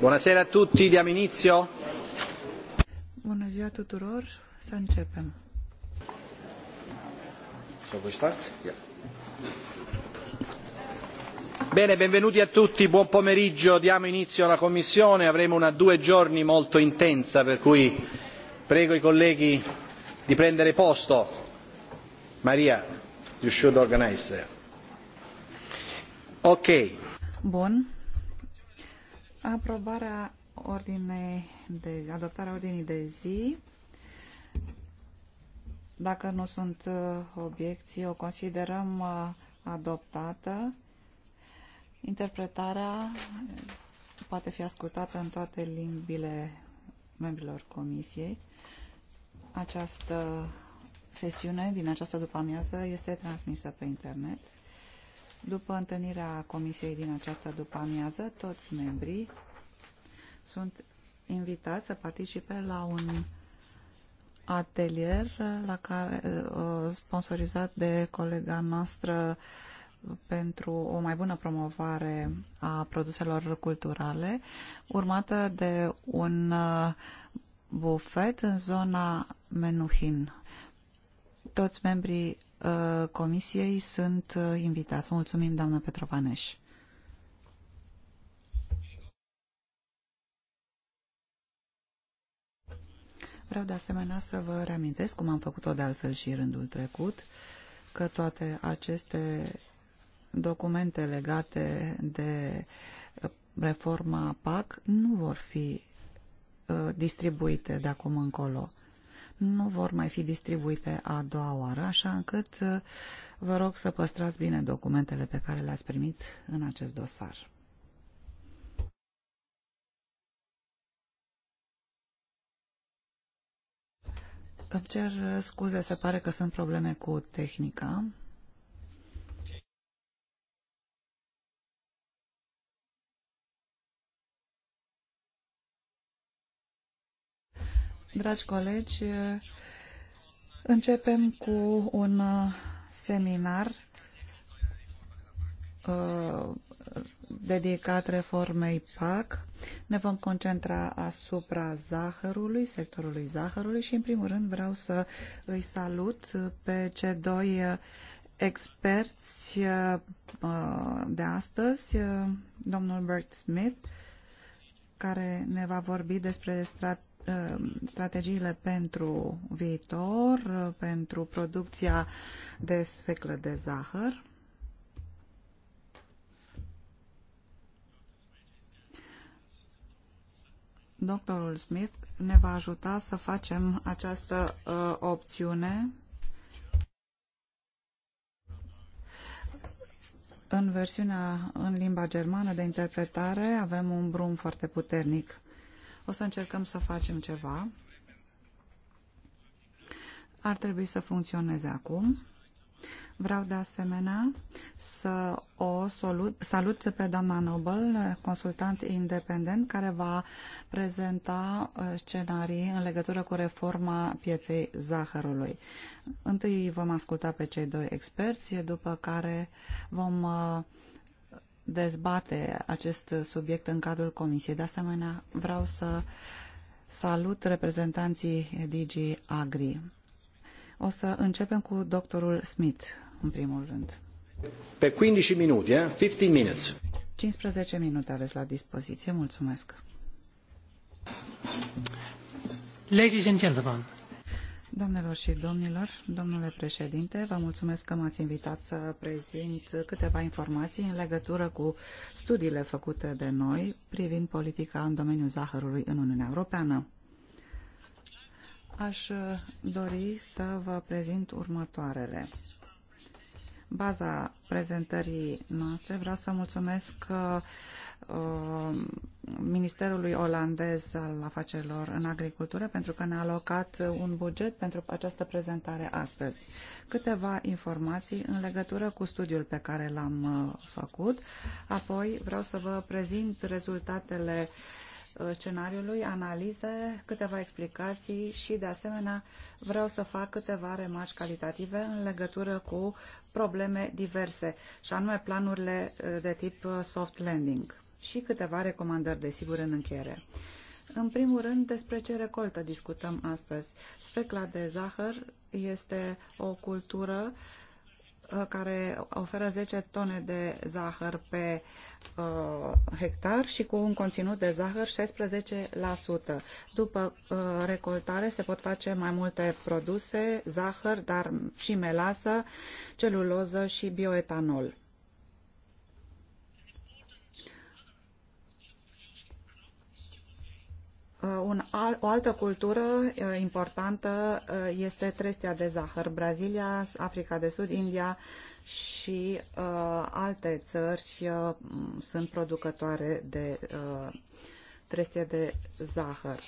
Buonasera a tutti, diamo inizio. Bună ziua tuturor, să începem. Shall we start? Bene, benvenuti a tutti, buon pomeriggio, diamo inizio alla Commissione, avremo una due giorni molto intensa per cui prego i colleghi di prendere posto. Maria, you should organize there. Ok. Bun, Aprobarea ordinei de adoptarea ordinii de zi. Dacă nu sunt uh, obiecții, o considerăm uh, adoptată. Interpretarea uh, poate fi ascultată în toate limbile membrilor comisiei. Această sesiune din această după-amiază este transmisă pe internet. După întâlnirea comisiei din această după-amiază, toți membrii sunt invitați să participe la un atelier la care, uh, sponsorizat de colega noastră pentru o mai bună promovare a produselor culturale, urmată de un uh, bufet în zona Menuhin. Toți membrii Uh, comisiei sunt uh, invitați. Mulțumim, doamnă Petrovaneș. Vreau de asemenea să vă reamintesc, cum am făcut-o de altfel și rândul trecut, că toate aceste documente legate de uh, reforma PAC nu vor fi distribuite de acum încolo nu vor mai fi distribuite a doua oară, așa încât uh, vă rog să păstrați bine documentele pe care le-ați primit în acest dosar. Îmi cer scuze, se pare că sunt probleme cu tehnica. Dragi colegi, începem cu un uh, seminar uh, dedicat reformei PAC. Ne vom concentra asupra zahărului, sectorului zahărului și, în primul rând, vreau să îi salut pe cei doi uh, experți de astăzi, domnul Bert Smith, care ne va vorbi despre strat Um, strategiile pentru viitor, pentru producția de sfeclă de zahăr. Doctorul Smith ne va ajuta să facem această uh, opțiune în versiunea în limba germană de interpretare avem un brum foarte puternic o să încercăm să facem ceva. Ar trebui să funcționeze acum. Vreau de asemenea să o salut, salut pe doamna Nobel, consultant independent, care va prezenta uh, scenarii în legătură cu reforma pieței zahărului. Întâi vom asculta pe cei doi experți, după care vom uh, dezbate acest subiect în cadrul Comisiei. De asemenea, vreau să salut reprezentanții DG Agri. O să începem cu doctorul Smith, în primul rând. Pe 15 minute, eh? 15 minutes. 15 minute aveți la dispoziție. Mulțumesc. Ladies and gentlemen, Doamnelor și domnilor, domnule președinte, vă mulțumesc că m-ați invitat să prezint câteva informații în legătură cu studiile făcute de noi privind politica în domeniul zahărului în Uniunea Europeană. Aș dori să vă prezint următoarele baza prezentării noastre. Vreau să mulțumesc uh, uh, Ministerului Olandez al Afacerilor în Agricultură pentru că ne-a alocat un buget pentru această prezentare astăzi. Câteva informații în legătură cu studiul pe care l-am uh, făcut. Apoi vreau să vă prezint rezultatele uh, scenariului, analize, câteva explicații și, de asemenea, vreau să fac câteva remarci calitative în legătură cu probleme diverse, și anume planurile uh, de tip uh, soft landing și câteva recomandări, desigur, în încheiere. În primul rând, despre ce recoltă discutăm astăzi. Specla de zahăr este o cultură uh, care oferă 10 tone de zahăr pe uh, Uh, hectar și cu un conținut de zahăr 16%. După uh, recoltare se pot face mai multe produse, zahăr, dar și melasă, celuloză și bioetanol. Uh, un al, o altă cultură uh, importantă este trestia de zahăr. Brazilia, Africa de Sud, India, și uh, alte țări uh, sunt producătoare de uh, trestie de zahăr.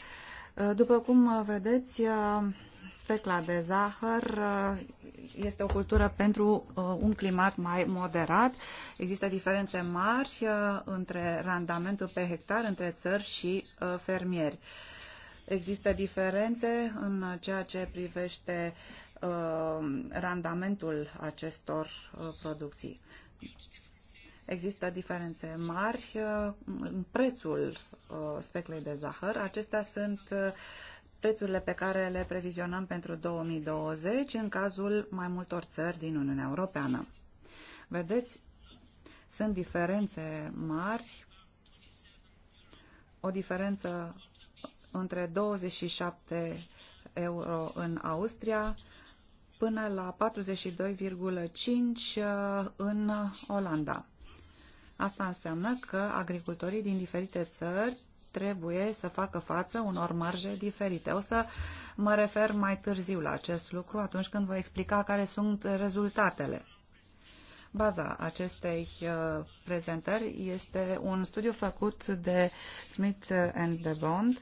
Uh, după cum vedeți, uh, specla de zahăr uh, este o cultură pentru uh, un climat mai moderat. Există diferențe mari uh, între randamentul pe hectar între țări și fermieri. Există diferențe în ceea ce privește Uh, randamentul acestor uh, producții. Există diferențe mari uh, în prețul speclei de zahăr. Acestea sunt prețurile pe care le previzionăm pentru 2020 în cazul mai multor țări din Uniunea Europeană. Vedeți, sunt diferențe mari, o diferență între 27 euro în Austria, până la 42,5 uh, în Olanda. Asta înseamnă că agricultorii din diferite țări trebuie să facă față unor marje diferite. O să mă refer mai târziu la acest lucru atunci când voi explica care sunt rezultatele. Baza acestei uh, prezentări este un studiu făcut de Smith and de Bond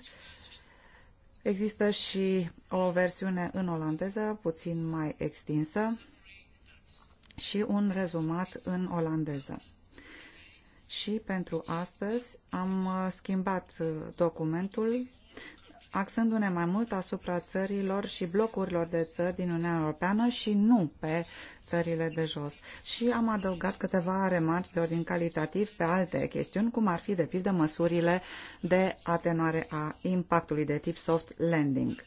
Există și o versiune în olandeză, puțin mai extinsă, și un rezumat în olandeză. Și pentru astăzi am uh, schimbat uh, documentul axându-ne mai mult asupra țărilor și blocurilor de țări din Uniunea Europeană și nu pe țările de jos. Și am adăugat câteva remarci de ordin calitativ pe alte chestiuni, cum ar fi, de pildă, măsurile de atenuare a impactului de tip soft landing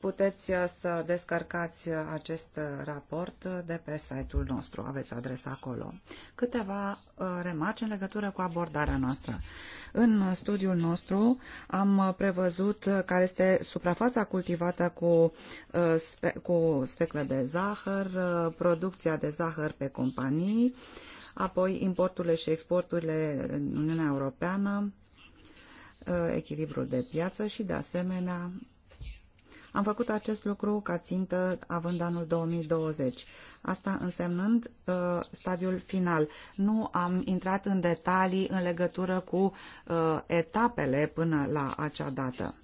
puteți uh, să descărcați uh, acest uh, raport de pe site-ul nostru. Aveți adresa acolo. Câteva remarci în legătură cu abordarea noastră. În studiul nostru am prevăzut care este suprafața cultivată cu, cu specle de zahăr, producția de zahăr pe companii, apoi importurile și exporturile în Uniunea Europeană, echilibrul de piață și, de asemenea, am făcut acest lucru ca țintă având anul 2020. Asta însemnând uh, stadiul final. Nu am intrat în detalii în legătură cu uh, etapele până la acea dată.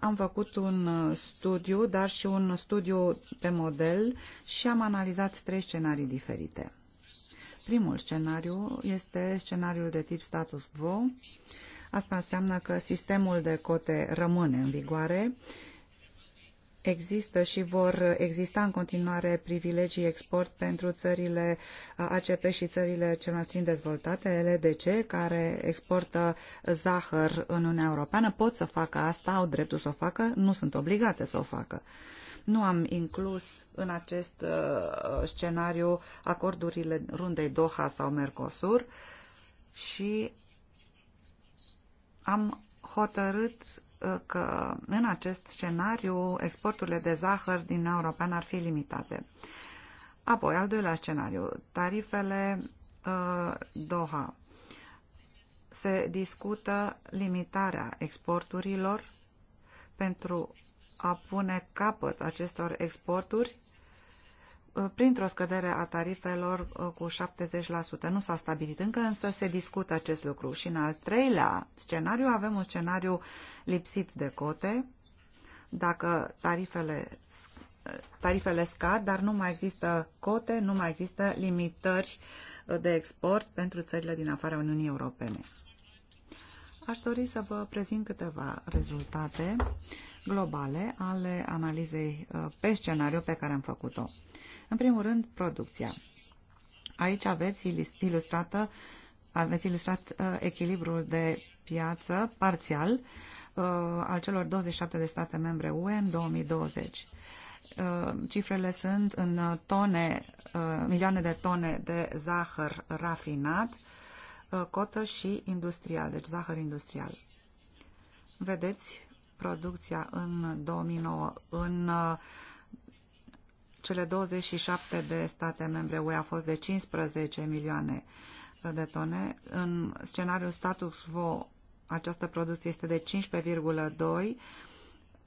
Am făcut un uh, studiu, dar și un studiu pe model și am analizat trei scenarii diferite. Primul scenariu este scenariul de tip status quo. Asta înseamnă că sistemul de cote rămâne în vigoare Există și vor exista în continuare privilegii export pentru țările uh, ACP și țările cel mai puțin dezvoltate, LDC, care exportă zahăr în Uniunea Europeană. Pot să facă asta, au dreptul să o facă, nu sunt obligate să o facă. Nu am inclus în acest uh, scenariu acordurile rundei Doha sau Mercosur și am hotărât că în acest scenariu exporturile de zahăr din European ar fi limitate. Apoi, al doilea scenariu, tarifele uh, Doha. Se discută limitarea exporturilor pentru a pune capăt acestor exporturi printr-o scădere a tarifelor uh, cu 70%. Nu s-a stabilit încă, însă se discută acest lucru. Și în al treilea scenariu avem un scenariu lipsit de cote. Dacă tarifele, uh, tarifele scad, dar nu mai există cote, nu mai există limitări uh, de export pentru țările din afara Uniunii Europene. Aș dori să vă prezint câteva rezultate globale ale analizei uh, pe scenariu pe care am făcut-o. În primul rând, producția. Aici aveți ilustrată aveți ilustrat uh, echilibrul de piață parțial uh, al celor 27 de state membre UE în 2020 cifrele sunt în tone, milioane de tone de zahăr rafinat, Uh, cotă și industrial, deci zahăr industrial. Vedeți producția în 2009 în uh, cele 27 de state membre UE a fost de 15 milioane de tone. În scenariul status quo această producție este de 15,2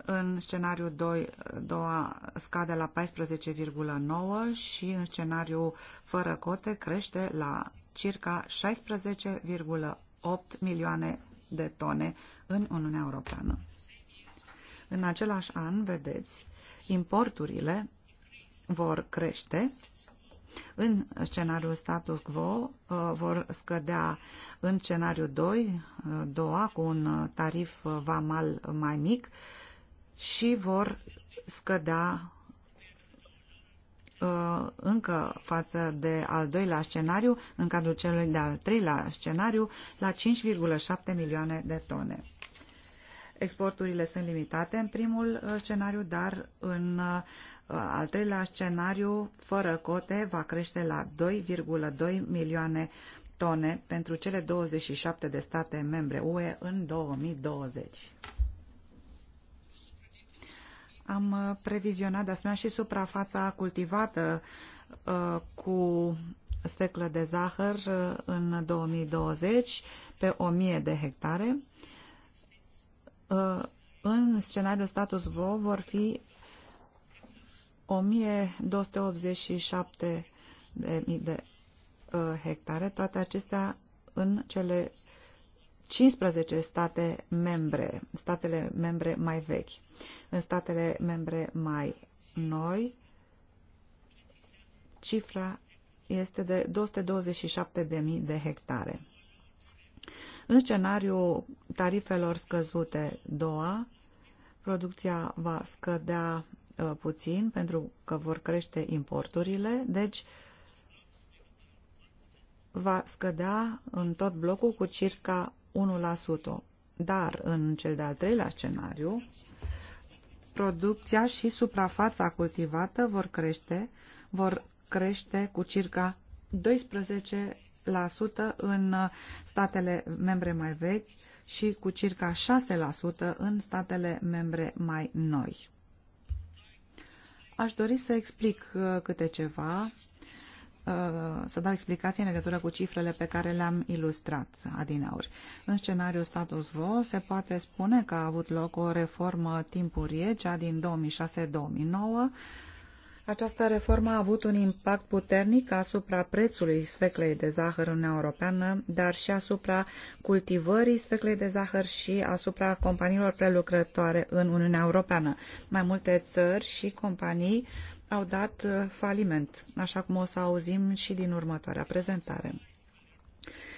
în scenariul 2, 2 scade la 14,9 și în scenariu fără cote crește la circa 16,8 milioane de tone în Uniunea Europeană. În același an, vedeți, importurile vor crește în scenariul status quo uh, vor scădea în scenariul 2, uh, doua, cu un uh, tarif vamal mai mic și vor scădea Uh, încă față de al doilea scenariu, în cadrul celui de-al treilea scenariu, la 5,7 milioane de tone. Exporturile sunt limitate în primul uh, scenariu, dar în uh, al treilea scenariu, fără cote, va crește la 2,2 milioane tone pentru cele 27 de state membre UE în 2020. Am uh, previzionat de asemenea și suprafața cultivată uh, cu speclă de zahăr uh, în 2020 pe 1000 de hectare. În scenariul status quo vor fi 1287 de, de hectare, toate acestea în cele 15 state membre, statele membre mai vechi. În statele membre mai noi, cifra este de 227.000 de hectare. În scenariul tarifelor scăzute doua, producția va scădea uh, puțin pentru că vor crește importurile, deci va scădea în tot blocul cu circa 1%. Dar în cel de-al treilea scenariu, producția și suprafața cultivată vor crește, vor crește cu circa 12% în statele membre mai vechi și cu circa 6% în statele membre mai noi. Aș dori să explic uh, câte ceva Uh, să dau explicații în legătură cu cifrele pe care le-am ilustrat adineauri. În scenariul status quo se poate spune că a avut loc o reformă timpurie, cea din 2006-2009. Această reformă a avut un impact puternic asupra prețului sfeclei de zahăr în Uniunea Europeană, dar și asupra cultivării sfeclei de zahăr și asupra companiilor prelucrătoare în Uniunea Europeană. Mai multe țări și companii uh, au dat uh, faliment, așa cum o să auzim și din următoarea prezentare.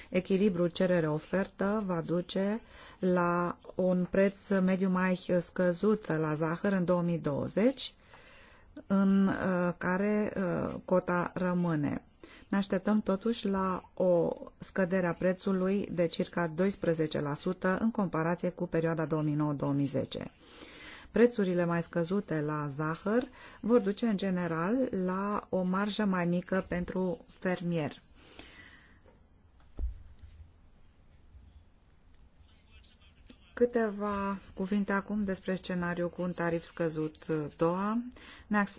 Echilibrul cerere-ofertă va duce la un preț mediu mai scăzut la zahăr în 2020, în uh, care uh, cota rămâne. Ne așteptăm totuși la o scădere a prețului de circa 12% în comparație cu perioada 2009-2010 prețurile mai scăzute la zahăr vor duce în general la o marjă mai mică pentru fermier. Câteva cuvinte acum despre scenariul cu un tarif scăzut doua.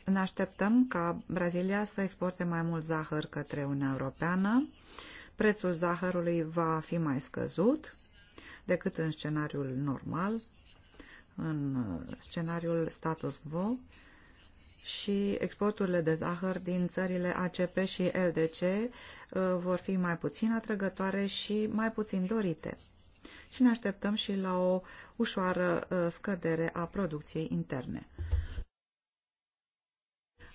Ne așteptăm ca Brazilia să exporte mai mult zahăr către Uniunea Europeană. Prețul zahărului va fi mai scăzut decât în scenariul normal în scenariul status quo și exporturile de zahăr din țările ACP și LDC uh, vor fi mai puțin atrăgătoare și mai puțin dorite. Și ne așteptăm și la o ușoară uh, scădere a producției interne.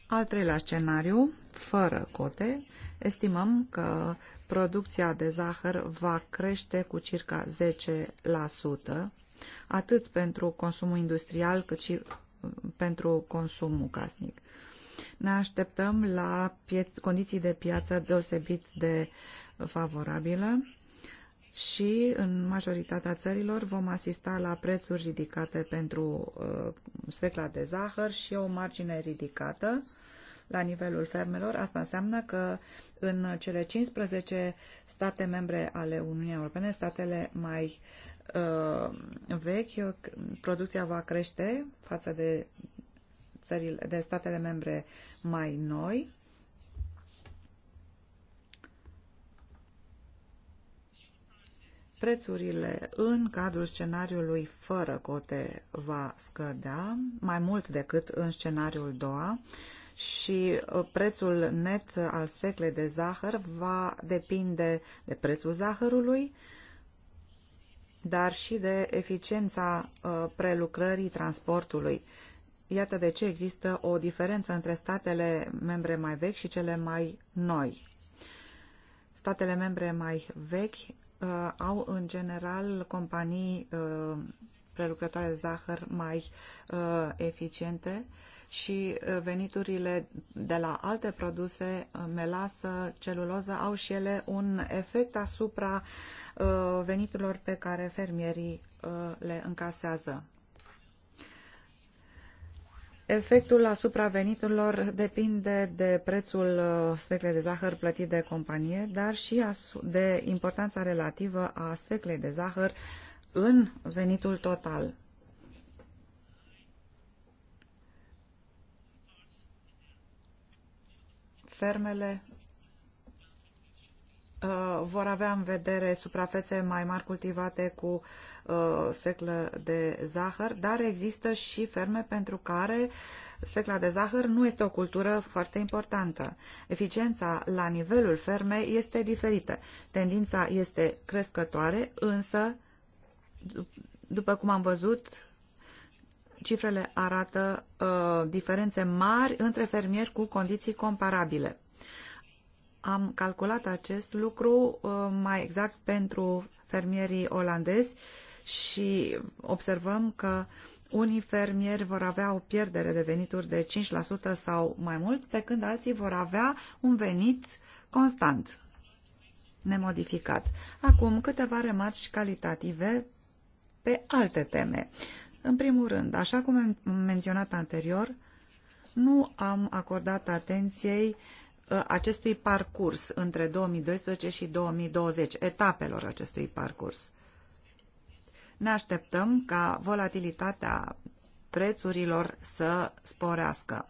Al treilea scenariu, fără cote, estimăm că producția de zahăr va crește cu circa 10% atât pentru consumul industrial cât și uh, pentru consumul casnic. Ne așteptăm la condiții de piață deosebit de favorabile și în majoritatea țărilor vom asista la prețuri ridicate pentru uh, sfecla de zahăr și o margine ridicată la nivelul fermelor. Asta înseamnă că în cele 15 state membre ale Uniunii Europene, statele mai Uh, vechi, producția va crește față de, țările, de statele membre mai noi. Prețurile în cadrul scenariului fără cote va scădea mai mult decât în scenariul doua și uh, prețul net al sfeclei de zahăr va depinde de prețul zahărului, dar și de eficiența uh, prelucrării transportului. Iată de ce există o diferență între statele membre mai vechi și cele mai noi. Statele membre mai vechi uh, au în general companii uh, prelucrătoare de zahăr mai uh, eficiente uh, și uh, veniturile de la alte produse, uh, melasă, celuloză, au și ele un efect asupra uh, veniturilor pe care fermierii le încasează. Efectul asupra veniturilor depinde de prețul sfeclei de zahăr plătit de companie, dar și de importanța relativă a sfeclei de zahăr în venitul total. fermele uh, vor avea în vedere suprafețe mai mari cultivate cu uh, speclă de zahăr, dar există și ferme pentru care specla de zahăr nu este o cultură foarte importantă. Eficiența la nivelul fermei este diferită. Tendința este crescătoare, însă, după cum am văzut, cifrele arată uh, diferențe mari între fermieri cu condiții comparabile. Am calculat acest lucru uh, mai exact pentru fermierii olandezi și observăm că unii fermieri vor avea o pierdere de venituri de 5% sau mai mult, pe când alții vor avea un venit constant, nemodificat. Acum câteva remarci calitative pe alte teme. În primul rând, așa cum am menționat anterior, nu am acordat atenției ă, acestui parcurs între 2012 și 2020, etapelor acestui parcurs. Ne așteptăm ca volatilitatea prețurilor să sporească.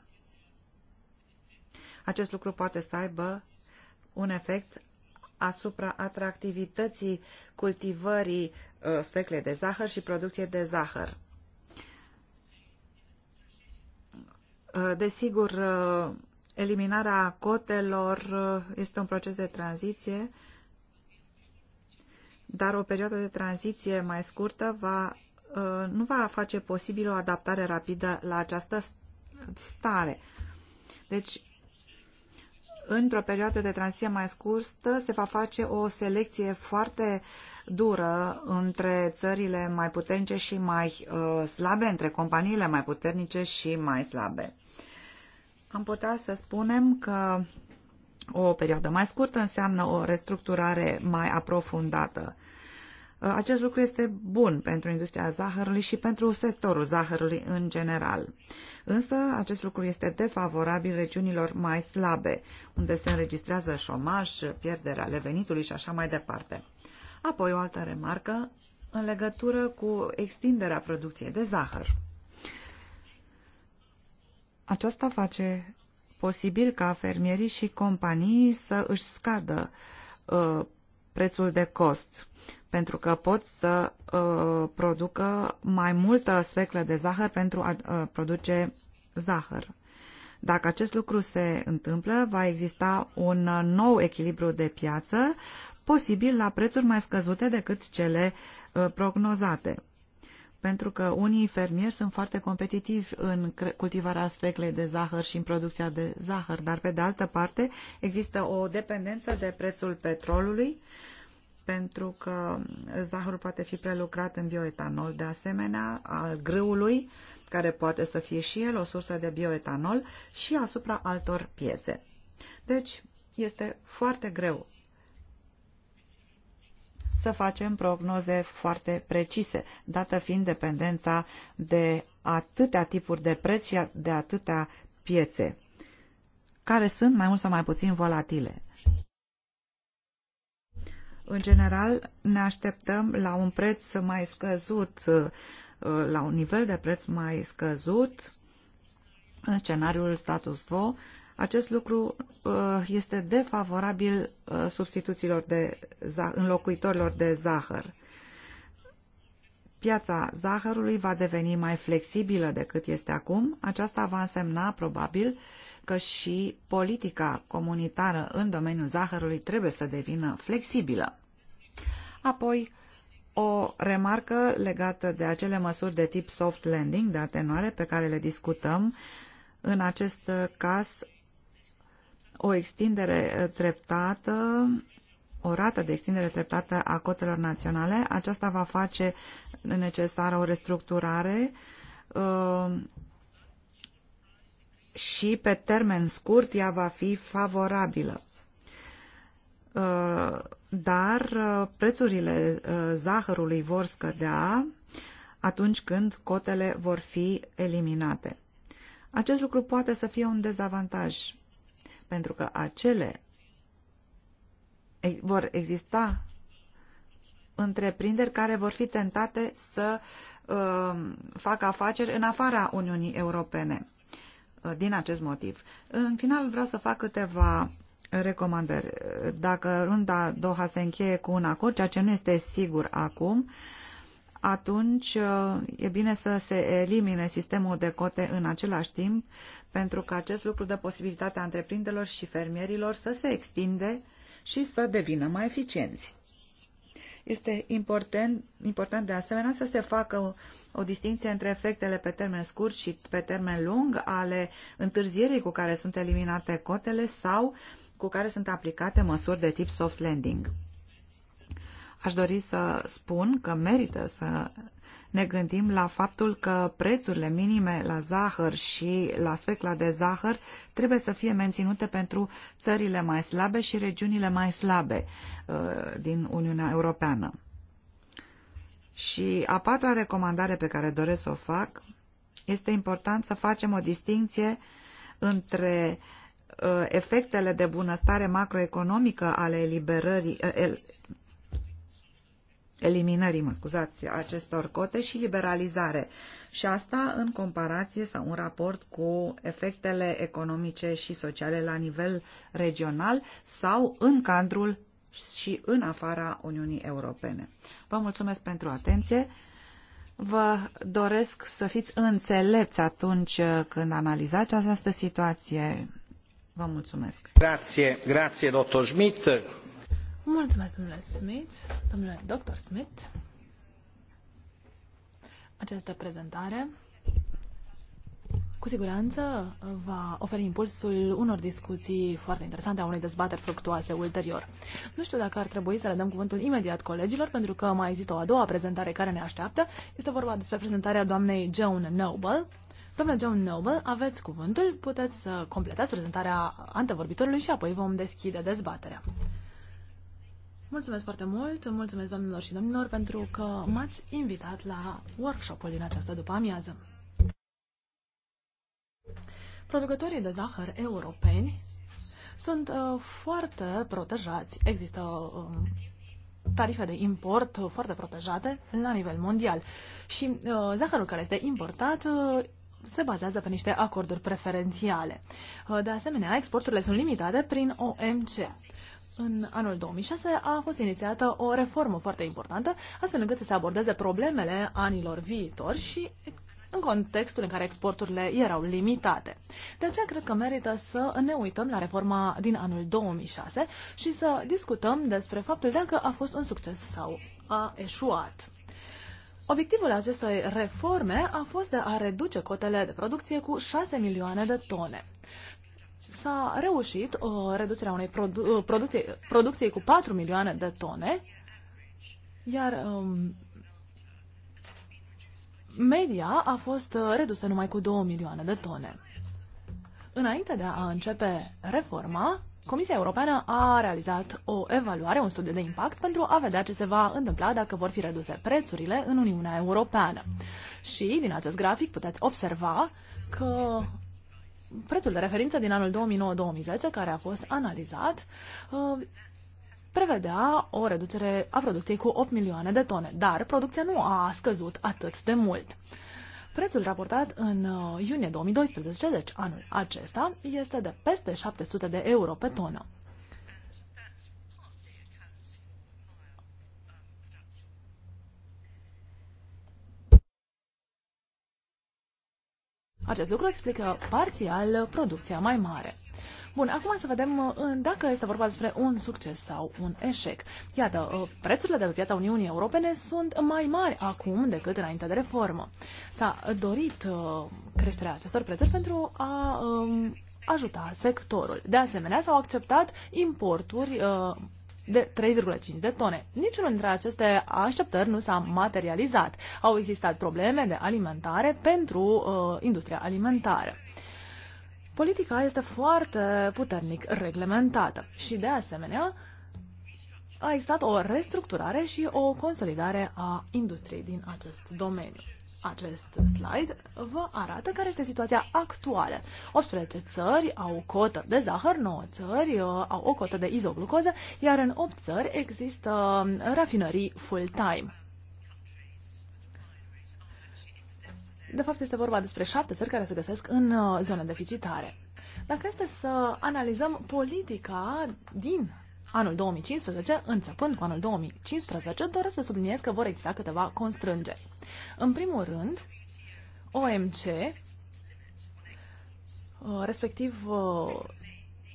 Acest lucru poate să aibă un efect asupra atractivității cultivării ă, speclei de zahăr și producției de zahăr. Uh, desigur, uh, eliminarea cotelor uh, este un proces de tranziție, dar o perioadă de tranziție mai scurtă va, nu va face posibil o adaptare rapidă la această stare. Deci, într-o perioadă de tranziție mai scurtă se va face o selecție foarte dură între țările mai puternice și mai uh, slabe, între companiile mai puternice și mai slabe. Am putea să spunem că o perioadă mai scurtă înseamnă o restructurare mai aprofundată Uh, acest lucru este bun pentru industria zahărului și pentru sectorul zahărului în general. Însă, acest lucru este defavorabil regiunilor mai slabe, unde se înregistrează șomaj, pierderea ale venitului și așa mai departe. Apoi o altă remarcă în legătură cu extinderea producției de zahăr. Aceasta face posibil ca fermierii și companii să își scadă uh, prețul de cost, pentru că pot să uh, producă mai multă sfeclă de zahăr pentru a uh, produce zahăr. Dacă acest lucru se întâmplă, va exista un uh, nou echilibru de piață, posibil la prețuri mai scăzute decât cele prognozate pentru că unii fermieri sunt foarte competitivi în cultivarea sfeclei de zahăr și în producția de zahăr, dar pe de altă parte există o dependență de prețul petrolului, pentru că zahărul poate fi prelucrat în bioetanol de asemenea, al grâului, care poate să fie și el o sursă de bioetanol, și asupra altor piețe. Deci, este foarte greu să facem prognoze foarte precise, dată fiind dependența de atâtea tipuri de preț și de atâtea piețe, care sunt mai mult sau mai puțin volatile. În general, ne așteptăm la un preț mai scăzut, la un nivel de preț mai scăzut în scenariul status quo acest lucru uh, este defavorabil uh, substituțiilor de înlocuitorilor de zahăr. Piața zahărului va deveni mai flexibilă decât este acum. Aceasta va însemna, probabil, că și politica comunitară în domeniul zahărului trebuie să devină flexibilă. Apoi, o remarcă legată de acele măsuri de tip soft landing, de atenuare, pe care le discutăm. În acest caz, o extindere eh, treptată, o rată de extindere treptată a cotelor naționale. Aceasta va face necesară o restructurare eh, și pe termen scurt ea va fi favorabilă. Eh, dar prețurile zahărului vor scădea atunci când cotele vor fi eliminate. Acest lucru poate să fie un dezavantaj pentru că acele vor exista întreprinderi care vor fi tentate să uh, facă afaceri în afara Uniunii Europene uh, din acest motiv. În final vreau să fac câteva recomandări. Dacă runda Doha se încheie cu un acord, ceea ce nu este sigur acum, atunci uh, e bine să se elimine sistemul de cote în același timp pentru că acest lucru dă posibilitatea întreprinderilor și fermierilor să se extinde și să devină mai eficienți. Este important, important de asemenea să se facă o, o distinție între efectele pe termen scurt și pe termen lung ale întârzierii cu care sunt eliminate cotele sau cu care sunt aplicate măsuri de tip soft landing. Aș dori să spun că merită să ne gândim la faptul că prețurile minime la zahăr și la sfecla de zahăr trebuie să fie menținute pentru țările mai slabe și regiunile mai slabe uh, din Uniunea Europeană. Și a patra recomandare pe care doresc să o fac este important să facem o distinție între uh, efectele de bunăstare macroeconomică ale eliberării, uh, eliminării, mă scuzați, acestor cote și liberalizare. Și asta în comparație sau în raport cu efectele economice și sociale la nivel regional sau în cadrul și în afara Uniunii Europene. Vă mulțumesc pentru atenție. Vă doresc să fiți înțelepți atunci când analizați această situație. Vă mulțumesc. Grazie, grazie, dottor Schmidt. Mulțumesc, domnule Smith, domnule Dr. Smith. Această prezentare cu siguranță va oferi impulsul unor discuții foarte interesante, a unei dezbateri fructuoase ulterior. Nu știu dacă ar trebui să le dăm cuvântul imediat colegilor, pentru că mai există o a doua prezentare care ne așteaptă. Este vorba despre prezentarea doamnei Joan Noble. Domnule Joan Noble, aveți cuvântul, puteți să completați prezentarea antevorbitorului și apoi vom deschide dezbaterea. Mulțumesc foarte mult, mulțumesc domnilor și domnilor pentru că m-ați invitat la workshopul din această după amiază. Producătorii de zahăr europeni sunt uh, foarte protejați. Există uh, tarife de import uh, foarte protejate la nivel mondial. Și uh, zahărul care este importat uh, se bazează pe niște acorduri preferențiale. Uh, de asemenea, exporturile sunt limitate prin OMC în anul 2006 a fost inițiată o reformă foarte importantă, astfel încât să se abordeze problemele anilor viitori și în contextul în care exporturile erau limitate. De aceea cred că merită să ne uităm la reforma din anul 2006 și să discutăm despre faptul dacă a fost un succes sau a eșuat. Obiectivul acestei reforme a fost de a reduce cotele de producție cu 6 milioane de tone s-a reușit o uh, reducere a unei produ- uh, producției, producției cu 4 milioane de tone, iar um, media a fost uh, redusă numai cu 2 milioane de tone. Înainte de a începe reforma, Comisia Europeană a realizat o evaluare, un studiu de impact, pentru a vedea ce se va întâmpla dacă vor fi reduse prețurile în Uniunea Europeană. Și din acest grafic puteți observa că prețul de referință din anul 2009-2010, care a fost analizat, uh, prevedea o reducere a producției cu 8 milioane de tone, dar producția nu a scăzut atât de mult. Prețul raportat în uh, iunie 2012, deci anul acesta, este de peste 700 de euro pe tonă. Acest lucru explică parțial producția mai mare. Bun, acum să vedem uh, dacă este vorba despre un succes sau un eșec. Iată, uh, prețurile de pe piața Uniunii Europene sunt mai mari acum decât înainte de reformă. S-a dorit uh, creșterea acestor prețuri pentru a um, ajuta sectorul. De asemenea, s-au acceptat importuri de 3,5 de tone. Niciunul dintre aceste așteptări nu s-a materializat. Au existat probleme de alimentare pentru uh, industria alimentară. Politica este foarte puternic reglementată și, de asemenea, a existat o restructurare și o consolidare a industriei din acest domeniu acest slide vă arată care este situația actuală. 18 țări au o cotă de zahăr, 9 țări uh, au o cotă de izoglucoză, iar în 8 țări există um, rafinării full-time. De fapt, este vorba despre șapte țări care se găsesc în uh, zone deficitare. Dacă este să analizăm politica din anul 2015, începând cu anul 2015, doresc să subliniez că vor exista câteva constrângeri. În primul rând, OMC, uh, respectiv uh,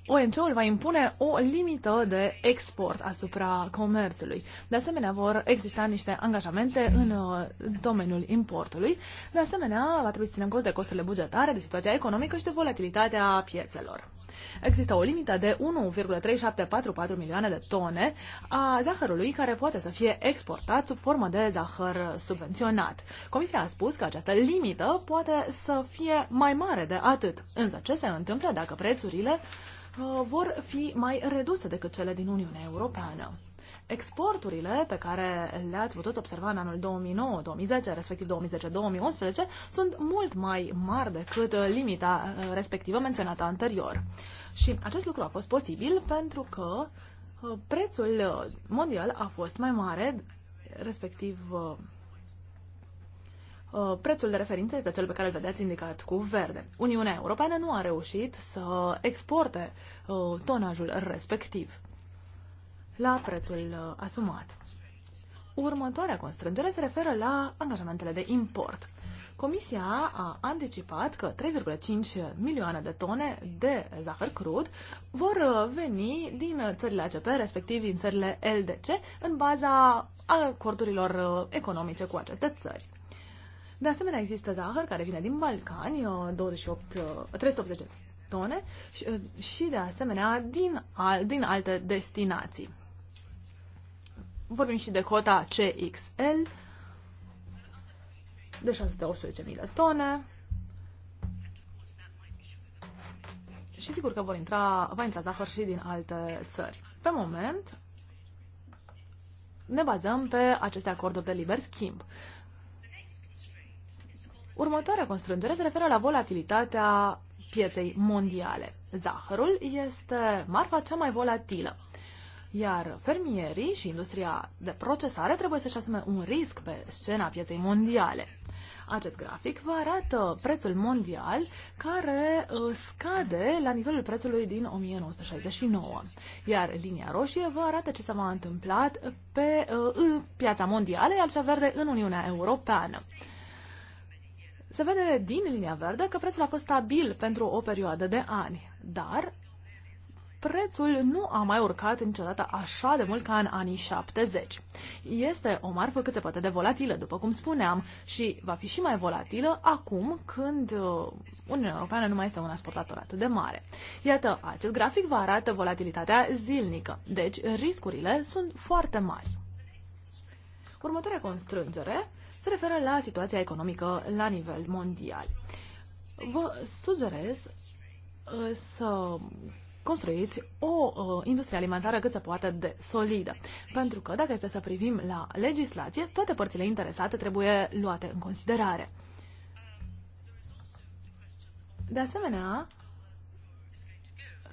OMC-ul va impune o limită de export asupra comerțului. De asemenea, vor exista niște angajamente uh, în domeniul importului. De asemenea, va trebui să ținem cont de costurile bugetare, de situația economică și de volatilitatea piețelor. Există o limită de 1,3744 milioane de tone a zahărului care poate să fie exportat sub formă de zahăr subvenționat. Comisia a spus că această limită poate să fie mai mare de atât. Însă ce se întâmplă dacă prețurile uh, vor fi mai reduse decât cele din Uniunea Europeană? Exporturile pe care le-ați putut observa în anul 2009, 2010, respectiv 2010-2011, sunt mult mai mari decât uh, limita uh, respectivă menționată anterior. Și acest lucru a fost posibil pentru că uh, prețul mondial a fost mai mare, respectiv prețul de referință este cel pe care îl vedeați indicat cu verde. Uniunea Europeană nu a reușit să exporte tonajul respectiv la prețul uh, asumat. Următoarea constrângere se referă la angajamentele de import. Comisia a anticipat că 3,5 milioane de tone de zahăr crud vor uh, veni din țările ACP, respectiv din țările LDC, în baza acordurilor uh, economice cu aceste țări. De asemenea, există zahăr care vine din Balcani, 28, 380 tone, și, de asemenea din, al, din alte destinații vorbim și de cota CXL de 618.000 de tone. Și sigur că vor intra, va intra zahăr și din alte țări. Pe moment ne bazăm pe aceste acorduri de liber schimb. Următoarea constrângere se referă la volatilitatea pieței mondiale. Zahărul este marfa cea mai volatilă. Iar fermierii și industria de procesare trebuie să-și asume un risc pe scena pieței mondiale. Acest grafic vă arată prețul mondial care uh, scade la nivelul prețului din 1969, iar linia roșie vă arată ce s-a mai întâmplat pe uh, în piața mondială, iar cea verde în Uniunea Europeană. Se vede din linia verde că prețul a fost stabil pentru o perioadă de ani, dar prețul nu a mai urcat niciodată așa de mult ca în anii 70. Este o marfă cât se poate de volatilă, după cum spuneam, și va fi și mai volatilă acum când uh, Uniunea Europeană nu mai este un exportator atât de mare. Iată, acest grafic vă arată volatilitatea zilnică, deci riscurile sunt foarte mari. Următoarea constrângere se referă la situația economică la nivel mondial. Vă sugerez uh, să construiți o uh, industrie alimentară cât se poate de solidă. Pentru că, dacă este să privim la legislație, toate părțile interesate trebuie luate în considerare. De asemenea,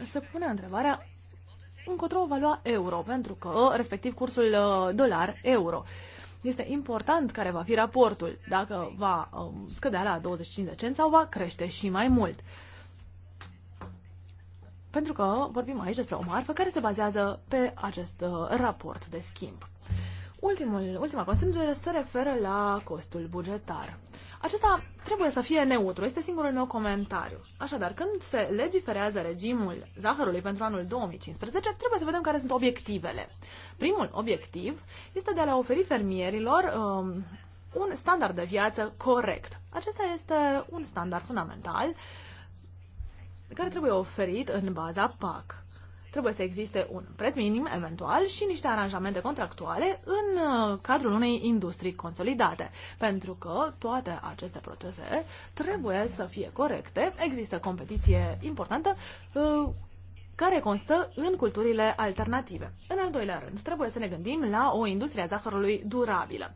se pune întrebarea încotro va lua euro, pentru că, respectiv, cursul uh, dolar-euro. Este important care va fi raportul, dacă va uh, scădea la 25 de cent sau va crește și mai mult. Uh, pentru că vorbim aici despre o marfă care se bazează pe acest uh, raport de schimb. Ultimul, ultima constrângere se referă la costul bugetar. Acesta trebuie să fie neutru, este singurul meu comentariu. Așadar, când se legiferează regimul zahărului pentru anul 2015, trebuie să vedem care sunt obiectivele. Primul obiectiv este de a le oferi fermierilor um, un standard de viață corect. Acesta este un standard fundamental uh, care trebuie oferit în baza PAC. Trebuie să existe un preț minim, eventual, și niște aranjamente contractuale în uh, cadrul unei industrii consolidate. Pentru că toate aceste procese trebuie să fie corecte. Există competiție importantă uh, care constă în culturile alternative. În al doilea rând, trebuie să ne gândim la o industrie a zahărului durabilă.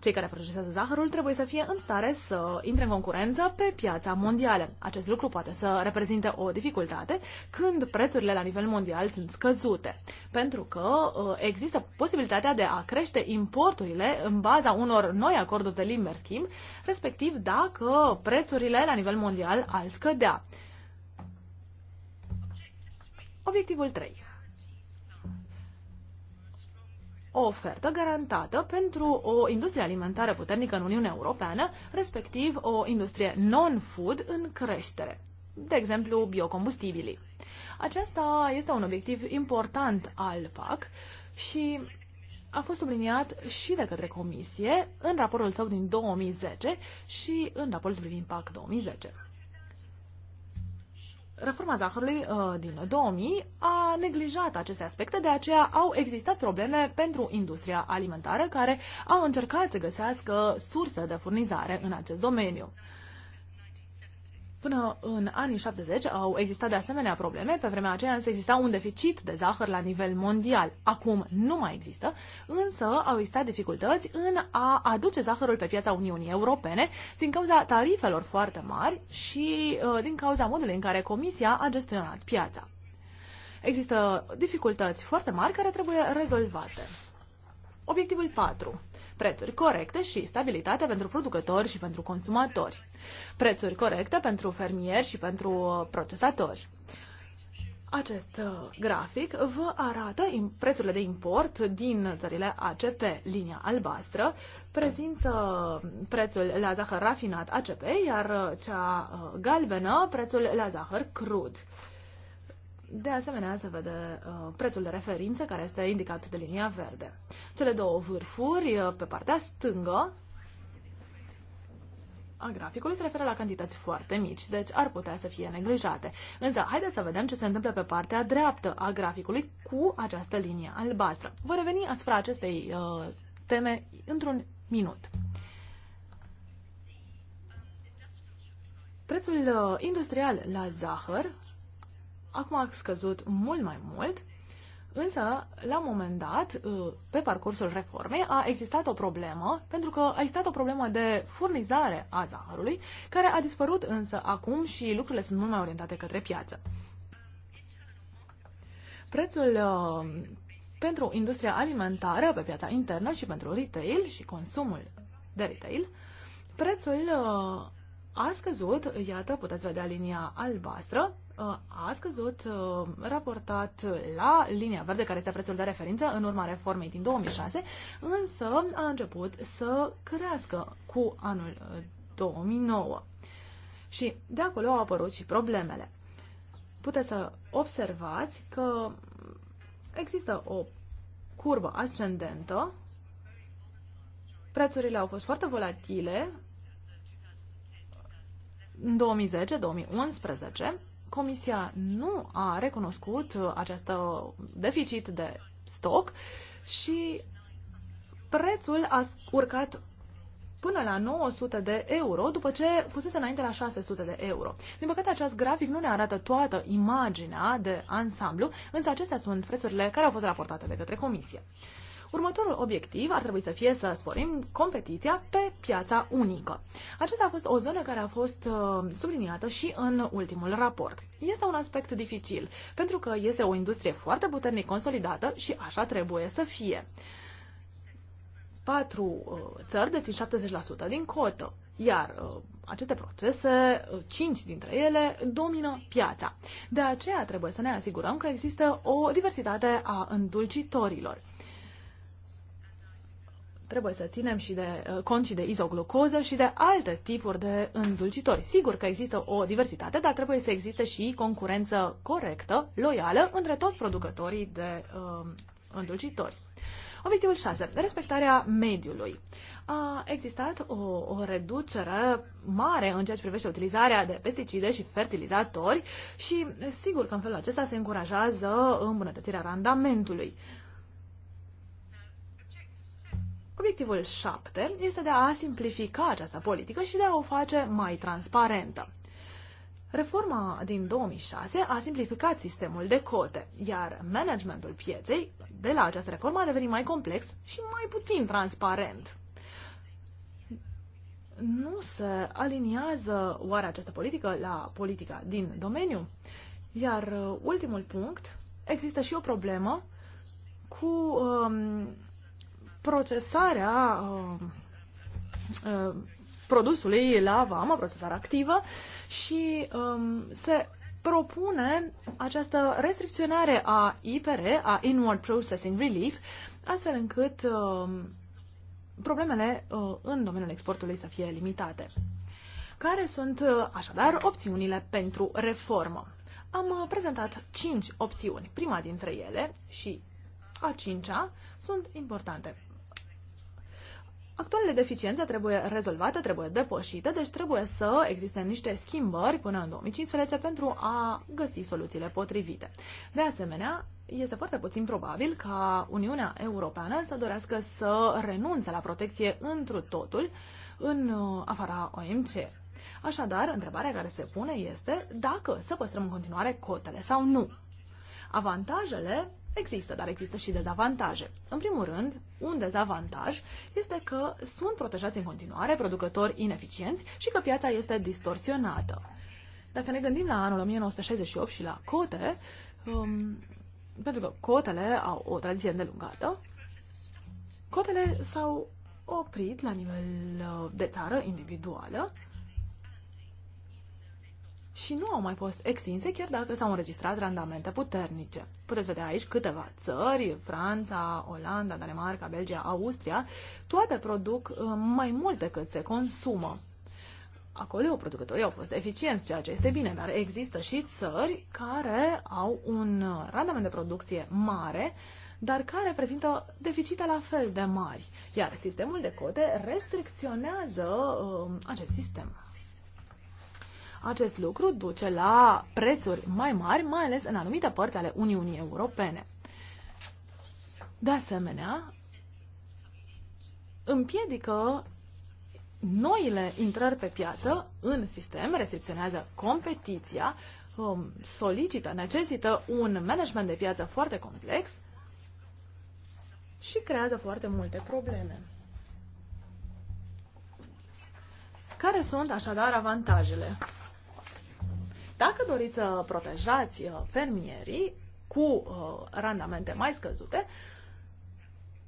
Cei care procesează zahărul trebuie să fie în stare să intre în concurență pe piața mondială. Acest lucru poate să reprezinte o dificultate când prețurile la nivel mondial sunt scăzute, pentru că uh, există posibilitatea de a crește importurile în baza unor noi acorduri de liber schimb, respectiv dacă prețurile la nivel mondial ar scădea. Obiectivul 3 o ofertă garantată pentru o industrie alimentară puternică în Uniunea Europeană, respectiv o industrie non-food în creștere, de exemplu biocombustibilii. Acesta este un obiectiv important al PAC și a fost subliniat și de către Comisie în raportul său din 2010 și în raportul privind PAC 2010 reforma zahărului uh, din 2000 a neglijat aceste aspecte, de aceea au existat probleme pentru industria alimentară care a încercat să găsească surse de furnizare în acest domeniu. Până în anii 70 au existat de asemenea probleme, pe vremea aceea însă exista un deficit de zahăr la nivel mondial. Acum nu mai există, însă au existat dificultăți în a aduce zahărul pe piața Uniunii Europene din cauza tarifelor foarte mari și uh, din cauza modului în care Comisia a gestionat piața. Există dificultăți foarte mari care trebuie rezolvate. Obiectivul 4 prețuri corecte și stabilitate pentru producători și pentru consumatori, prețuri corecte pentru fermieri și pentru uh, procesatori. Acest uh, grafic vă arată prețurile de import din țările ACP. Linia albastră prezintă uh, prețul la zahăr rafinat ACP, iar cea galbenă prețul la zahăr crud. De asemenea, se vede uh, prețul de referință care este indicat de linia verde. Cele două vârfuri, uh, pe partea stângă a graficului, se referă la cantități foarte mici, deci ar putea să fie neglijate. Însă, haideți să vedem ce se întâmplă pe partea dreaptă a graficului cu această linie albastră. Voi reveni asupra acestei uh, teme într-un minut. Prețul uh, industrial la zahăr Acum a scăzut mult mai mult, însă, la un moment dat, uh, pe parcursul reformei, a existat o problemă, pentru că a existat o problemă de furnizare a zahărului, care a dispărut însă acum și lucrurile sunt mult mai orientate către piață. Prețul uh, pentru industria alimentară pe piața internă și pentru retail și consumul de retail, prețul uh, a scăzut, iată, puteți vedea linia albastră, uh, a scăzut uh, raportat la linia verde, care este prețul de referință în urma reformei din 2006, însă a început să crească cu anul 2009. Uh, și de acolo au apărut și problemele. Puteți să observați că există o curbă ascendentă, prețurile au fost foarte volatile în 2010-2011, Comisia nu a recunoscut acest deficit de stoc și prețul a urcat până la 900 de euro, după ce fusese înainte la 600 de euro. Din păcate, acest grafic nu ne arată toată imaginea de ansamblu, însă acestea sunt prețurile care au fost raportate de către comisie. Următorul obiectiv ar trebui să fie să sporim competiția pe piața unică. Aceasta a fost o zonă care a fost uh, subliniată și în ultimul raport. Este un aspect dificil, pentru că este o industrie foarte puternic consolidată și așa trebuie să fie. Patru uh, țări dețin 70% din cotă, iar uh, aceste procese, cinci dintre ele, domină piața. De aceea trebuie să ne asigurăm că există o diversitate a îndulcitorilor trebuie să ținem și de uh, cont și de izoglucoză și de alte tipuri de îndulcitori. Sigur că există o diversitate, dar trebuie să existe și concurență corectă, loială, între toți producătorii de uh, îndulcitori. Obiectivul 6. Respectarea mediului. A existat o, o reducere mare în ceea ce privește utilizarea de pesticide și fertilizatori și sigur că în felul acesta se încurajează îmbunătățirea randamentului. Obiectivul 7 este de a simplifica această politică și de a o face mai transparentă. Reforma din 2006 a simplificat sistemul de cote, iar managementul pieței de la această reformă a devenit mai complex și mai puțin transparent. Nu se aliniază oare această politică la politica din domeniu? Iar uh, ultimul punct, există și o problemă cu um, procesarea uh, uh, produsului la vamă, procesare activă și um, se propune această restricționare a IPR, a Inward Processing Relief, astfel încât uh, problemele uh, în domeniul exportului să fie limitate. Care sunt uh, așadar opțiunile pentru reformă? Am uh, prezentat cinci opțiuni. Prima dintre ele și a cincea sunt importante actualele deficiențe trebuie rezolvate, trebuie depășite, deci trebuie să existe niște schimbări până în 2015 pentru a găsi soluțiile potrivite. De asemenea, este foarte puțin probabil ca Uniunea Europeană să dorească să renunțe la protecție întru totul în uh, afara OMC. Așadar, întrebarea care se pune este dacă să păstrăm în continuare cotele sau nu. Avantajele Există, dar există și dezavantaje. În primul rând, un dezavantaj este că sunt protejați în continuare producători ineficienți și că piața este distorsionată. Dacă ne gândim la anul 1968 și la cote, um, pentru că cotele au o tradiție îndelungată, cotele s-au oprit la nivel uh, de țară individuală și nu au mai fost extinse, chiar dacă s-au înregistrat randamente puternice. Puteți vedea aici câteva țări, Franța, Olanda, Danemarca, Belgia, Austria, toate produc uh, mai mult decât se consumă. Acolo producătorii au fost eficienți, ceea ce este bine, dar există și țări care au un uh, randament de producție mare, dar care prezintă deficite la fel de mari, iar sistemul de cote restricționează uh, acest sistem. Acest lucru duce la prețuri mai mari, mai ales în anumite părți ale Uniunii Europene. De asemenea, împiedică noile intrări pe piață în sistem, restricționează competiția, um, solicită, necesită un management de piață foarte complex și creează foarte multe probleme. Care sunt așadar avantajele? Dacă doriți să protejați uh, fermierii cu uh, randamente mai scăzute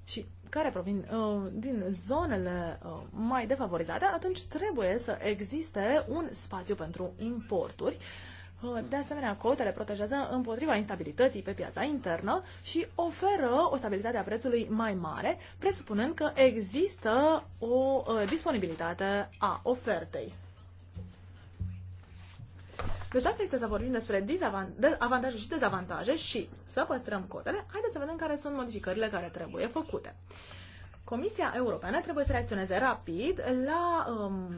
și care provin uh, din zonele mai defavorizate, atunci trebuie să existe un spațiu pentru importuri. De asemenea, cotele protejează împotriva instabilității pe piața internă și oferă o stabilitate a prețului mai mare, presupunând că există o disponibilitate a ofertei. Deci dacă este să vorbim despre avantaje și dezavantaje și să păstrăm cotele, haideți să vedem care sunt modificările care trebuie făcute. Comisia Europeană trebuie să reacționeze rapid la um,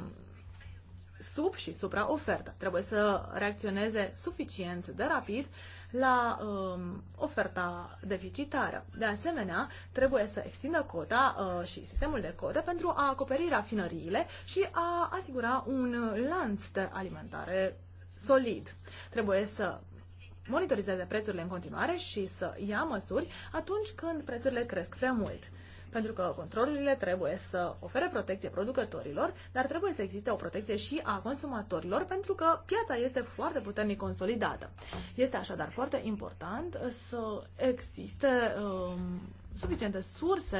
sub și ofertă. Trebuie să reacționeze suficient de rapid la um, oferta deficitară. De asemenea, trebuie să extindă cota uh, și sistemul de cote pentru a acoperi rafinăriile și a asigura un uh, lanț de alimentare solid. Trebuie să monitorizeze prețurile în continuare și să ia măsuri atunci când prețurile cresc prea mult. Pentru că controlurile trebuie să ofere protecție producătorilor, dar trebuie să existe o protecție și a consumatorilor, pentru că piața este foarte puternic consolidată. Este așadar foarte important să existe um, suficiente surse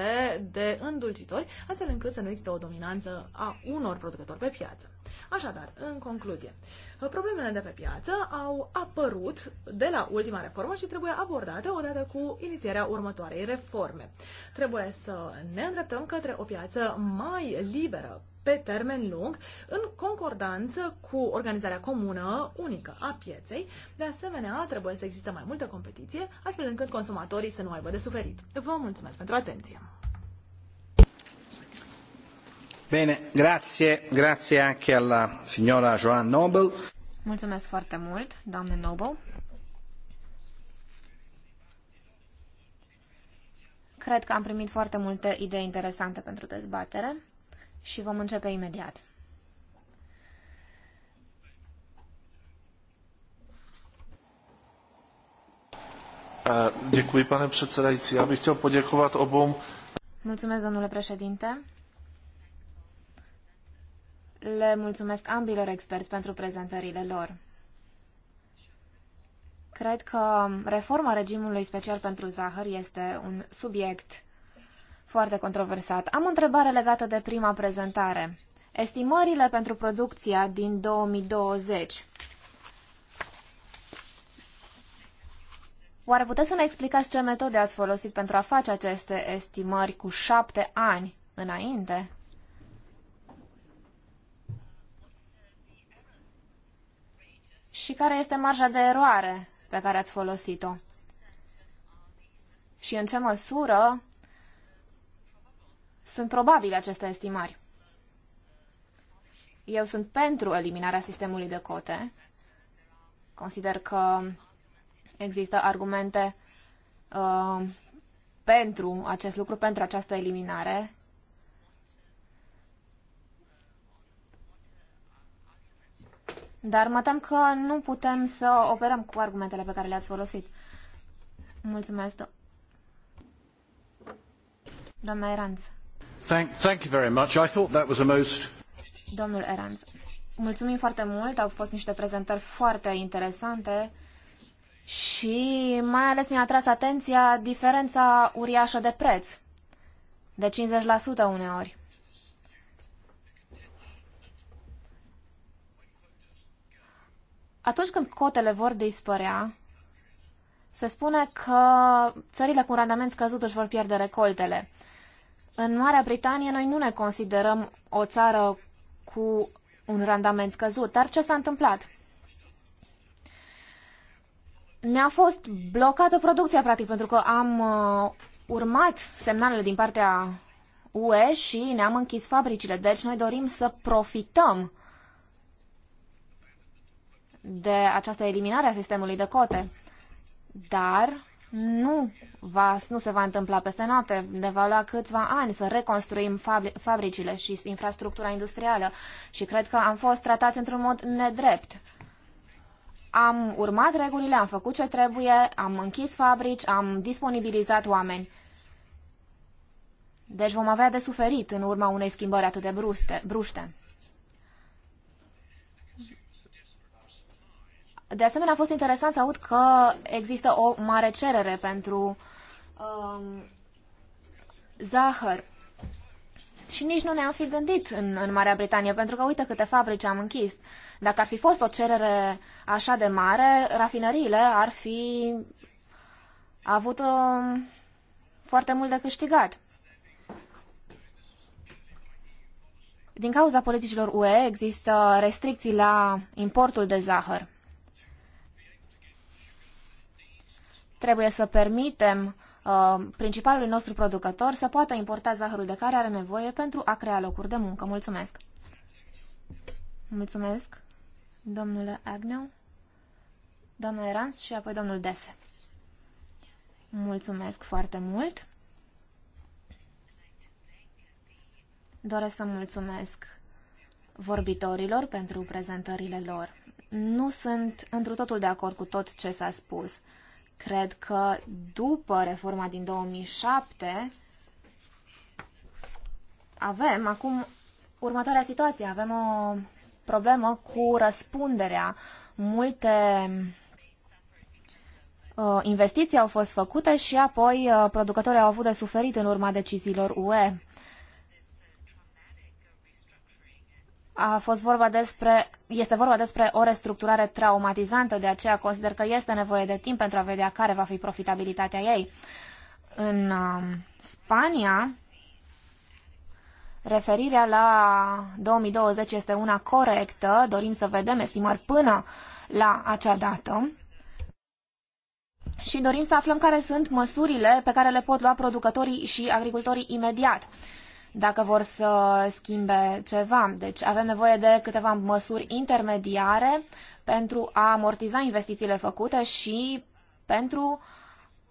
de îndulcitori, astfel încât să nu existe o dominanță a unor producători pe piață. Așadar, în concluzie, problemele de pe piață au apărut de la ultima reformă și trebuie abordate odată cu inițierea următoarei reforme. Trebuie să ne îndreptăm către o piață mai liberă pe termen lung, în concordanță cu organizarea comună unică a pieței. De asemenea, trebuie să existe mai multă competiție, astfel încât consumatorii să nu aibă de suferit. Vă mulțumesc pentru atenție! Bine, anche signora Joan Noble. Mulțumesc foarte mult, doamne Noble. Cred că am primit foarte multe idei interesante pentru dezbatere și vom începe imediat. Eh, děkuji, pane předsedající. Já bych chtěl poděkovat obou. Mulțumesc, domnule președinte. Le mulțumesc ambilor experți pentru prezentările lor. Cred că reforma regimului special pentru zahăr este un subiect foarte controversat. Am o întrebare legată de prima prezentare. Estimările pentru producția din 2020. Oare puteți să ne explicați ce metode ați folosit pentru a face aceste estimări cu șapte ani înainte? și care este marja de eroare pe care ați folosit-o? Și în ce măsură sunt probabile aceste estimări? Eu sunt pentru eliminarea sistemului de cote. Consider că există argumente uh, pentru acest lucru, pentru această eliminare. Dar mă tem că nu putem să operăm cu argumentele pe care le-ați folosit. Mulțumesc, do doamna Eranț. Thank, thank you very much. I thought that was a most... Domnul Eranț, mulțumim foarte mult. Au fost niște prezentări foarte interesante și mai ales mi-a atras atenția diferența uriașă de preț, de 50% uneori. atunci când cotele vor dispărea, se spune că țările cu un randament scăzut își vor pierde recoltele. În Marea Britanie noi nu ne considerăm o țară cu un randament scăzut, dar ce s-a întâmplat? Ne-a fost blocată producția, practic, pentru că am uh, urmat semnalele din partea UE și ne-am închis fabricile. Deci noi dorim să profităm de această eliminare a sistemului de cote. Dar nu, va, nu se va întâmpla peste noapte. Ne va lua câțiva ani să reconstruim fabricile și infrastructura industrială și cred că am fost tratați într-un mod nedrept. Am urmat regulile, am făcut ce trebuie, am închis fabrici, am disponibilizat oameni. Deci vom avea de suferit în urma unei schimbări atât de bruste, bruște. De asemenea, a fost interesant să aud că există o mare cerere pentru um, zahăr. Și nici nu ne-am fi gândit în, în Marea Britanie, pentru că uite câte fabrici am închis. Dacă ar fi fost o cerere așa de mare, rafinăriile ar fi avut um, foarte mult de câștigat. Din cauza politicilor UE există restricții la importul de zahăr. Trebuie să permitem uh, principalului nostru producător să poată importa zahărul de care are nevoie pentru a crea locuri de muncă. Mulțumesc! Mulțumesc, domnule Agnew, doamna Erans și apoi domnul Dese. Mulțumesc foarte mult! Doresc să mulțumesc vorbitorilor pentru prezentările lor. Nu sunt întru totul de acord cu tot ce s-a spus. Cred că după reforma din 2007 avem acum următoarea situație. Avem o problemă cu răspunderea. Multe uh, investiții au fost făcute și apoi uh, producătorii au avut de suferit în urma deciziilor UE. a fost vorba despre, este vorba despre o restructurare traumatizantă, de aceea consider că este nevoie de timp pentru a vedea care va fi profitabilitatea ei. În um, Spania, referirea la 2020 este una corectă, dorim să vedem estimări până la acea dată și dorim să aflăm care sunt măsurile pe care le pot lua producătorii și agricultorii imediat dacă vor să schimbe ceva. Deci avem nevoie de câteva măsuri intermediare pentru a amortiza investițiile făcute și pentru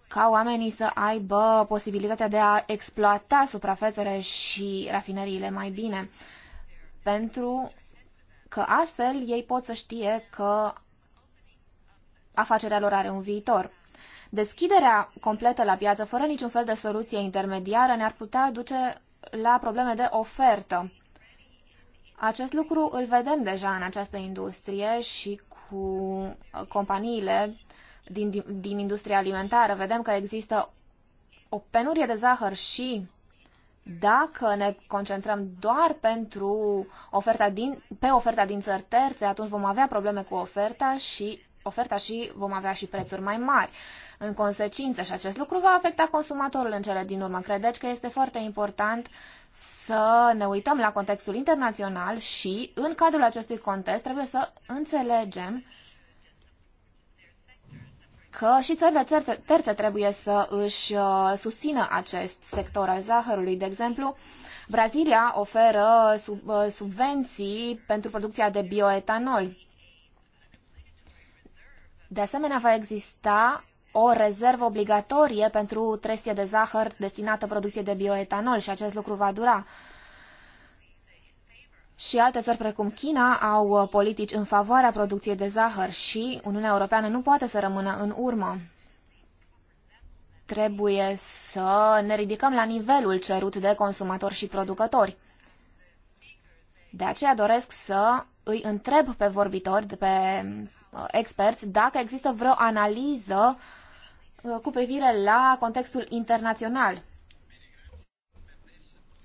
ca oamenii să aibă posibilitatea de a exploata suprafețele și rafineriile mai bine. Pentru că astfel ei pot să știe că afacerea lor are un viitor. Deschiderea completă la piață, fără niciun fel de soluție intermediară, ne-ar putea duce la probleme de ofertă. Acest lucru îl vedem deja în această industrie și cu uh, companiile din, din, industria alimentară. Vedem că există o penurie de zahăr și dacă ne concentrăm doar pentru oferta din, pe oferta din țări terțe, atunci vom avea probleme cu oferta și oferta și vom avea și prețuri mai mari. În consecință, și acest lucru va afecta consumatorul în cele din urmă. Credeți că este foarte important să ne uităm la contextul internațional și, în cadrul acestui context, trebuie să înțelegem că și țările terțe, terțe trebuie să își uh, susțină acest sector al zahărului. De exemplu, Brazilia oferă sub, uh, subvenții pentru producția de bioetanol de asemenea, va exista o rezervă obligatorie pentru trestie de zahăr destinată producției de bioetanol și acest lucru va dura. Și alte țări precum China au uh, politici în favoarea producției de zahăr și Uniunea Europeană nu poate să rămână în urmă. Trebuie să ne ridicăm la nivelul cerut de consumatori și producători. De aceea doresc să îi întreb pe vorbitori de pe Uh, experți dacă există vreo analiză uh, cu privire la contextul internațional.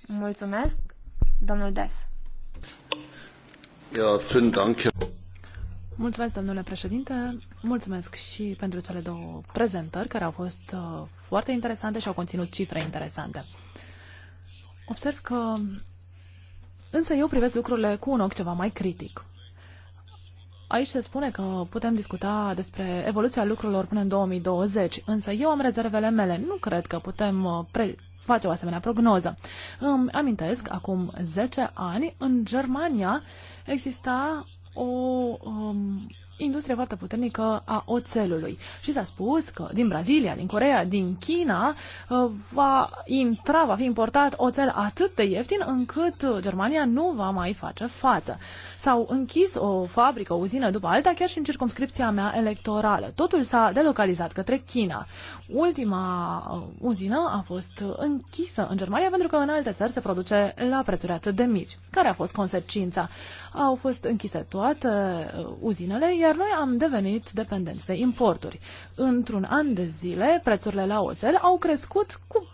Mulțumesc, domnul Des. Mulțumesc, domnule președinte. Mulțumesc și pentru cele două prezentări care au fost uh, foarte interesante și au conținut cifre interesante. Observ că însă eu privesc lucrurile cu un ochi ceva mai critic. Aici se spune că putem discuta despre evoluția lucrurilor până în 2020, însă eu am rezervele mele. Nu cred că putem uh, pre- face o asemenea prognoză. Îmi amintesc, acum 10 ani, în Germania exista o um, industrie foarte puternică a oțelului. Și s-a spus că din Brazilia, din Corea, din China uh, va intra, va fi importat oțel atât de ieftin încât uh, Germania nu va mai face față. S-au închis o fabrică, o uzină după alta, chiar și în circumscripția mea electorală. Totul s-a delocalizat către China. Ultima uh, uzină a fost închisă în Germania pentru că în alte țări se produce la prețuri atât de mici. Care a fost consecința? Au fost închise toate uzinele, iar noi am devenit dependenți de importuri. Într-un an de zile, prețurile la oțel au crescut cu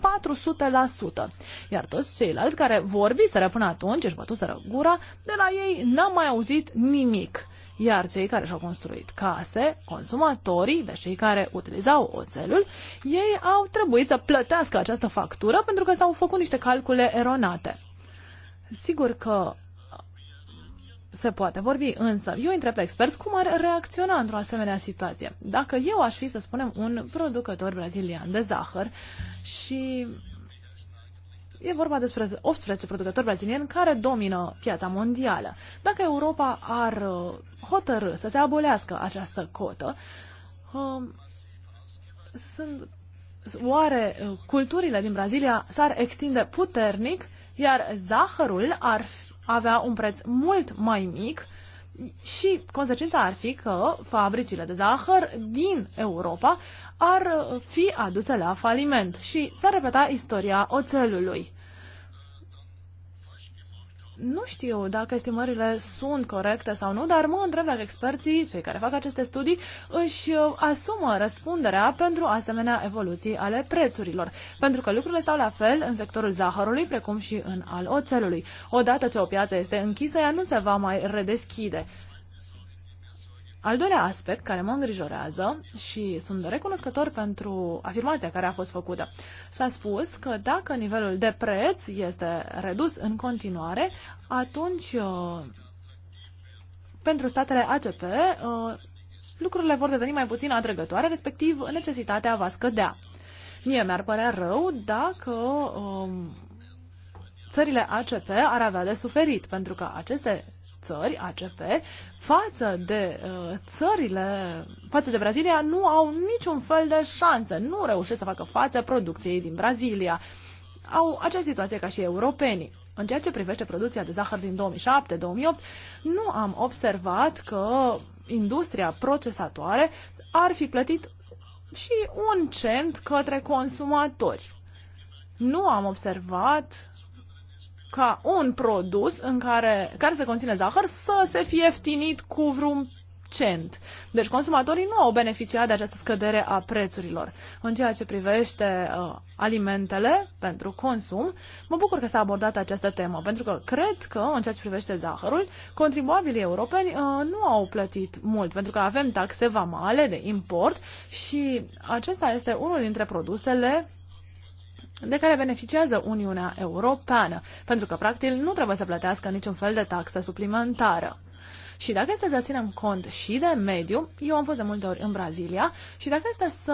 400%, iar toți ceilalți care vorbi să până atunci, își bătuseră gura, de la ei n-am mai auzit nimic iar cei care și-au construit case, consumatorii, de cei care utilizau oțelul, ei au trebuit să plătească această factură pentru că s-au făcut niște calcule eronate. Sigur că se poate vorbi, însă eu întreb pe experți cum ar reacționa într-o asemenea situație. Dacă eu aș fi, să spunem, un producător brazilian de zahăr și e vorba despre 18 producători brazilieni care domină piața mondială. Dacă Europa ar uh, hotărâ să se abolească această cotă, um, sunt, oare uh, culturile din Brazilia s-ar extinde puternic, iar zahărul ar fi avea un preț mult mai mic și consecința ar fi că fabricile de zahăr din Europa ar fi aduse la faliment și s-ar repeta istoria oțelului. Nu știu dacă estimările sunt corecte sau nu, dar mă întreb dacă experții, cei care fac aceste studii, își uh, asumă răspunderea pentru asemenea evoluții ale prețurilor. Pentru că lucrurile stau la fel în sectorul zahărului, precum și în al oțelului. Odată ce o piață este închisă, ea nu se va mai redeschide. Al doilea aspect care mă îngrijorează și sunt recunoscător pentru afirmația care a fost făcută. S-a spus că dacă nivelul de preț este redus în continuare, atunci uh, pentru statele ACP uh, lucrurile vor deveni mai puțin atrăgătoare, respectiv necesitatea va scădea. Mie mi-ar părea rău dacă um, țările ACP ar avea de suferit, pentru că aceste țări, ACP, față de uh, țările, față de Brazilia, nu au niciun fel de șansă, nu reușesc să facă față producției din Brazilia. Au această situație ca și europenii. În ceea ce privește producția de zahăr din 2007-2008, nu am observat că industria procesatoare ar fi plătit și un cent către consumatori. Nu am observat ca un produs în care, care să conține zahăr să se fie ieftinit cu vreun cent. Deci consumatorii nu au beneficiat de această scădere a prețurilor. În ceea ce privește uh, alimentele pentru consum, mă bucur că s-a abordat această temă, pentru că cred că, în ceea ce privește zahărul, contribuabilii europeni uh, nu au plătit mult, pentru că avem taxe vamale de import și acesta este unul dintre produsele de care beneficiază Uniunea Europeană, pentru că, practic, nu trebuie să plătească niciun fel de taxă suplimentară. Și dacă este să ținem cont și de mediu, eu am fost de multe ori în Brazilia, și dacă este să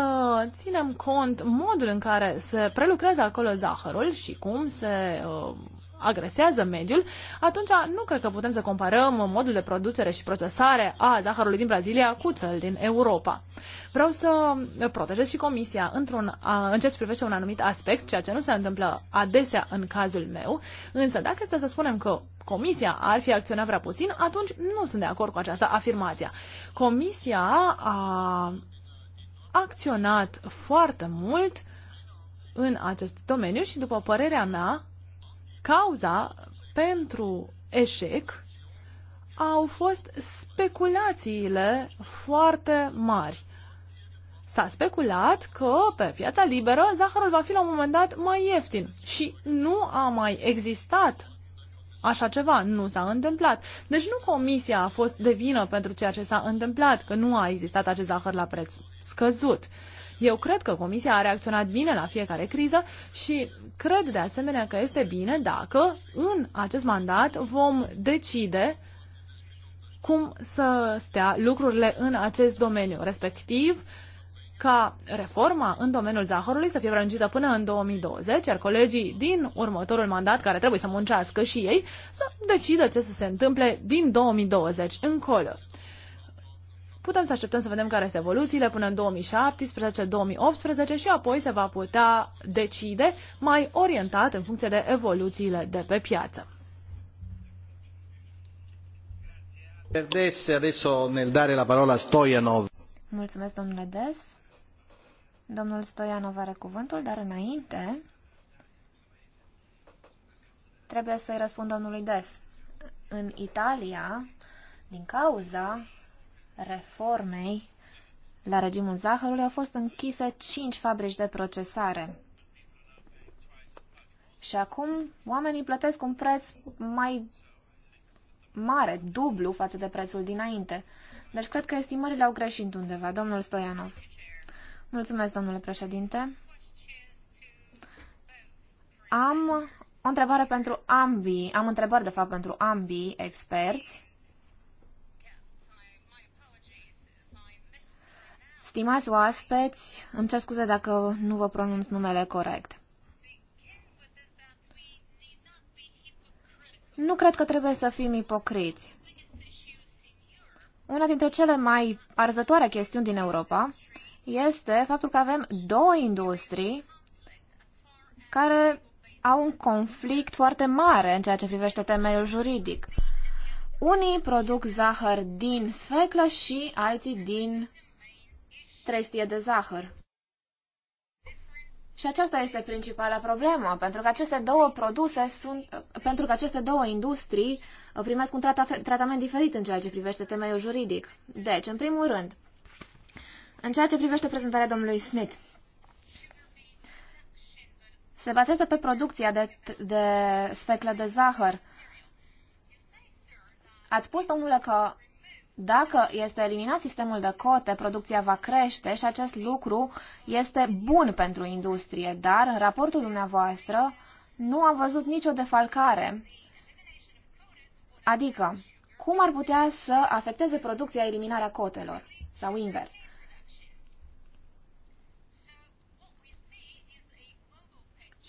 ținem cont modul în care se prelucrează acolo zahărul și cum se uh, agresează mediul, atunci nu cred că putem să comparăm modul de producere și procesare a zahărului din Brazilia cu cel din Europa. Vreau să protejez și Comisia într-un, în ceea ce privește un anumit aspect, ceea ce nu se întâmplă adesea în cazul meu, însă dacă este să spunem că Comisia ar fi acționat prea puțin, atunci nu sunt de acord cu această afirmație. Comisia a acționat foarte mult în acest domeniu și, după părerea mea, Cauza pentru eșec au fost speculațiile foarte mari. S-a speculat că pe piața liberă zahărul va fi la un moment dat mai ieftin și nu a mai existat Așa ceva nu s-a întâmplat. Deci nu comisia a fost de vină pentru ceea ce s-a întâmplat, că nu a existat acest zahăr la preț scăzut. Eu cred că Comisia a reacționat bine la fiecare criză și cred de asemenea că este bine dacă în acest mandat vom decide cum să stea lucrurile în acest domeniu, respectiv ca reforma în domeniul zahărului să fie prelungită până în 2020, iar colegii din următorul mandat, care trebuie să muncească și ei, să decidă ce să se întâmple din 2020 încolo. Putem să așteptăm să vedem care sunt evoluțiile până în 2017-2018 și apoi se va putea decide mai orientat în funcție de evoluțiile de pe piață. Mulțumesc, domnule Des. Domnul Stoianov are cuvântul, dar înainte trebuie să-i răspund domnului Des. În Italia, din cauza reformei la regimul zahărului au fost închise cinci fabrici de procesare. Și acum oamenii plătesc un preț mai mare, dublu față de prețul dinainte. Deci cred că estimările au greșit undeva, domnul Stoianov. Mulțumesc, domnule președinte. Am o întrebare pentru ambii, am întrebări de fapt pentru ambii experți. Stimați oaspeți, îmi cer scuze dacă nu vă pronunț numele corect. Nu cred că trebuie să fim ipocriți. Una dintre cele mai arzătoare chestiuni din Europa este faptul că avem două industrii care au un conflict foarte mare în ceea ce privește temeiul juridic. Unii produc zahăr din sfeclă și alții din trestie de zahăr. Și aceasta este principala problemă, pentru că aceste două produse sunt, pentru că aceste două industrii uh, primesc un tratament diferit în ceea ce privește temeiul juridic. Deci, în primul rând, în ceea ce privește prezentarea domnului Smith, se bazează pe producția de, de sfeclă de zahăr. Ați spus, domnule, că dacă este eliminat sistemul de cote, producția va crește și acest lucru este bun pentru industrie, dar în raportul dumneavoastră nu am văzut nicio defalcare. Adică, cum ar putea să afecteze producția eliminarea cotelor? Sau invers.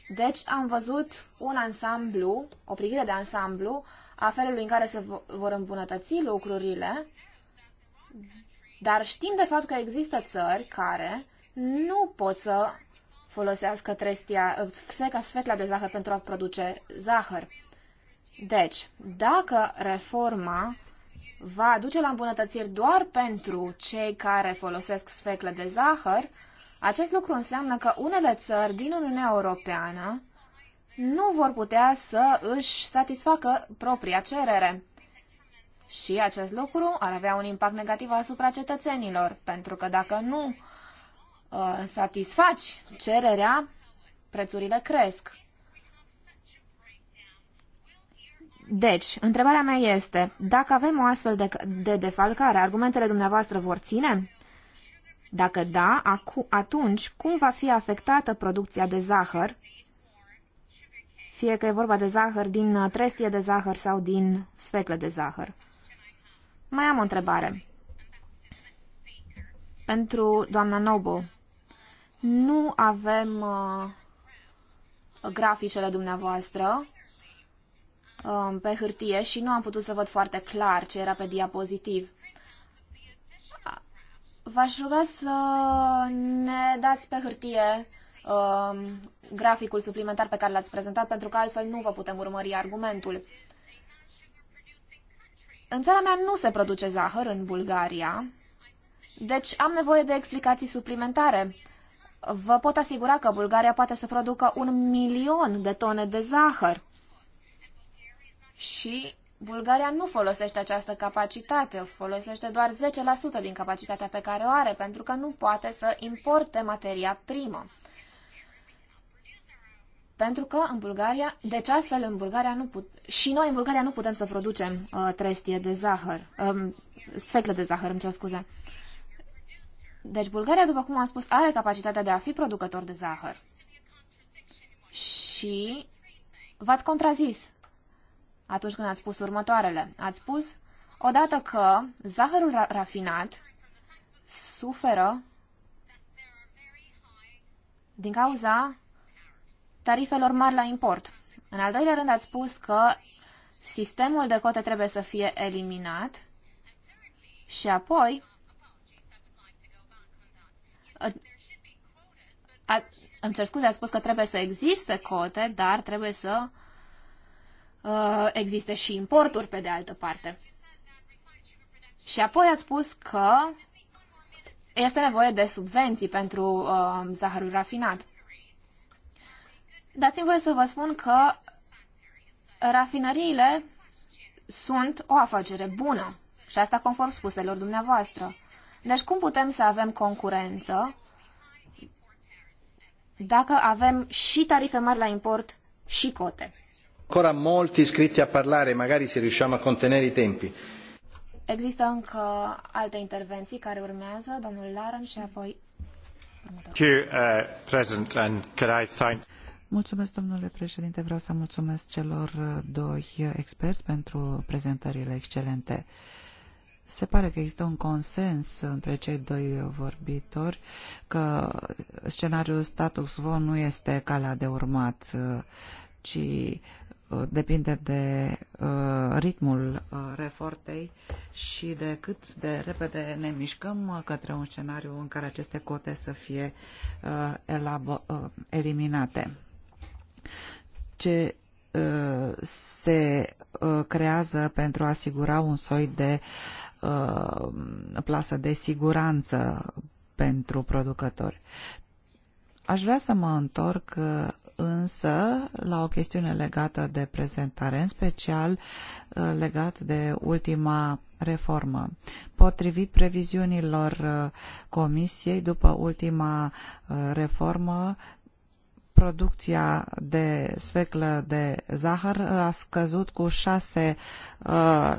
Deci am văzut un ansamblu, o privire de ansamblu a felului în care se vor îmbunătăți lucrurile dar știm de fapt că există țări care nu pot să folosească trestia, sfecla, sfecla de zahăr pentru a produce zahăr. Deci, dacă reforma va duce la îmbunătățiri doar pentru cei care folosesc sfeclă de zahăr, acest lucru înseamnă că unele țări din Uniunea Europeană nu vor putea să își satisfacă propria cerere. Și acest lucru ar avea un impact negativ asupra cetățenilor, pentru că dacă nu uh, satisfaci cererea, prețurile cresc. Deci, întrebarea mea este, dacă avem o astfel de, de defalcare, argumentele dumneavoastră vor ține? Dacă da, acu, atunci cum va fi afectată producția de zahăr, fie că e vorba de zahăr din trestie de zahăr sau din sfeclă de zahăr? Mai am o întrebare. Pentru doamna Nobo, nu avem uh, graficele dumneavoastră uh, pe hârtie și nu am putut să văd foarte clar ce era pe diapozitiv. V-aș ruga să ne dați pe hârtie uh, graficul suplimentar pe care l-ați prezentat, pentru că altfel nu vă putem urmări argumentul. În țara mea nu se produce zahăr, în Bulgaria, deci am nevoie de explicații suplimentare. Vă pot asigura că Bulgaria poate să producă un milion de tone de zahăr. Și Bulgaria nu folosește această capacitate, folosește doar 10% din capacitatea pe care o are, pentru că nu poate să importe materia primă. Pentru că în Bulgaria, deci astfel în Bulgaria nu put, și noi în Bulgaria nu putem să producem uh, trestie de zahăr, um, sfeclă de zahăr, îmi cer scuze. Deci Bulgaria, după cum am spus, are capacitatea de a fi producător de zahăr. Și v-ați contrazis atunci când ați spus următoarele. Ați spus odată că zahărul ra- rafinat suferă din cauza tarifelor mari la import. În al doilea rând, ați spus că sistemul de cote trebuie să fie eliminat și apoi a, a, îmi cer scuze, a spus că trebuie să existe cote, dar trebuie să a, existe și importuri pe de altă parte. Și apoi ați spus că este nevoie de subvenții pentru uh, zahărul rafinat. Dați-mi voie să vă spun că rafinăriile sunt o afacere bună și asta conform spuselor dumneavoastră. Deci cum putem să avem concurență dacă avem și tarife mari la import și cote? Ancora molti iscritti a parlare, magari se riusciamo a contenere i tempi. Există încă alte intervenții care urmează, domnul Laran și apoi următorul. Uh, Mulțumesc, domnule președinte. Vreau să mulțumesc celor doi experți pentru prezentările excelente. Se pare că există un consens între cei doi vorbitori că scenariul status quo nu este calea de urmat, ci uh, depinde de uh, ritmul uh, refortei și de cât de repede ne mișcăm către un scenariu în care aceste cote să fie eliminate ce uh, se uh, creează pentru a asigura un soi de uh, plasă de siguranță pentru producători. Aș vrea să mă întorc însă la o chestiune legată de prezentare, în special legat de ultima reformă. Potrivit previziunilor Comisiei, după ultima reformă, producția de sfeclă de zahăr uh, a scăzut cu 6, uh,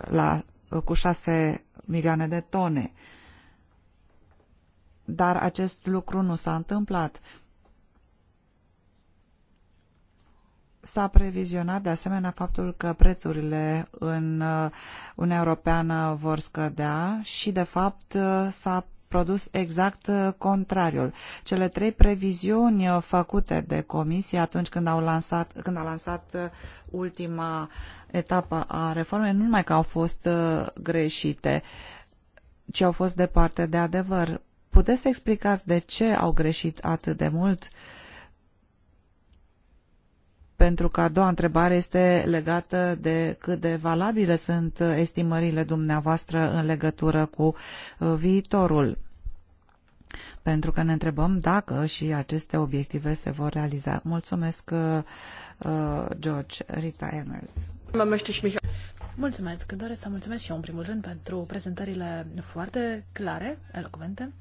la, uh, cu 6 milioane de tone. Dar acest lucru nu s-a întâmplat. S-a previzionat de asemenea faptul că prețurile în Uniunea Europeană vor scădea și de fapt s-a produs exact uh, contrariul. Cele trei previziuni uh, făcute de comisie atunci când, au lansat, când a lansat uh, ultima etapă a reformei, nu numai că au fost greșite, ci au fost departe de adevăr. Puteți să explicați de ce au greșit atât de mult? Uh, pentru că a doua întrebare este legată de cât de valabile sunt estimările dumneavoastră în legătură cu uh, viitorul. Pentru că ne întrebăm dacă și aceste obiective se vor realiza. Mulțumesc, uh, uh, George Rita Emers. Mulțumesc. Doresc să mulțumesc și eu, în primul rând, pentru prezentările foarte clare, elocvente.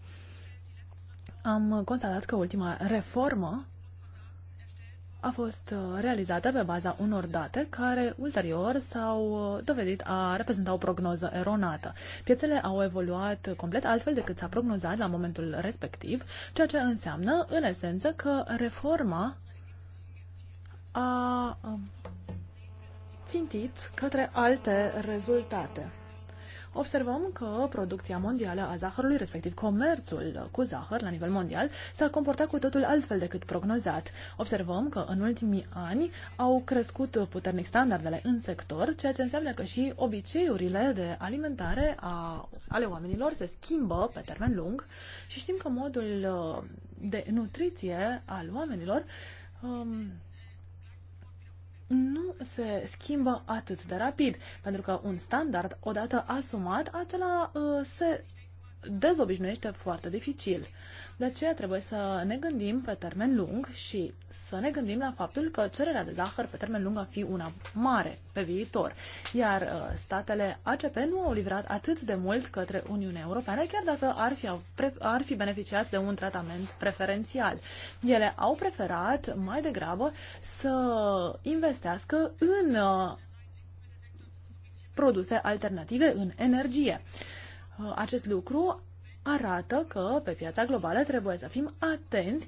Am constatat că ultima reformă a fost uh, realizată pe baza unor date care ulterior s-au uh, dovedit a reprezenta o prognoză eronată. Piețele au evoluat complet altfel decât s-a prognozat la momentul respectiv, ceea ce înseamnă, în esență, că reforma a uh, țintit către alte rezultate observăm că producția mondială a zahărului, respectiv comerțul cu zahăr la nivel mondial, s-a comportat cu totul altfel decât prognozat. Observăm că în ultimii ani au crescut puternic standardele în sector, ceea ce înseamnă că și obiceiurile de alimentare a, ale oamenilor se schimbă pe termen lung și știm că modul uh, de nutriție al oamenilor um, nu se schimbă atât de rapid, pentru că un standard, odată asumat, acela uh, se dezobișnuiește foarte dificil. De aceea trebuie să ne gândim pe termen lung și să ne gândim la faptul că cererea de zahăr pe termen lung va fi una mare pe viitor. Iar uh, statele ACP nu au livrat atât de mult către Uniunea Europeană, chiar dacă ar fi, ar fi beneficiat de un tratament preferențial. Ele au preferat mai degrabă să investească în uh, produse alternative, în energie. Uh, acest lucru arată că pe piața globală trebuie să fim atenți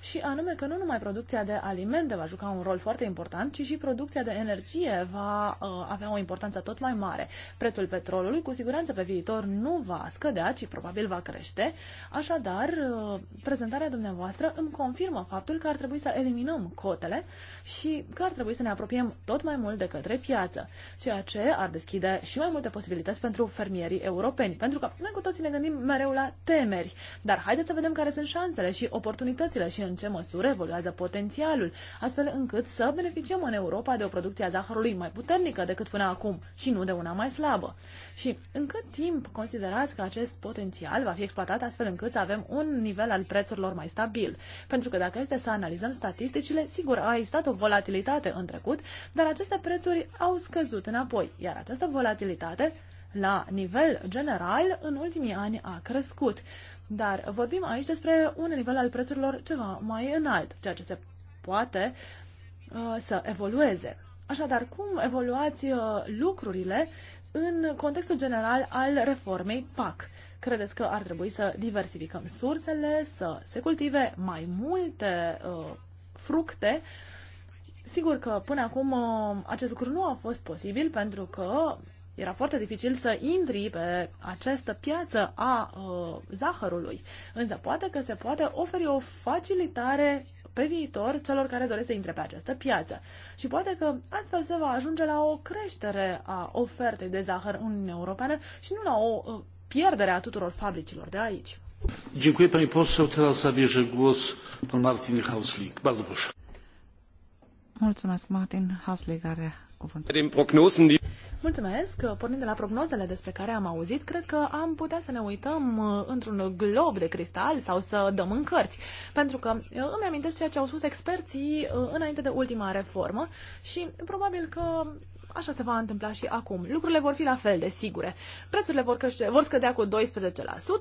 și anume că nu numai producția de alimente va juca un rol foarte important, ci și producția de energie va uh, avea o importanță tot mai mare. Prețul petrolului cu siguranță pe viitor nu va scădea, ci probabil va crește. Așadar, uh, prezentarea dumneavoastră îmi confirmă faptul că ar trebui să eliminăm cotele și că ar trebui să ne apropiem tot mai mult de către piață, ceea ce ar deschide și mai multe posibilități pentru fermierii europeni, pentru că noi cu toții ne gândim mereu la temeri, dar haideți să vedem care sunt șansele și oportunitățile și în ce măsură evoluează potențialul, astfel încât să beneficiem în Europa de o producție a zahărului mai puternică decât până acum și nu de una mai slabă. Și în cât timp considerați că acest potențial va fi exploatat astfel încât să avem un nivel al prețurilor mai stabil? Pentru că dacă este să analizăm statisticile, sigur a existat o volatilitate în trecut, dar aceste prețuri au scăzut înapoi, iar această volatilitate la nivel general, în ultimii ani a crescut. Dar vorbim aici despre un nivel al prețurilor ceva mai înalt, ceea ce se poate uh, să evolueze. Așadar, cum evoluați uh, lucrurile în contextul general al reformei PAC? Credeți că ar trebui să diversificăm sursele, să se cultive mai multe uh, fructe? Sigur că până acum uh, acest lucru nu a fost posibil pentru că era foarte dificil să intri pe această piață a uh, zahărului. Însă poate că se poate oferi o facilitare pe viitor celor care doresc să intre pe această piață. Și poate că astfel se va ajunge la o creștere a ofertei de zahăr în Uniunea Europeană și nu la o uh, pierdere a tuturor fabricilor de aici. Martin Mulțumesc, Martin Hausling are Mulțumesc. Pornind de la prognozele despre care am auzit, cred că am putea să ne uităm uh, într-un glob de cristal sau să dăm în cărți. Pentru că uh, îmi amintesc ceea ce au spus experții uh, înainte de ultima reformă și probabil că Așa se va întâmpla și acum. Lucrurile vor fi la fel de sigure. Prețurile vor, crește, vor scădea cu 12%,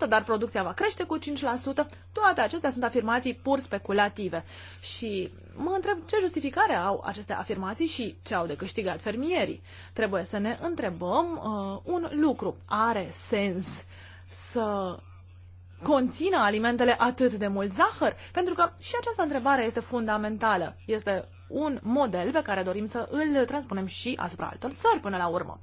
dar producția va crește cu 5%. Toate acestea sunt afirmații pur speculative. Și mă întreb ce justificare au aceste afirmații și ce au de câștigat fermierii. Trebuie să ne întrebăm uh, un lucru. Are sens să conțină alimentele atât de mult zahăr? Pentru că și această întrebare este fundamentală. Este un model pe care dorim să îl transpunem și asupra altor țări până la urmă.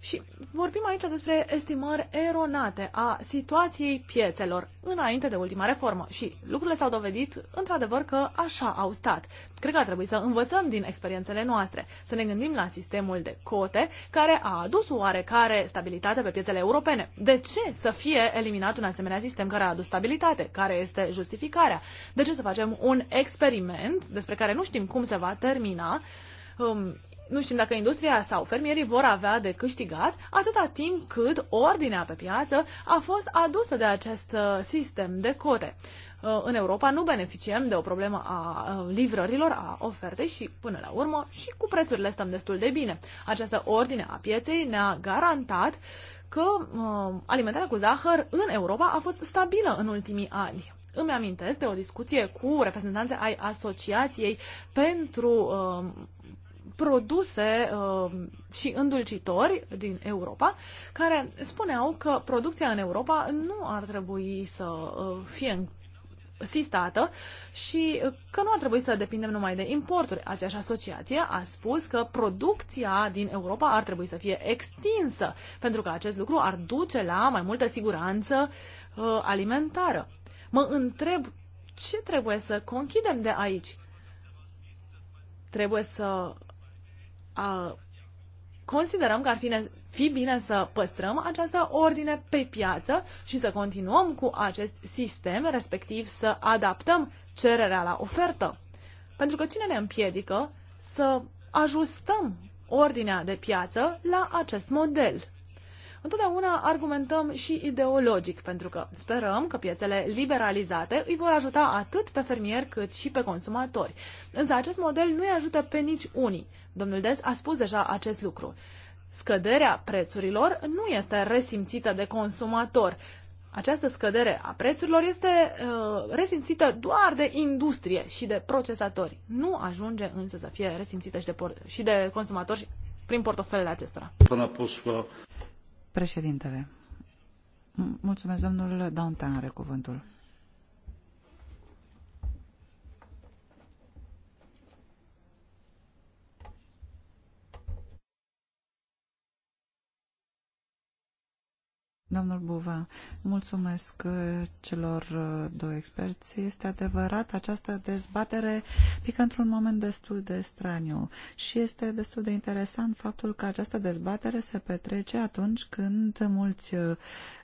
Și vorbim aici despre estimări eronate a situației piețelor înainte de ultima reformă și lucrurile s-au dovedit într-adevăr că așa au stat. Cred că ar trebui să învățăm din experiențele noastre, să ne gândim la sistemul de cote care a adus oarecare stabilitate pe piețele europene. De ce să fie eliminat un asemenea sistem care a adus stabilitate? Care este justificarea? De ce să facem un experiment despre care nu știm cum se va termina? Um, nu știm dacă industria sau fermierii vor avea de câștigat atâta timp cât ordinea pe piață a fost adusă de acest uh, sistem de cote. Uh, în Europa nu beneficiem de o problemă a uh, livrărilor, a ofertei și, până la urmă, și cu prețurile stăm destul de bine. Această ordine a pieței ne-a garantat că uh, alimentarea cu zahăr în Europa a fost stabilă în ultimii ani îmi amintesc de o discuție cu reprezentanțe ai Asociației pentru uh, produse uh, și îndulcitori din Europa, care spuneau că producția în Europa nu ar trebui să uh, fie sistată și că nu ar trebui să depindem numai de importuri. Aceeași asociație a spus că producția din Europa ar trebui să fie extinsă, pentru că acest lucru ar duce la mai multă siguranță uh, alimentară. Mă întreb ce trebuie să conchidem de aici. Trebuie să a, considerăm că ar fi, ne, fi bine să păstrăm această ordine pe piață și să continuăm cu acest sistem, respectiv să adaptăm cererea la ofertă. Pentru că cine ne împiedică să ajustăm ordinea de piață la acest model? Întotdeauna argumentăm și ideologic, pentru că sperăm că piețele liberalizate îi vor ajuta atât pe fermieri cât și pe consumatori. Însă acest model nu îi ajută pe nici unii. Domnul Des a spus deja acest lucru. Scăderea prețurilor nu este resimțită de consumator. Această scădere a prețurilor este uh, resimțită doar de industrie și de procesatori. Nu ajunge însă să fie resimțită și de, por- și de consumatori prin portofelele acestora. Până Președintele. Mulțumesc, domnul Downtown are cuvântul. Domnul Buva, mulțumesc uh, celor uh, doi experți. Este adevărat, această dezbatere pică într-un moment destul de straniu și este destul de interesant faptul că această dezbatere se petrece atunci când mulți uh,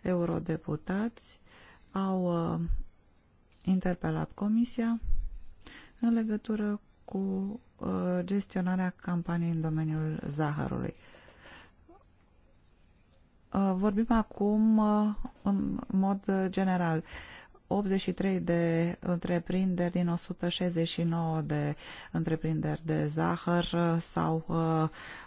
eurodeputați au interpelat Comisia în legătură cu gestionarea campaniei în domeniul zahărului. Uh, vorbim acum uh, în mod uh, general. 83 de întreprinderi din 169 de întreprinderi de zahăr s-au uh,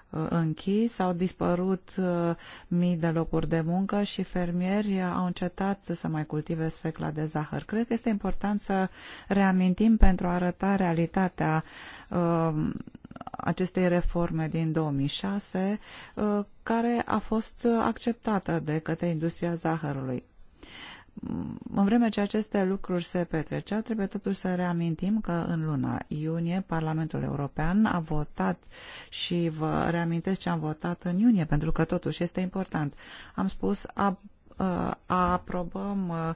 uh, închis, au dispărut uh, mii de locuri de muncă și fermieri au încetat să mai cultive sfecla de zahăr. Cred că este important să reamintim pentru a arăta realitatea um, acestei reforme din 2006, care a fost acceptată de către industria zahărului. În vreme ce aceste lucruri se petreceau, trebuie totuși să reamintim că în luna iunie Parlamentul European a votat și vă reamintesc ce am votat în iunie, pentru că totuși este important. Am spus a, a, aprobăm a,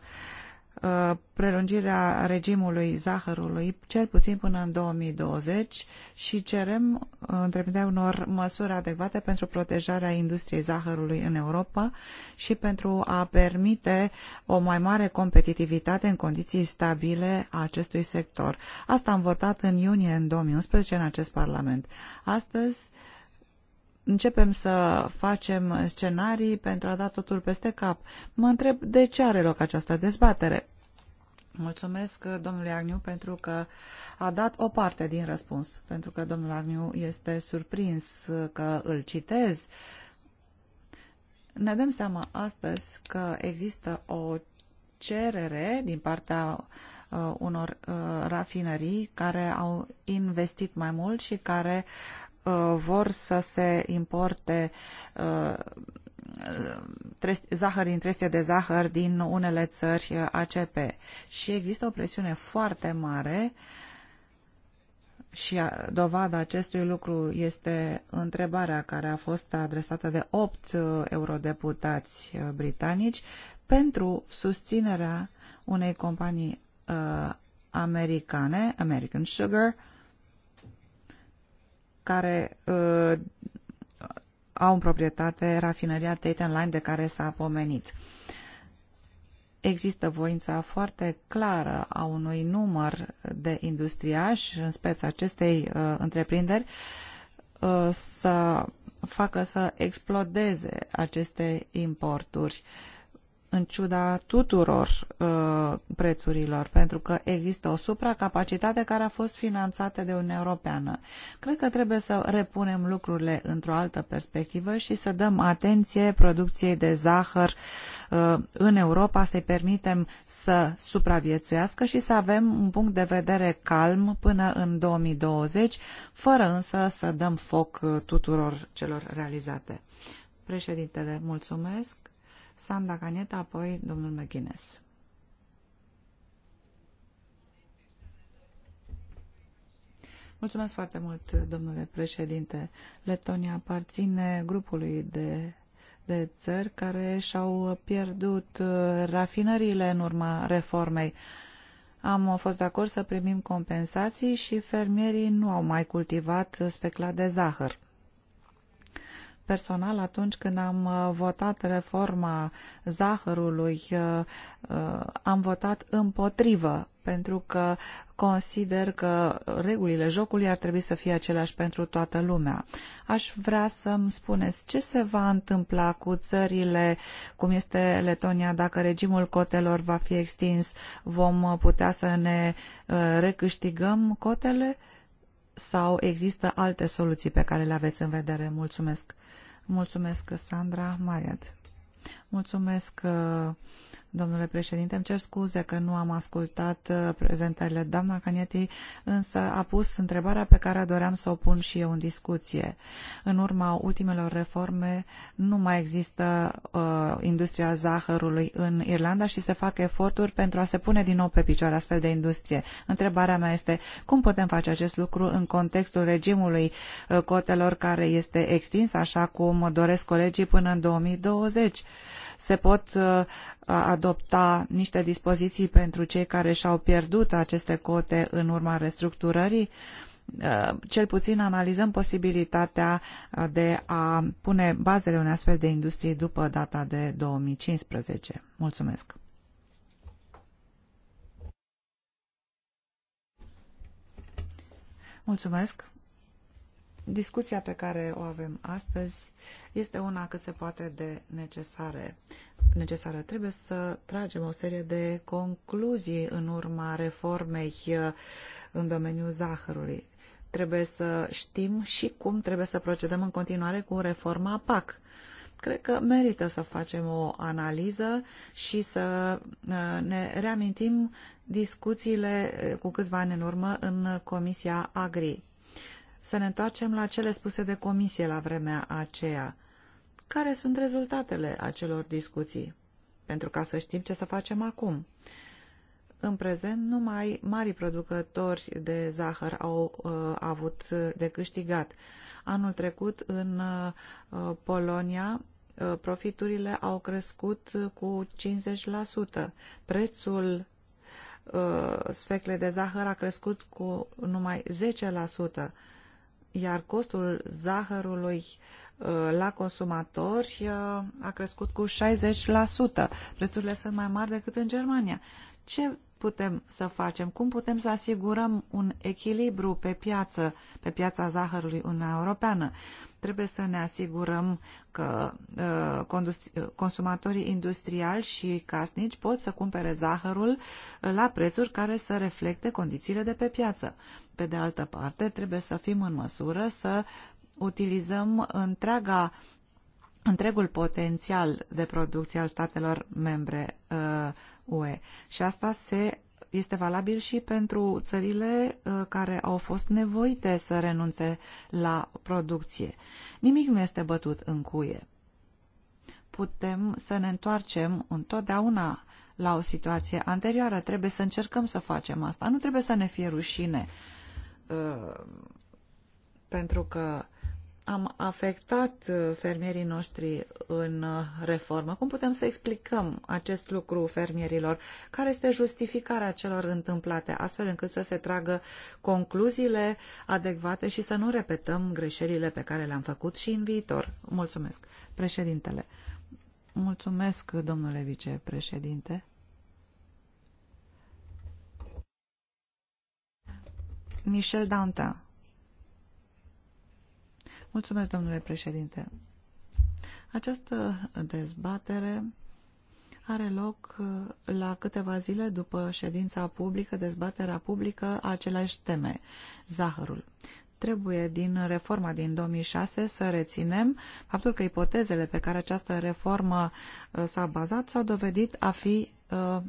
Uh, prelungirea regimului zahărului cel puțin până în 2020 și cerem uh, întreprinderea unor măsuri adecvate pentru protejarea industriei zahărului în Europa și pentru a permite o mai mare competitivitate în condiții stabile a acestui sector. Asta am votat în iunie în 2011 în acest Parlament. Astăzi începem să facem scenarii pentru a da totul peste cap. Mă întreb de ce are loc această dezbatere. Mulțumesc domnului Agniu pentru că a dat o parte din răspuns, pentru că domnul Agniu este surprins că îl citez. Ne dăm seama astăzi că există o cerere din partea uh, unor uh, rafinării care au investit mai mult și care Uh, vor să se importe uh, zahăr din trestie de zahăr din unele țări uh, ACP. Și există o presiune foarte mare și dovada acestui lucru este întrebarea care a fost adresată de opt eurodeputați britanici pentru susținerea unei companii uh, americane, American Sugar, uh, care uh, au în proprietate rafineria Tate Line de care s-a pomenit. Există voința foarte clară a unui număr de industriași în speța acestei uh, întreprinderi uh, să facă să explodeze aceste importuri uh, în ciuda tuturor uh, prețurilor, pentru că există o supracapacitate care a fost finanțată de Uniunea Europeană. Cred că trebuie să repunem lucrurile într-o altă perspectivă și să dăm atenție producției de zahăr uh, în Europa, să-i permitem să supraviețuiască și să avem un punct de vedere calm până în 2020, fără însă să dăm foc uh, tuturor celor realizate. Președintele, mulțumesc. Sanda Caneta, apoi domnul McGuinness. Mulțumesc foarte mult, domnule președinte. Letonia aparține grupului de, de țări care și-au pierdut uh, rafinările în urma reformei. Am fost de acord să primim compensații și fermierii nu au mai cultivat specla de zahăr. Personal, atunci când am uh, votat reforma zahărului, uh, uh, am votat împotrivă, pentru că consider că regulile jocului ar trebui să fie aceleași pentru toată lumea. Aș vrea să-mi spuneți ce se va întâmpla cu țările, cum este Letonia, dacă regimul cotelor va fi extins, vom putea să ne recâștigăm cotele? sau există alte soluții pe care le aveți în vedere? Mulțumesc. Mulțumesc, Sandra Mariat. Mulțumesc uh, Domnule președinte, îmi cer scuze că nu am ascultat uh, prezentările doamna Canieti, însă a pus întrebarea pe care doream să o pun și eu în discuție. În urma ultimelor reforme nu mai există uh, industria zahărului în Irlanda și se fac eforturi pentru a se pune din nou pe picioare astfel de industrie. Întrebarea mea este cum putem face acest lucru în contextul regimului uh, cotelor care este extins, așa cum doresc colegii, până în 2020? se pot uh, adopta niște dispoziții pentru cei care și-au pierdut aceste cote în urma restructurării? Uh, cel puțin analizăm posibilitatea uh, de a pune bazele unei astfel de industrie după data de 2015. Mulțumesc! Mulțumesc! Discuția pe care o avem astăzi este una cât se poate de necesare. necesară. Trebuie să tragem o serie de concluzii în urma reformei uh, în domeniul zahărului. Trebuie să știm și cum trebuie să procedăm în continuare cu reforma PAC. Cred că merită să facem o analiză și să uh, ne reamintim discuțiile uh, cu câțiva ani în urmă în Comisia Agri să ne întoarcem la cele spuse de comisie la vremea aceea. Care sunt rezultatele acelor discuții? Pentru ca să știm ce să facem acum. În prezent, numai mari producători de zahăr au uh, avut de câștigat. Anul trecut, în uh, Polonia, uh, profiturile au crescut cu 50%. Prețul uh, sfeclei de zahăr a crescut cu numai 10% iar costul zahărului uh, la consumatori uh, a crescut cu 60%. Prețurile sunt mai mari decât în Germania. Ce putem să facem? Cum putem să asigurăm un echilibru pe piață, pe piața zahărului în Europeană? Trebuie să ne asigurăm că uh, uh, consumatorii industriali și casnici pot să cumpere zahărul uh, la prețuri care să reflecte condițiile de pe piață. Pe de altă parte, trebuie să fim în măsură să utilizăm întreaga întregul potențial de producție al statelor membre uh, UE. Și asta se este valabil și pentru țările uh, care au fost nevoite să renunțe la producție. Nimic nu este bătut în cuie. Putem să ne întoarcem întotdeauna la o situație anterioară. Trebuie să încercăm să facem asta. Nu trebuie să ne fie rușine uh, pentru că uh, am afectat uh, fermierii noștri în uh, reformă. Cum putem să explicăm acest lucru fermierilor? Care este justificarea celor întâmplate, astfel încât să se tragă concluziile adecvate și să nu repetăm greșelile pe care le-am făcut și în viitor? Mulțumesc, președintele. Mulțumesc, domnule vicepreședinte. Michel Dantin. Mulțumesc, domnule președinte. Această dezbatere are loc uh, la câteva zile după ședința publică, dezbaterea publică a aceleași teme, zahărul. Trebuie din reforma din 2006 să reținem faptul că ipotezele pe care această reformă uh, s-a bazat s-au dovedit a fi uh,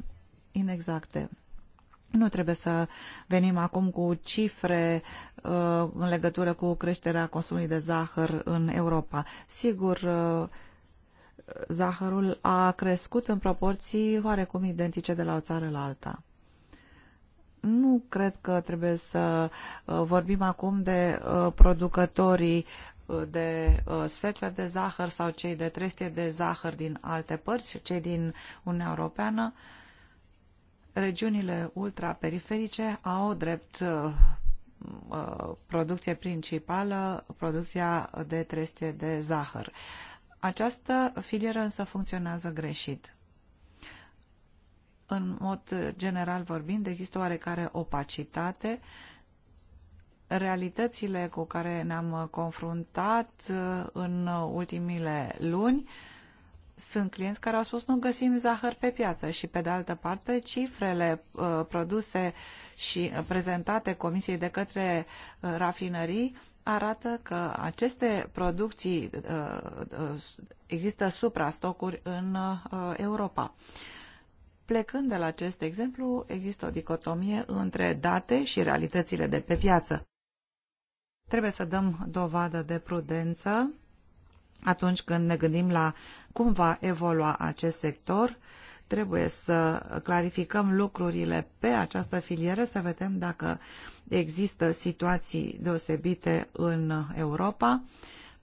inexacte. Nu trebuie să venim acum cu cifre uh, în legătură cu creșterea consumului de zahăr în Europa. Sigur, uh, zahărul a crescut în proporții oarecum identice de la o țară la alta. Nu cred că trebuie să uh, vorbim acum de uh, producătorii uh, de uh, sfetle de zahăr sau cei de trestie de zahăr din alte părți, cei din Uniunea Europeană. Uh, regiunile ultraperiferice au drept uh, producție principală producția de trestie de zahăr. Această filieră însă funcționează greșit. În mod general vorbind, există oarecare opacitate. Realitățile cu care ne-am confruntat uh, în ultimile luni uh, sunt clienți care au spus nu găsim zahăr pe piață și pe de altă parte cifrele uh, produse și uh, prezentate Comisiei de către uh, rafinării arată că aceste producții uh, uh există stocuri în uh, Europa. Plecând de la acest exemplu, există o dicotomie între date și realitățile de pe piață. Trebuie să dăm dovadă de prudență atunci când ne gândim la cum va evolua acest sector, trebuie să clarificăm lucrurile pe această filieră, să vedem dacă există situații deosebite în Europa,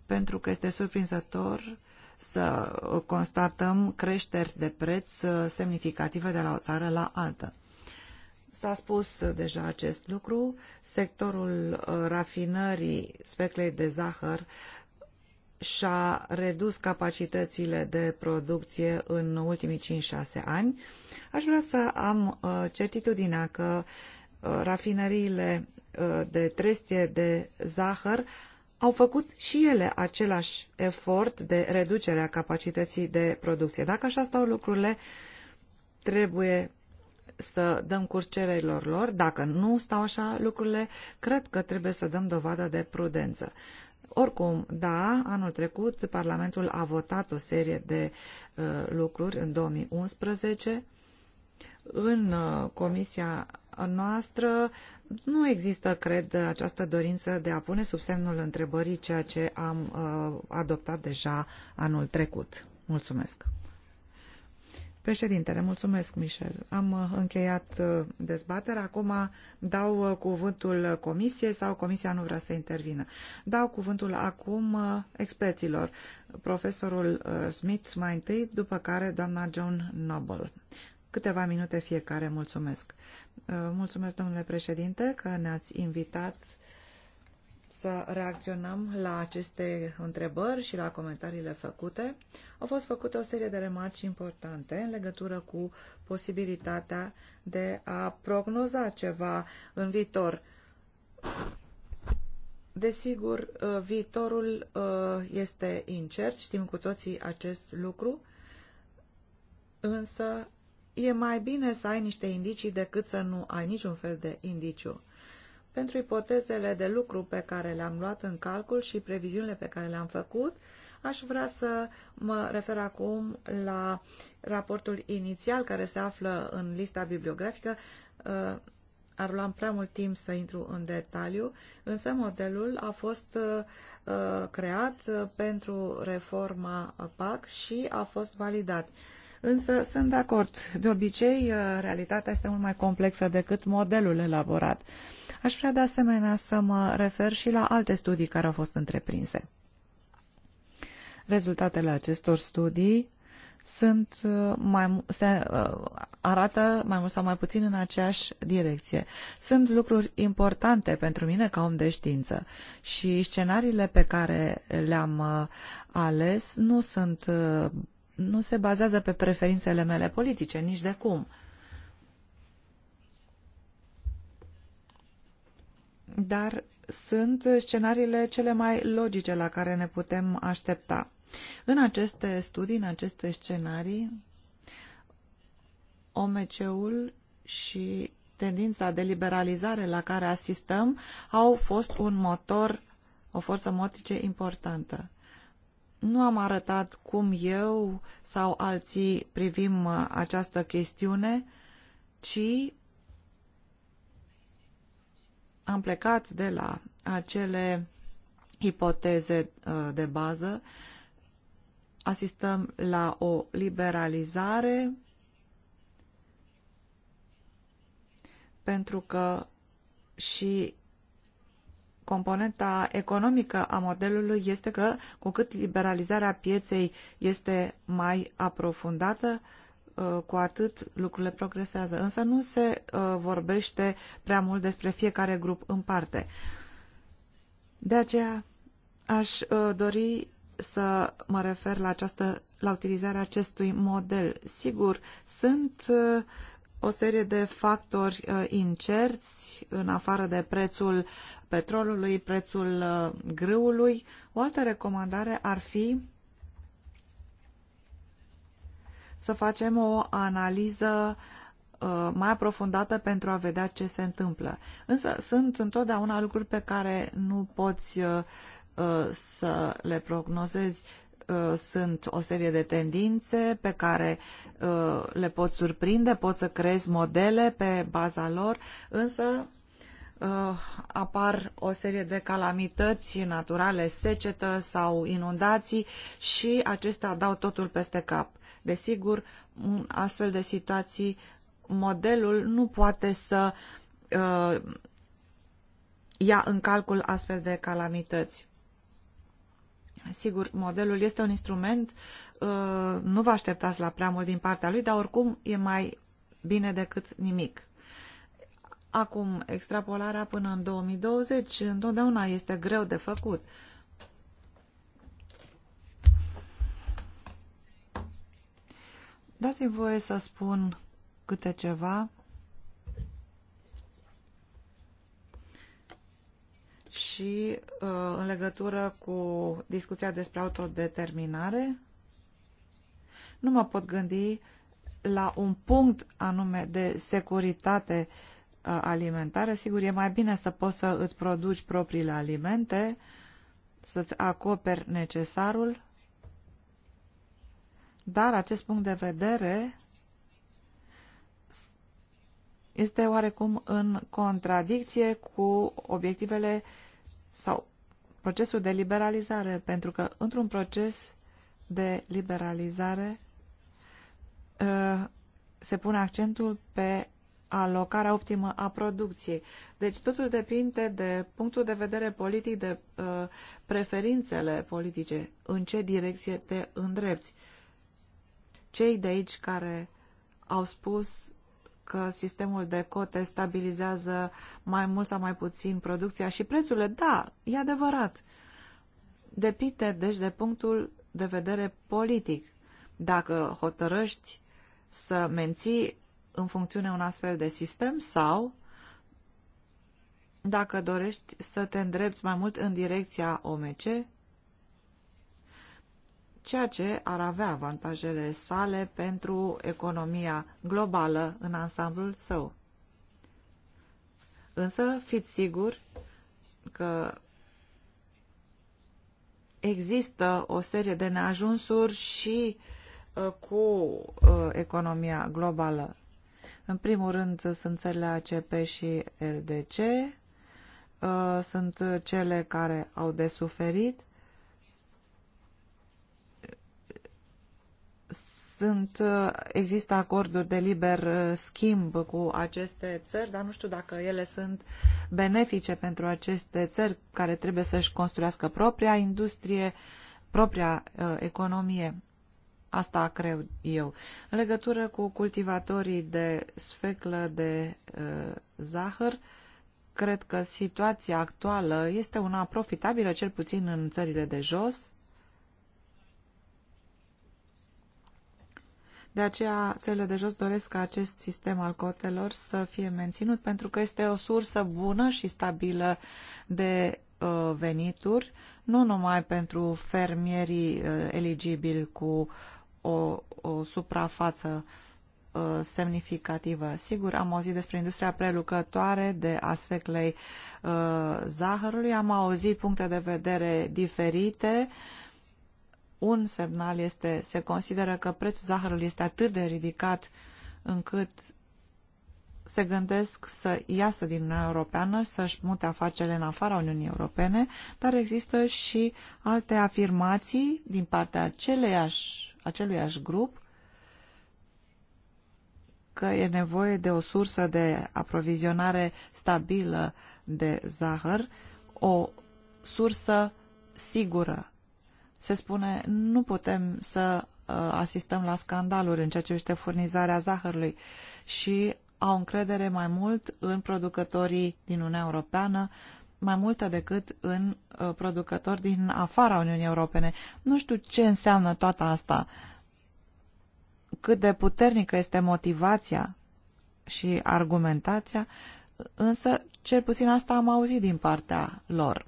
pentru că este surprinzător să constatăm creșteri de preț semnificative de la o țară la alta. S-a spus deja acest lucru, sectorul rafinării speclei de zahăr și-a redus capacitățile de producție în ultimii 5-6 ani, aș vrea să am uh, certitudinea că uh, rafinăriile uh, de trestie de zahăr au făcut și ele același efort de reducere a capacității de producție. Dacă așa stau lucrurile, trebuie să dăm curs cererilor lor. Dacă nu stau așa lucrurile, cred că trebuie să dăm dovadă de prudență. Oricum, da, anul trecut Parlamentul a votat o serie de uh, lucruri în 2011. În uh, comisia noastră nu există, cred, această dorință de a pune sub semnul întrebării ceea ce am uh, adoptat deja anul trecut. Mulțumesc! Președintele, mulțumesc, Michel. Am uh, încheiat uh, dezbaterea. Acum uh, dau cuvântul comisiei sau comisia nu vrea să intervină. Dau cuvântul acum experților. Profesorul Smith mai întâi, după care doamna John Noble. Câteva minute fiecare, mulțumesc. Mulțumesc, domnule președinte, că ne-ați invitat să reacționăm la aceste întrebări și la comentariile făcute. Au fost făcute o serie de remarci importante în legătură cu posibilitatea de a prognoza ceva în viitor. Desigur, uh, viitorul uh, este incert, știm cu toții acest lucru, însă e mai bine să ai niște indicii decât să nu ai niciun fel de indiciu pentru ipotezele de lucru pe care le-am luat în calcul și previziunile pe care le-am făcut, aș vrea să mă refer acum la raportul inițial care se află în lista bibliografică. Uh, ar lua prea mult timp să intru în detaliu, însă modelul a fost uh, uh, creat pentru reforma PAC și a fost validat. Însă sunt de acord. De obicei, realitatea este mult mai complexă decât modelul elaborat. Aș vrea de asemenea să mă refer și la alte studii care au fost întreprinse. Rezultatele acestor studii sunt uh, mai, se uh, arată mai mult sau mai puțin în aceeași direcție. Sunt lucruri importante pentru mine ca om de știință și scenariile pe care le-am uh, ales nu sunt nu se bazează pe preferințele mele politice, nici de cum. Uh, dar sunt scenariile cele mai logice la care ne putem aștepta. În aceste studii, în aceste scenarii, OMC-ul și tendința de liberalizare la care asistăm au fost un motor, o forță motrice importantă. Nu am arătat cum eu sau alții privim uh, această chestiune, ci am plecat de la acele ipoteze uh, de bază. Asistăm la o liberalizare pentru că și componenta economică a modelului este că cu cât liberalizarea pieței este mai aprofundată, Uh, cu atât lucrurile progresează. Însă nu se uh, vorbește prea mult despre fiecare grup în parte. De aceea aș uh, dori să mă refer la, această, la utilizarea acestui model. Sigur, sunt o serie de factori incerți, în afară de prețul petrolului, prețul grâului. O altă recomandare ar fi să facem o analiză uh, mai aprofundată pentru a vedea ce se întâmplă. Însă sunt întotdeauna lucruri pe care nu poți uh, uh, să le prognozezi. Sunt o serie de tendințe pe care le poți surprinde, poți să creezi modele pe baza lor, însă apar o serie de calamități naturale, secetă sau inundații și acestea dau totul peste cap. Desigur, în astfel de situații, modelul nu poate să uh, ia în calcul astfel de calamități. Sigur, modelul este un instrument, uh, nu vă așteptați la prea mult din partea lui, dar oricum e mai bine decât nimic. Acum, extrapolarea până în 2020 întotdeauna este greu de făcut. Uh, Dați-mi voie să spun câte ceva și uh, în legătură cu discuția despre autodeterminare, nu mă pot gândi la un punct anume de securitate uh, alimentară. Sigur, e mai bine să poți să îți produci propriile alimente, să-ți acoperi necesarul, dar acest punct de vedere este oarecum în contradicție cu obiectivele sau procesul de liberalizare, pentru că într-un proces de liberalizare ă, se pune accentul pe alocarea optimă a producției. Deci totul depinde de punctul de vedere politic, de ă, preferințele politice, în ce direcție te îndrepți cei de aici care au spus că sistemul de cote stabilizează mai mult sau mai puțin producția și prețurile, da, e adevărat. depite deci, de punctul de vedere politic. Dacă hotărăști să menții în funcțiune un astfel de sistem sau dacă dorești să te îndrepți mai mult în direcția OMC ceea ce ar avea avantajele sale pentru economia globală în ansamblul său. Însă fiți siguri că există o serie de neajunsuri și uh, cu uh, economia globală. În primul rând sunt țările ACP și LDC, uh, sunt cele care au de suferit, sunt, uh, există acorduri de liber uh, schimb cu aceste țări, dar nu știu dacă ele sunt benefice pentru aceste țări care trebuie să-și construiască propria industrie, propria uh, economie. Asta cred eu. În legătură cu cultivatorii de sfeclă de uh, zahăr, cred că situația actuală este una profitabilă, cel puțin în țările de jos, De aceea, țările de jos doresc ca acest sistem al cotelor să fie menținut pentru că este o sursă bună și stabilă de uh, venituri, nu numai pentru fermierii uh, eligibili cu o, o suprafață uh, semnificativă. Sigur, am auzit despre industria prelucrătoare de asfeclei zahărului, am auzit puncte de vedere diferite uh, un semnal este, se consideră că prețul zahărului este atât de ridicat încât se gândesc să iasă din Uniunea Europeană, să-și mute afacerile în afara Uniunii Europene, dar există și alte afirmații din partea aceleiași, aceluiași grup că e nevoie de o sursă de aprovizionare stabilă de zahăr, o sursă sigură se spune nu putem să uh, asistăm la scandaluri în ceea ce privește furnizarea zahărului și au încredere mai mult în producătorii din Uniunea Europeană, mai multă decât în uh, producători din afara Uniunii Europene. Nu știu ce înseamnă toată asta, cât de puternică este motivația și argumentația, însă cel puțin asta am auzit din partea lor.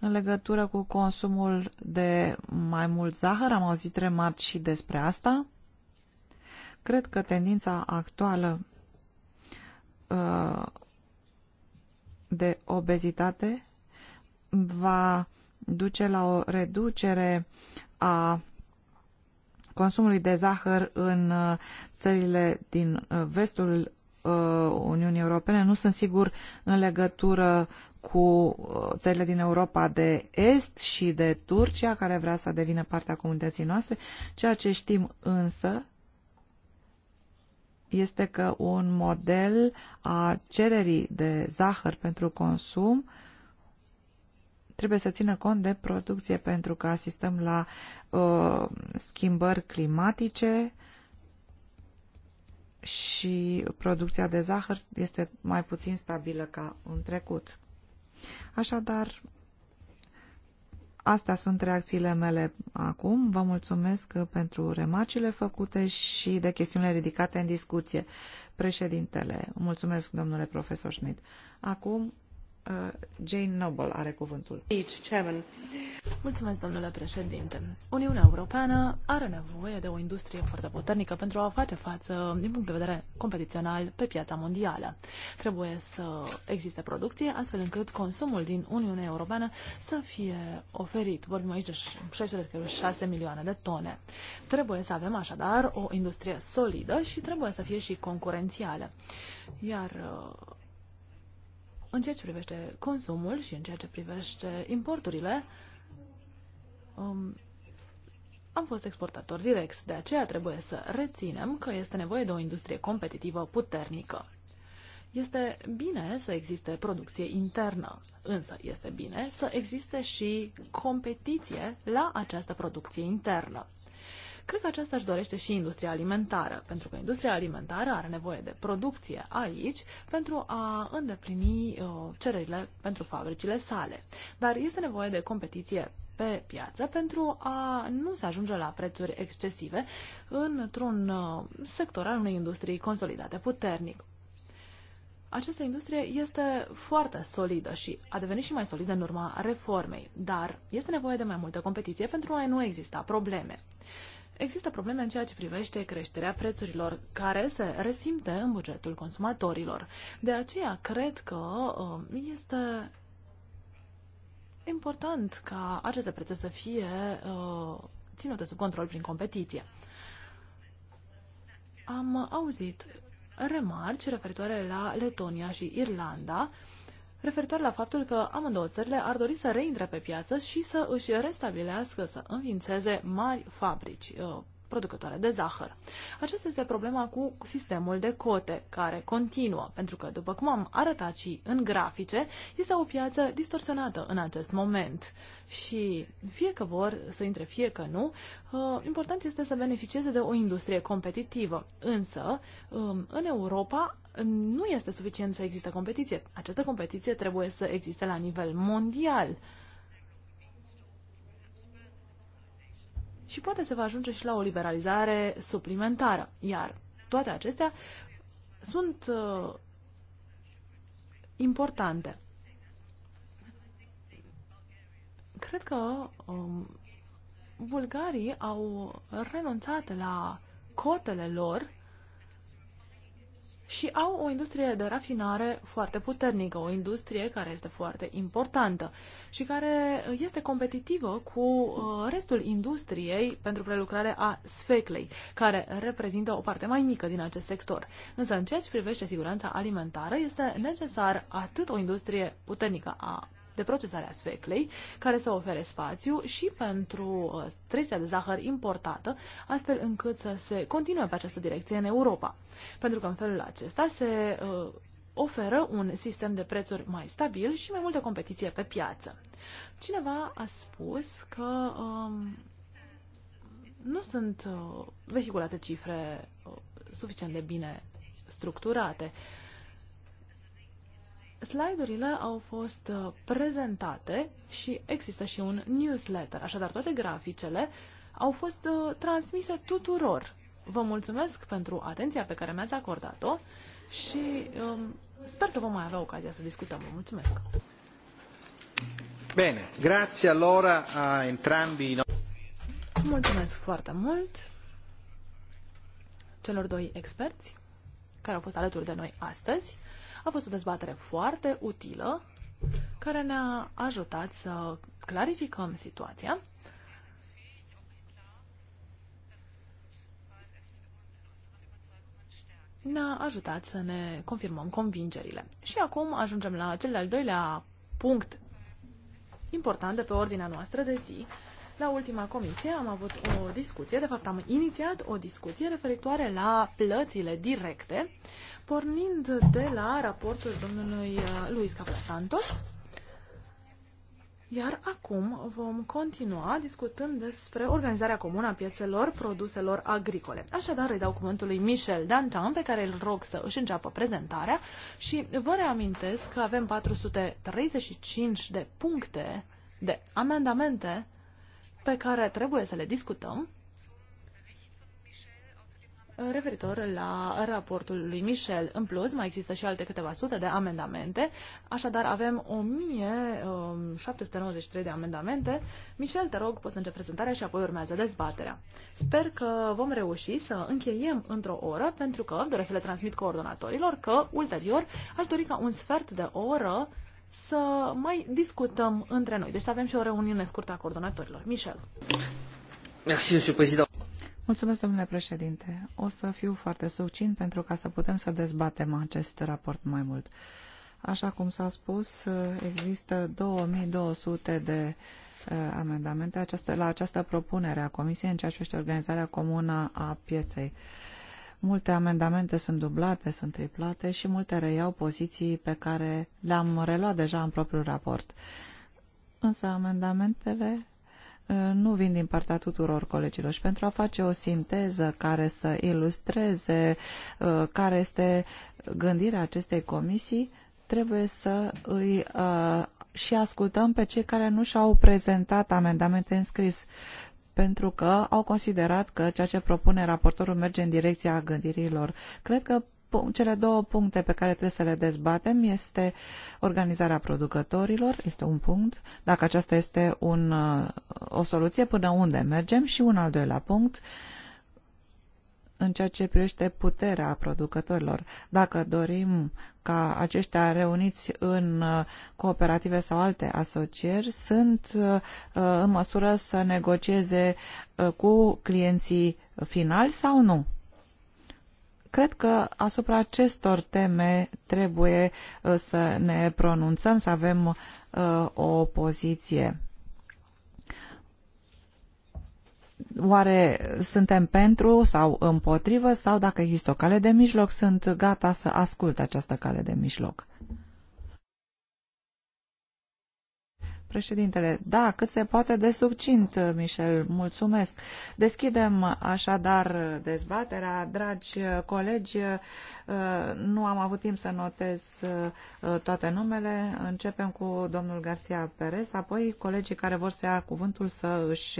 În legătură cu consumul de mai mult zahăr, am auzit remarci și despre asta. Cred că tendința actuală uh, de obezitate va duce la o reducere a consumului de zahăr în uh, țările din uh, vestul Uniunii Europene. Nu sunt sigur în legătură cu uh, țările din Europa de Est și de Turcia, care vrea să devină parte a comunității noastre. Ceea ce știm însă este că un model a cererii de zahăr pentru consum trebuie să țină cont de producție pentru că asistăm la uh, schimbări climatice și producția de zahăr este mai puțin stabilă ca în trecut. Așadar, astea sunt reacțiile mele acum. Vă mulțumesc pentru remarcile făcute și de chestiunile ridicate în discuție. Președintele, mulțumesc domnule profesor Schmidt. Acum Uh, Jane Noble are cuvântul. Mulțumesc, domnule președinte. Uniunea Europeană are nevoie de o industrie foarte puternică pentru a face față, din punct de vedere competițional, pe piața mondială. Trebuie să existe producție, astfel încât consumul din Uniunea Europeană să fie oferit. Vorbim aici de 16 milioane de tone. Trebuie să avem așadar o industrie solidă și trebuie să fie și concurențială. Iar uh, în ceea ce privește consumul și în ceea ce privește importurile, um, am fost exportator direct, de aceea trebuie să reținem că este nevoie de o industrie competitivă puternică. Este bine să existe producție internă, însă este bine să existe și competiție la această producție internă. Cred că aceasta își dorește și industria alimentară, pentru că industria alimentară are nevoie de producție aici pentru a îndeplini uh, cererile pentru fabricile sale. Dar este nevoie de competiție pe piață pentru a nu se ajunge la prețuri excesive într-un uh, sector al unei industriei consolidate puternic. Această industrie este foarte solidă și a devenit și mai solidă în urma reformei, dar este nevoie de mai multă competiție pentru a nu exista probleme. Există probleme în ceea ce privește creșterea prețurilor, care se resimte în bugetul consumatorilor. De aceea, cred că uh, este important ca aceste prețuri să fie uh, ținute sub control prin competiție. Am auzit remarci referitoare la Letonia și Irlanda, referitor la faptul că amândouă țările ar dori să reintre pe piață și să își restabilească, să înființeze mari fabrici uh, producătoare de zahăr. Aceasta este problema cu sistemul de cote, care continuă, pentru că, după cum am arătat și în grafice, este o piață distorsionată în acest moment. Și fie că vor să intre, fie că nu, uh, important este să beneficieze de o industrie competitivă. Însă, um, în Europa, nu este suficient să existe competiție. Această competiție trebuie să existe la nivel mondial. și poate se va ajunge și la o liberalizare suplimentară. Iar toate acestea sunt uh, importante. Cred că um, bulgarii au renunțat la cotele lor și au o industrie de rafinare foarte puternică, o industrie care este foarte importantă și care este competitivă cu uh, restul industriei pentru prelucrare a sfeclei, care reprezintă o parte mai mică din acest sector. Însă, în ceea ce privește siguranța alimentară, este necesar atât o industrie puternică a de procesare a sfeclei, care să ofere spațiu și pentru uh, trestia de zahăr importată, astfel încât să se continue pe această direcție în Europa. Pentru că în felul acesta se uh, oferă un sistem de prețuri mai stabil și mai multă competiție pe piață. Cineva a spus că um, nu sunt uh, vehiculate cifre uh, suficient de bine structurate. Uh, Slide-urile au fost uh, prezentate și există și un newsletter, așadar toate graficele au fost uh, transmise tuturor. Vă mulțumesc pentru atenția pe care mi-ați acordat-o și um, sper că vom mai avea ocazia să discutăm. Vă mulțumesc! Bine, grazie allora a entrambi. Mulțumesc foarte mult celor doi experți care au fost alături de noi astăzi. A fost o dezbatere foarte utilă care ne-a ajutat să clarificăm situația. ne-a ajutat să ne confirmăm convingerile. Și acum ajungem la cel de-al doilea punct important de pe ordinea noastră de zi, la ultima comisie am avut o discuție, de fapt am inițiat o discuție referitoare la plățile directe, pornind de la raportul domnului uh, Luis Capasantos. Iar acum vom continua discutând despre organizarea comună a piețelor produselor agricole. Așadar, îi dau cuvântul lui Michel Dantan, pe care îl rog să își înceapă prezentarea și vă reamintesc că avem 435 de puncte de amendamente pe care trebuie să le discutăm referitor la raportul lui Michel. În plus, mai există și alte câteva sute de amendamente, așadar avem 1793 um, de amendamente. Michel, te rog, poți să prezentarea și apoi urmează dezbaterea. Sper că vom reuși să încheiem într-o oră, pentru că doresc să le transmit coordonatorilor că, ulterior, aș dori ca un sfert de oră să mai discutăm între noi. Deci avem și o reuniune scurtă a coordonatorilor. Michel. Merci, monsieur président. Mulțumesc, domnule președinte. O să fiu foarte succint pentru ca să putem să dezbatem acest raport mai mult. Așa cum s-a spus, există 2200 de eh, amendamente această, la această propunere a Comisiei în ceea ce privește organizarea comună a pieței. Uh, Multe amendamente sunt dublate, sunt triplate și multe reiau poziții pe care le-am reluat deja în propriul raport. Însă amendamentele uh, nu vin din partea tuturor colegilor și pentru a face o sinteză care să ilustreze uh, care este gândirea acestei comisii, trebuie să îi uh, și ascultăm pe cei care nu și-au prezentat amendamente în scris pentru că au considerat că ceea ce propune raportorul merge în direcția gândirilor. Cred că cele două puncte pe care trebuie să le dezbatem este organizarea producătorilor, este un punct, dacă aceasta este un, uh, o soluție, până unde mergem și un al doilea punct, în ceea ce privește puterea producătorilor. Dacă dorim ca aceștia reuniți în uh, cooperative sau alte asocieri sunt uh, uh, în măsură să negocieze cu clienții finali sau nu? Cred că asupra acestor teme trebuie să ne pronunțăm, să avem o poziție. oare suntem pentru sau împotrivă sau dacă există o cale de mijloc, sunt gata să ascult această cale de mijloc. Președintele, da, cât se poate de succint, Michel, mulțumesc. Deschidem așadar dezbaterea. Dragi colegi, uh, nu am avut timp să notez uh, toate numele. Începem cu domnul García Perez, apoi colegii care vor să ia cuvântul să își,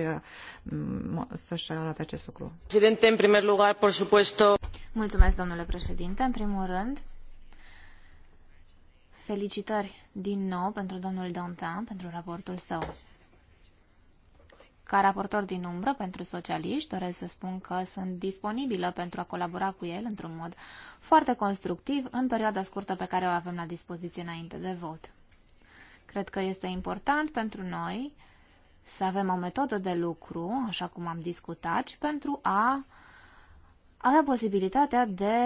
mm, să-și arate acest lucru. Președinte, în primul lugar, por supuesto. Mulțumesc, domnule președinte. În primul rând, Felicitări din nou pentru domnul Dantin, pentru raportul său. Ca raportor din umbră pentru socialiști, doresc să spun că sunt disponibilă pentru a colabora cu el într-un mod foarte constructiv în perioada scurtă pe care o avem la dispoziție înainte de vot. Cred că este important pentru noi să avem o metodă de lucru, așa cum am discutat, și pentru a avea posibilitatea de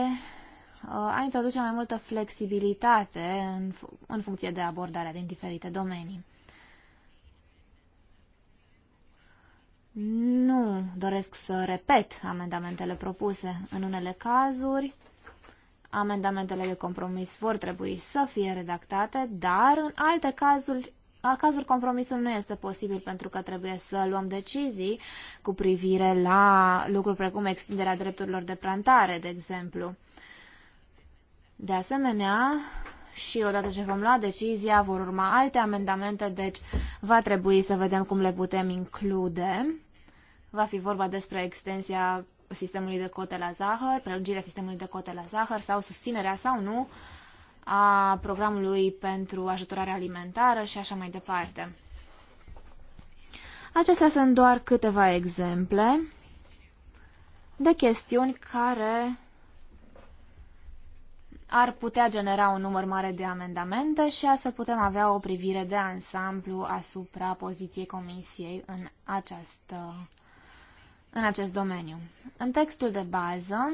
Uh, a introduce mai multă flexibilitate în, în funcție de abordarea din diferite domenii. Nu doresc să repet amendamentele propuse. În unele cazuri, amendamentele de compromis vor trebui să fie redactate, dar în alte cazuri, a cazuri compromisul nu este posibil pentru că trebuie să luăm decizii cu privire la lucruri precum extinderea drepturilor de plantare, de exemplu. De asemenea, și odată ce vom lua decizia, vor urma alte amendamente, deci va trebui să vedem cum le putem include. Va fi vorba despre extensia sistemului de cote la zahăr, prelungirea sistemului de cote la zahăr sau susținerea sau nu a programului pentru ajutorare alimentară și așa mai departe. Acestea sunt doar câteva exemple de chestiuni care ar putea genera un număr mare de amendamente și astfel putem avea o privire de ansamblu asupra poziției Comisiei în, această, în acest domeniu. În textul de bază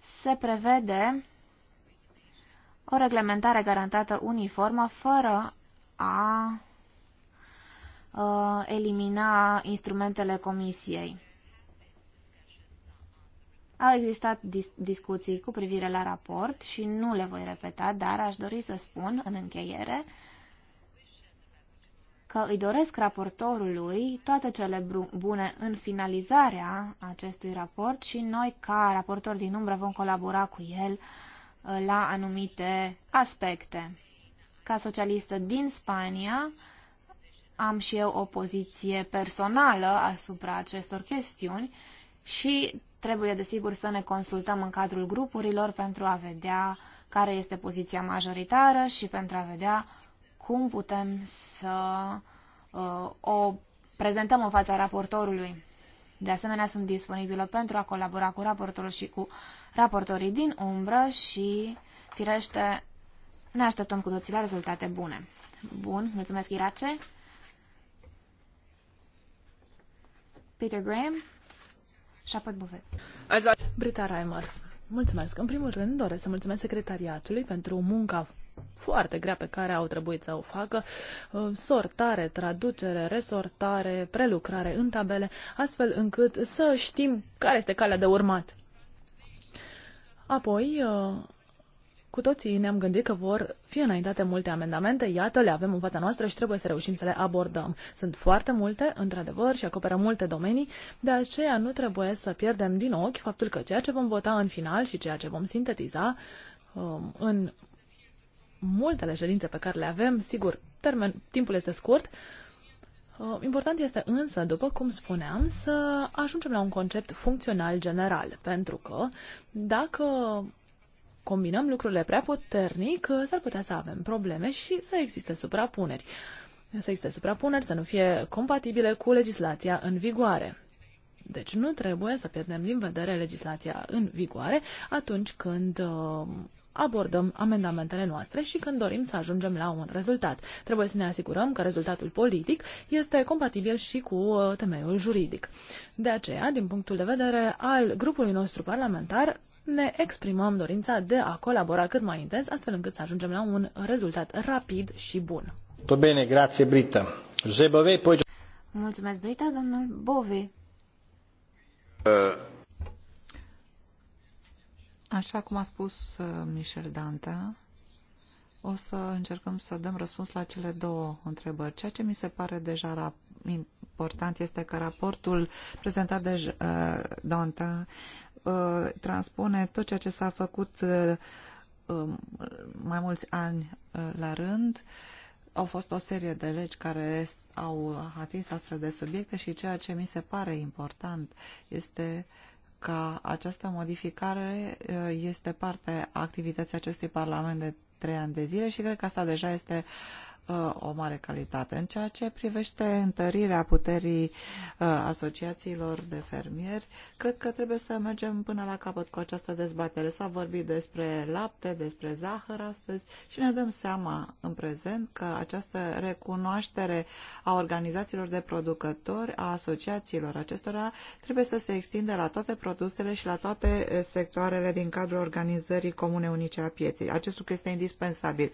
se prevede o reglementare garantată uniformă fără a uh, elimina instrumentele Comisiei. Au existat dis- discuții cu privire la raport și nu le voi repeta, dar aș dori să spun în încheiere că îi doresc raportorului toate cele bune în finalizarea acestui raport și noi, ca raportor din umbră, vom colabora cu el uh, la anumite aspecte. Ca socialistă din Spania, am și eu o poziție personală asupra acestor chestiuni și Trebuie, desigur, să ne consultăm în cadrul grupurilor pentru a vedea care este poziția majoritară și pentru a vedea cum putem să uh, o prezentăm în fața raportorului. De asemenea, sunt disponibilă pentru a colabora cu raportorul și cu raportorii din umbră și, firește, ne așteptăm cu toții la rezultate bune. Bun, mulțumesc, Irace. Peter Graham. Și Buvet. Brita Reimers. Mulțumesc. În primul rând doresc să mulțumesc secretariatului pentru munca foarte grea pe care au trebuit să o facă, uh, sortare, traducere, resortare, prelucrare în tabele, astfel încât să știm care este calea de urmat. Apoi, uh, cu toții ne-am gândit că vor fi înaintate multe amendamente, iată, le avem în fața noastră și trebuie să reușim să le abordăm. Sunt foarte multe, într-adevăr, și acoperă multe domenii, de aceea nu trebuie să pierdem din ochi faptul că ceea ce vom vota în final și ceea ce vom sintetiza um, în multele ședințe pe care le avem, sigur, termen, timpul este scurt, um, Important este însă, după cum spuneam, să ajungem la un concept funcțional general, pentru că dacă combinăm lucrurile prea puternic, uh, s-ar putea să avem probleme și să existe suprapuneri. Să existe suprapuneri, să nu fie compatibile cu legislația în vigoare. Deci nu trebuie să pierdem din vedere legislația în vigoare atunci când uh, abordăm amendamentele noastre și când dorim să ajungem la un rezultat. Trebuie să ne asigurăm că rezultatul politic este compatibil și cu uh, temeiul juridic. De aceea, din punctul de vedere al grupului nostru parlamentar, ne exprimăm dorința de a colabora cât mai intens, astfel încât să ajungem la un rezultat rapid și bun. Tot bine, grație, Brita. José Bove, poi... Mulțumesc, Brita, domnul Bove. Așa cum a spus uh, Michel Danta, o să încercăm să dăm răspuns la cele două întrebări. Ceea ce mi se pare deja important este că raportul prezentat de uh, Dante Danta Uh, transpune tot ceea ce s-a făcut uh, um, mai mulți ani uh, la rând. Au fost o serie de legi care au atins astfel de subiecte și ceea ce mi se pare important este ca această modificare este parte a activității acestui Parlament de trei ani de zile și cred că asta deja este Uh, o mare calitate. În ceea ce privește întărirea puterii uh, asociațiilor de fermieri, cred că trebuie să mergem până la capăt cu această dezbatere. S-a vorbit despre lapte, despre zahăr astăzi și ne dăm seama în prezent că această recunoaștere a organizațiilor de producători, a asociațiilor acestora, trebuie să se extinde la toate produsele și la toate eh, sectoarele din cadrul organizării comune unice a pieței. Acest lucru este indispensabil.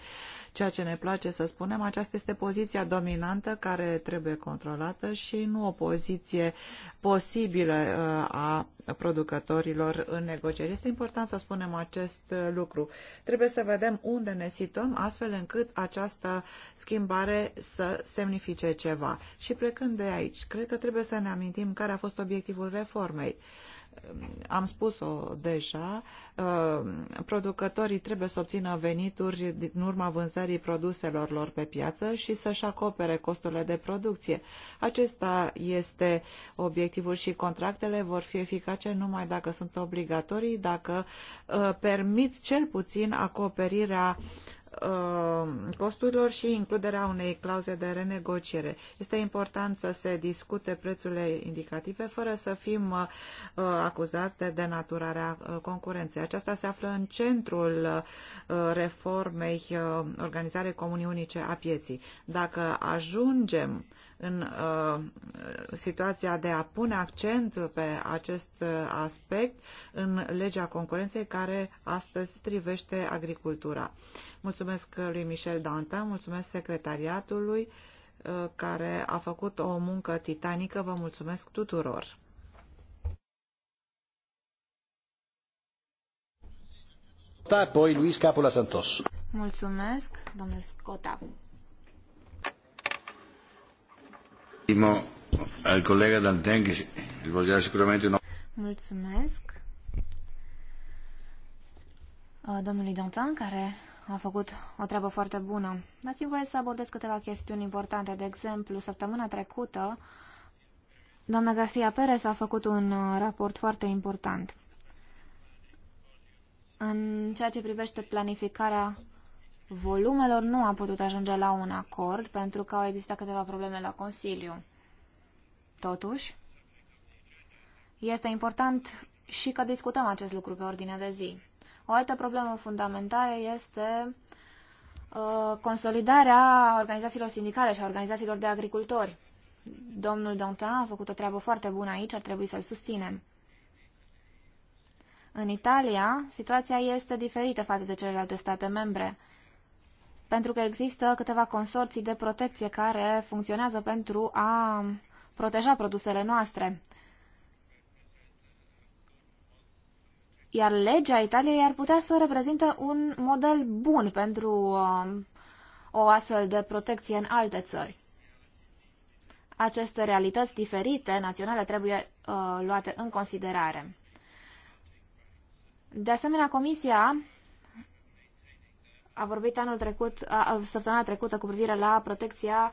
Ceea ce ne place să spunem, aceasta este poziția dominantă care trebuie controlată și nu o poziție posibilă uh, a producătorilor în negocieri. Este important să spunem acest uh, lucru. Trebuie să vedem unde ne situăm astfel încât această schimbare să semnifice ceva. Și plecând de aici, cred că trebuie să ne amintim care a fost obiectivul reformei am spus-o deja, uh, producătorii trebuie să obțină venituri din urma vânzării produselor lor pe piață și să-și acopere costurile de producție. Acesta este obiectivul și contractele vor fi eficace numai dacă sunt obligatorii, dacă uh, permit cel puțin acoperirea Uh, costurilor și includerea unei clauze de renegociere. Este important să se discute prețurile indicative fără să fim uh, uh, acuzați de denaturarea concurenței. Aceasta se află în centrul reformei organizare comuniunice a pieții. Dacă ajungem în uh, situația de a pune accent pe acest aspect în legea concurenței care astăzi strivește agricultura. Mulțumesc lui Michel Danta, mulțumesc secretariatului uh, care a făcut o muncă titanică. Vă mulțumesc tuturor! Apoi Luis Capula Santos. Mulțumesc, domnul Scota. Al colega Danten, che svolgerà sicuramente un... Mulțumesc domnului Dantan, care a făcut o treabă foarte bună. Dați-mi voie să abordez câteva chestiuni importante. De exemplu, săptămâna trecută, doamna Garcia Perez a făcut un uh, raport foarte important în ceea ce privește planificarea volumelor nu a putut ajunge la un acord pentru că au existat câteva probleme la Consiliu. Totuși, este important și că discutăm acest lucru pe ordinea de zi. O altă problemă fundamentală este uh, consolidarea organizațiilor sindicale și a organizațiilor de agricultori. Domnul Donta a făcut o treabă foarte bună aici, ar trebui să-l susținem. În Italia, situația este diferită față de celelalte state membre pentru că există câteva consorții de protecție care funcționează pentru a proteja produsele noastre. Iar legea Italiei ar putea să reprezinte un model bun pentru um, o astfel de protecție în alte țări. Aceste realități diferite naționale trebuie uh, luate în considerare. De asemenea, Comisia a vorbit anul trecut, a, săptămâna trecută cu privire la protecția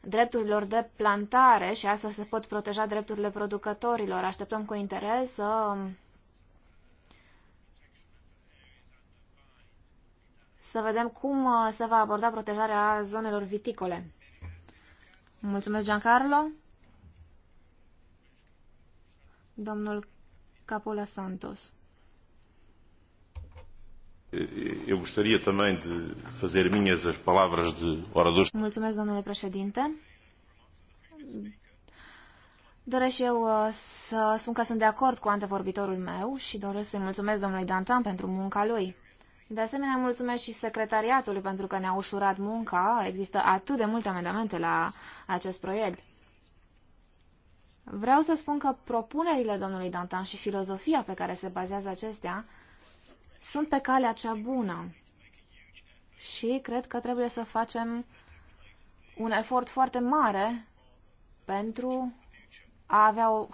drepturilor de plantare și astfel se pot proteja drepturile producătorilor. Așteptăm cu interes să, să vedem cum se va aborda protejarea zonelor viticole. Mulțumesc, Giancarlo. Domnul Capola Santos. Eu gostaria também de fazer minhas as palavras de orador. Mulțumesc, domnule președinte. Doresc eu uh, să spun că sunt de acord cu antevorbitorul meu și doresc să-i mulțumesc domnului Dantan pentru munca lui. De asemenea, mulțumesc și secretariatului pentru că ne-a ușurat munca. Există atât de multe amendamente la acest proiect. Vreau să spun că propunerile domnului Dantan și filozofia pe care se bazează acestea sunt pe calea cea bună și cred că trebuie să facem un efort foarte mare pentru a avea o,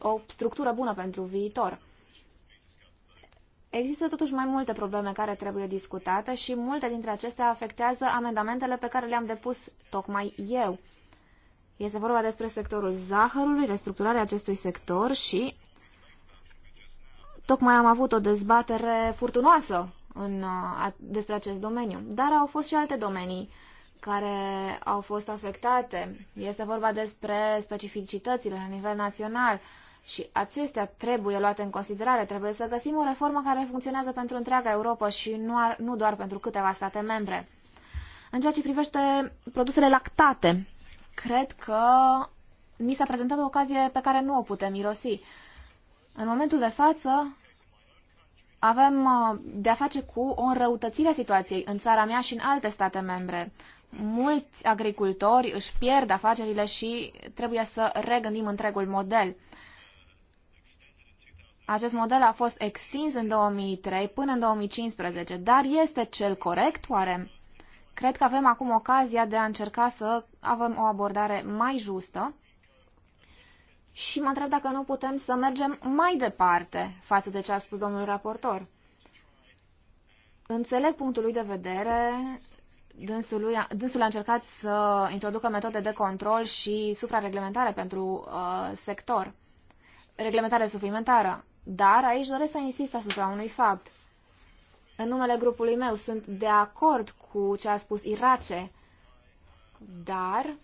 o structură bună pentru viitor. Există totuși mai multe probleme care trebuie discutate și multe dintre acestea afectează amendamentele pe care le-am depus tocmai eu. Este vorba despre sectorul zahărului, restructurarea acestui sector și Tocmai am avut o dezbatere furtunoasă în, uh, a, despre acest domeniu, dar au fost și alte domenii care au fost afectate. Este vorba despre specificitățile la nivel național și acestea trebuie luate în considerare. Trebuie să găsim o reformă care funcționează pentru întreaga Europa și nu, ar, nu doar pentru câteva state membre. În ceea ce privește produsele lactate, cred că mi s-a prezentat o ocazie pe care nu o putem irosi. În momentul de față avem uh, de-a face cu o înrăutățire a situației în țara mea și în alte state membre. Mulți agricultori își pierd afacerile și trebuie să regândim întregul model. Acest model a fost extins în 2003 până în 2015, dar este cel corect oare? Cred că avem acum ocazia de a încerca să avem o abordare mai justă și mă întreb dacă nu putem să mergem mai departe față de ce a spus domnul raportor. Înțeleg punctul lui de vedere, dânsul, lui, dânsul a încercat să introducă metode de control și suprareglementare pentru uh, sector, reglementare suplimentară, dar aici doresc să insist asupra unui fapt. În numele grupului meu sunt de acord cu ce a spus Irace, dar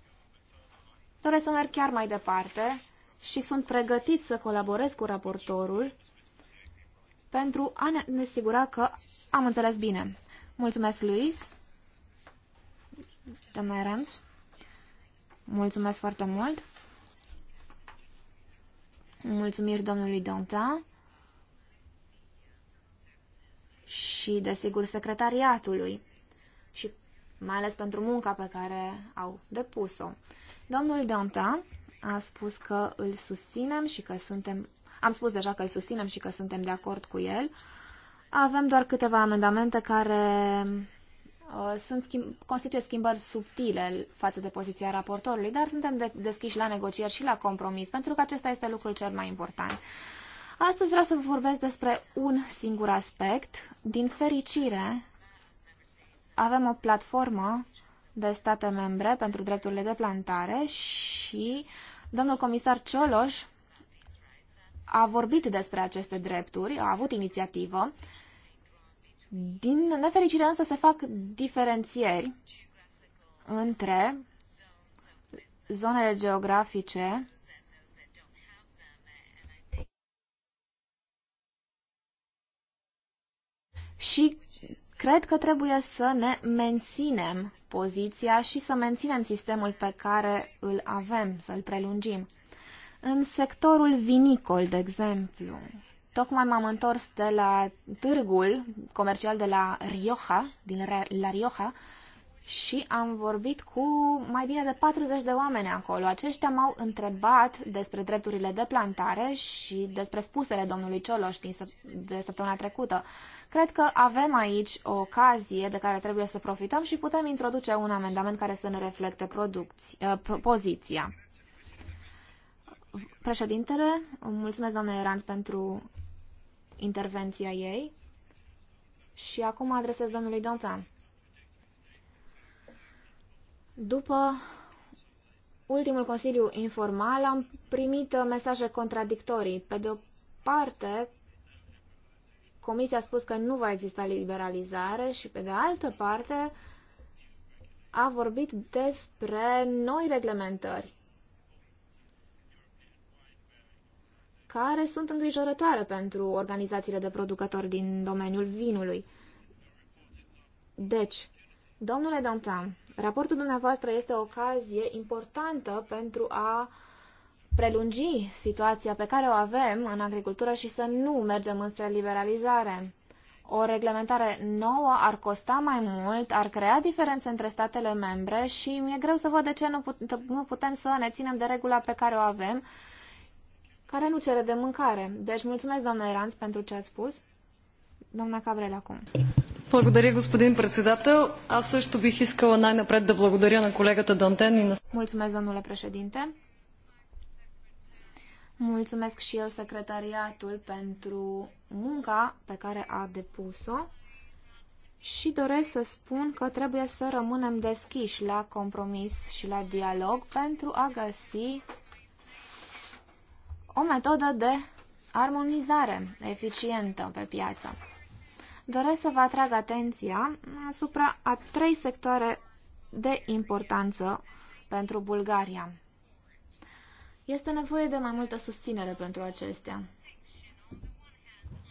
doresc să merg chiar mai departe și sunt pregătit să colaborez cu raportorul pentru a ne asigura că am înțeles bine. Mulțumesc, Luis. Doamna Rams. Mulțumesc foarte mult. Mulțumiri domnului Donta și, desigur, secretariatului și mai ales pentru munca pe care au depus-o. Domnul Danta a spus că îl susținem și că suntem... Am spus deja că îl susținem și că suntem de acord cu el. Avem doar câteva amendamente care uh, sunt schimb, constituie schimbări subtile față de poziția raportorului, dar suntem de, deschiși la negocieri și la compromis, pentru că acesta este lucrul cel mai important. Astăzi vreau să vă vorbesc despre un singur aspect. Din fericire, avem o platformă de state membre pentru drepturile de plantare și Domnul comisar Cioloș a vorbit despre aceste drepturi, a avut inițiativă. Din nefericire însă se fac diferențieri între zonele geografice și cred că trebuie să ne menținem poziția și să menținem sistemul pe care îl avem, să-l prelungim. În sectorul vinicol, de exemplu, tocmai m-am întors de la târgul comercial de la Rioja, din La Rioja, și am vorbit cu mai bine de 40 de oameni acolo. Aceștia m-au întrebat despre drepturile de plantare și despre spusele domnului Cioloș din săp- de săptămâna trecută. Cred că avem aici o ocazie de care trebuie să profităm și putem introduce un amendament care să ne reflecte ă, poziția. Președintele, mulțumesc doamne Eranț pentru intervenția ei și acum adresez domnului Donțan. După ultimul consiliu informal am primit uh, mesaje contradictorii. Pe de o parte, Comisia a spus că nu va exista liberalizare și pe de altă parte a vorbit despre noi reglementări care sunt îngrijorătoare pentru organizațiile de producători din domeniul vinului. Deci, domnule Dantam. Raportul dumneavoastră este o ocazie importantă pentru a prelungi situația pe care o avem în agricultură și să nu mergem înspre liberalizare. O reglementare nouă ar costa mai mult, ar crea diferențe între statele membre și mi-e greu să văd de ce nu, put- nu putem să ne ținem de regula pe care o avem, care nu cere de mâncare. Deci mulțumesc, doamna Eranț, pentru ce ați spus. Doamna Cabrel acum. Благодаря, господин председател. Аз също бих искала най-напред да благодаря на колегата Дантен и на... Mulțumesc, domnule președinte. Mulțumesc și eu secretariatul pentru munca pe care a depus-o și doresc să spun că trebuie să rămânem deschiși la compromis și la dialog pentru a găsi o metodă de armonizare eficientă pe piață doresc să vă atrag atenția asupra a trei sectoare de importanță pentru Bulgaria. Este nevoie de mai multă susținere pentru acestea.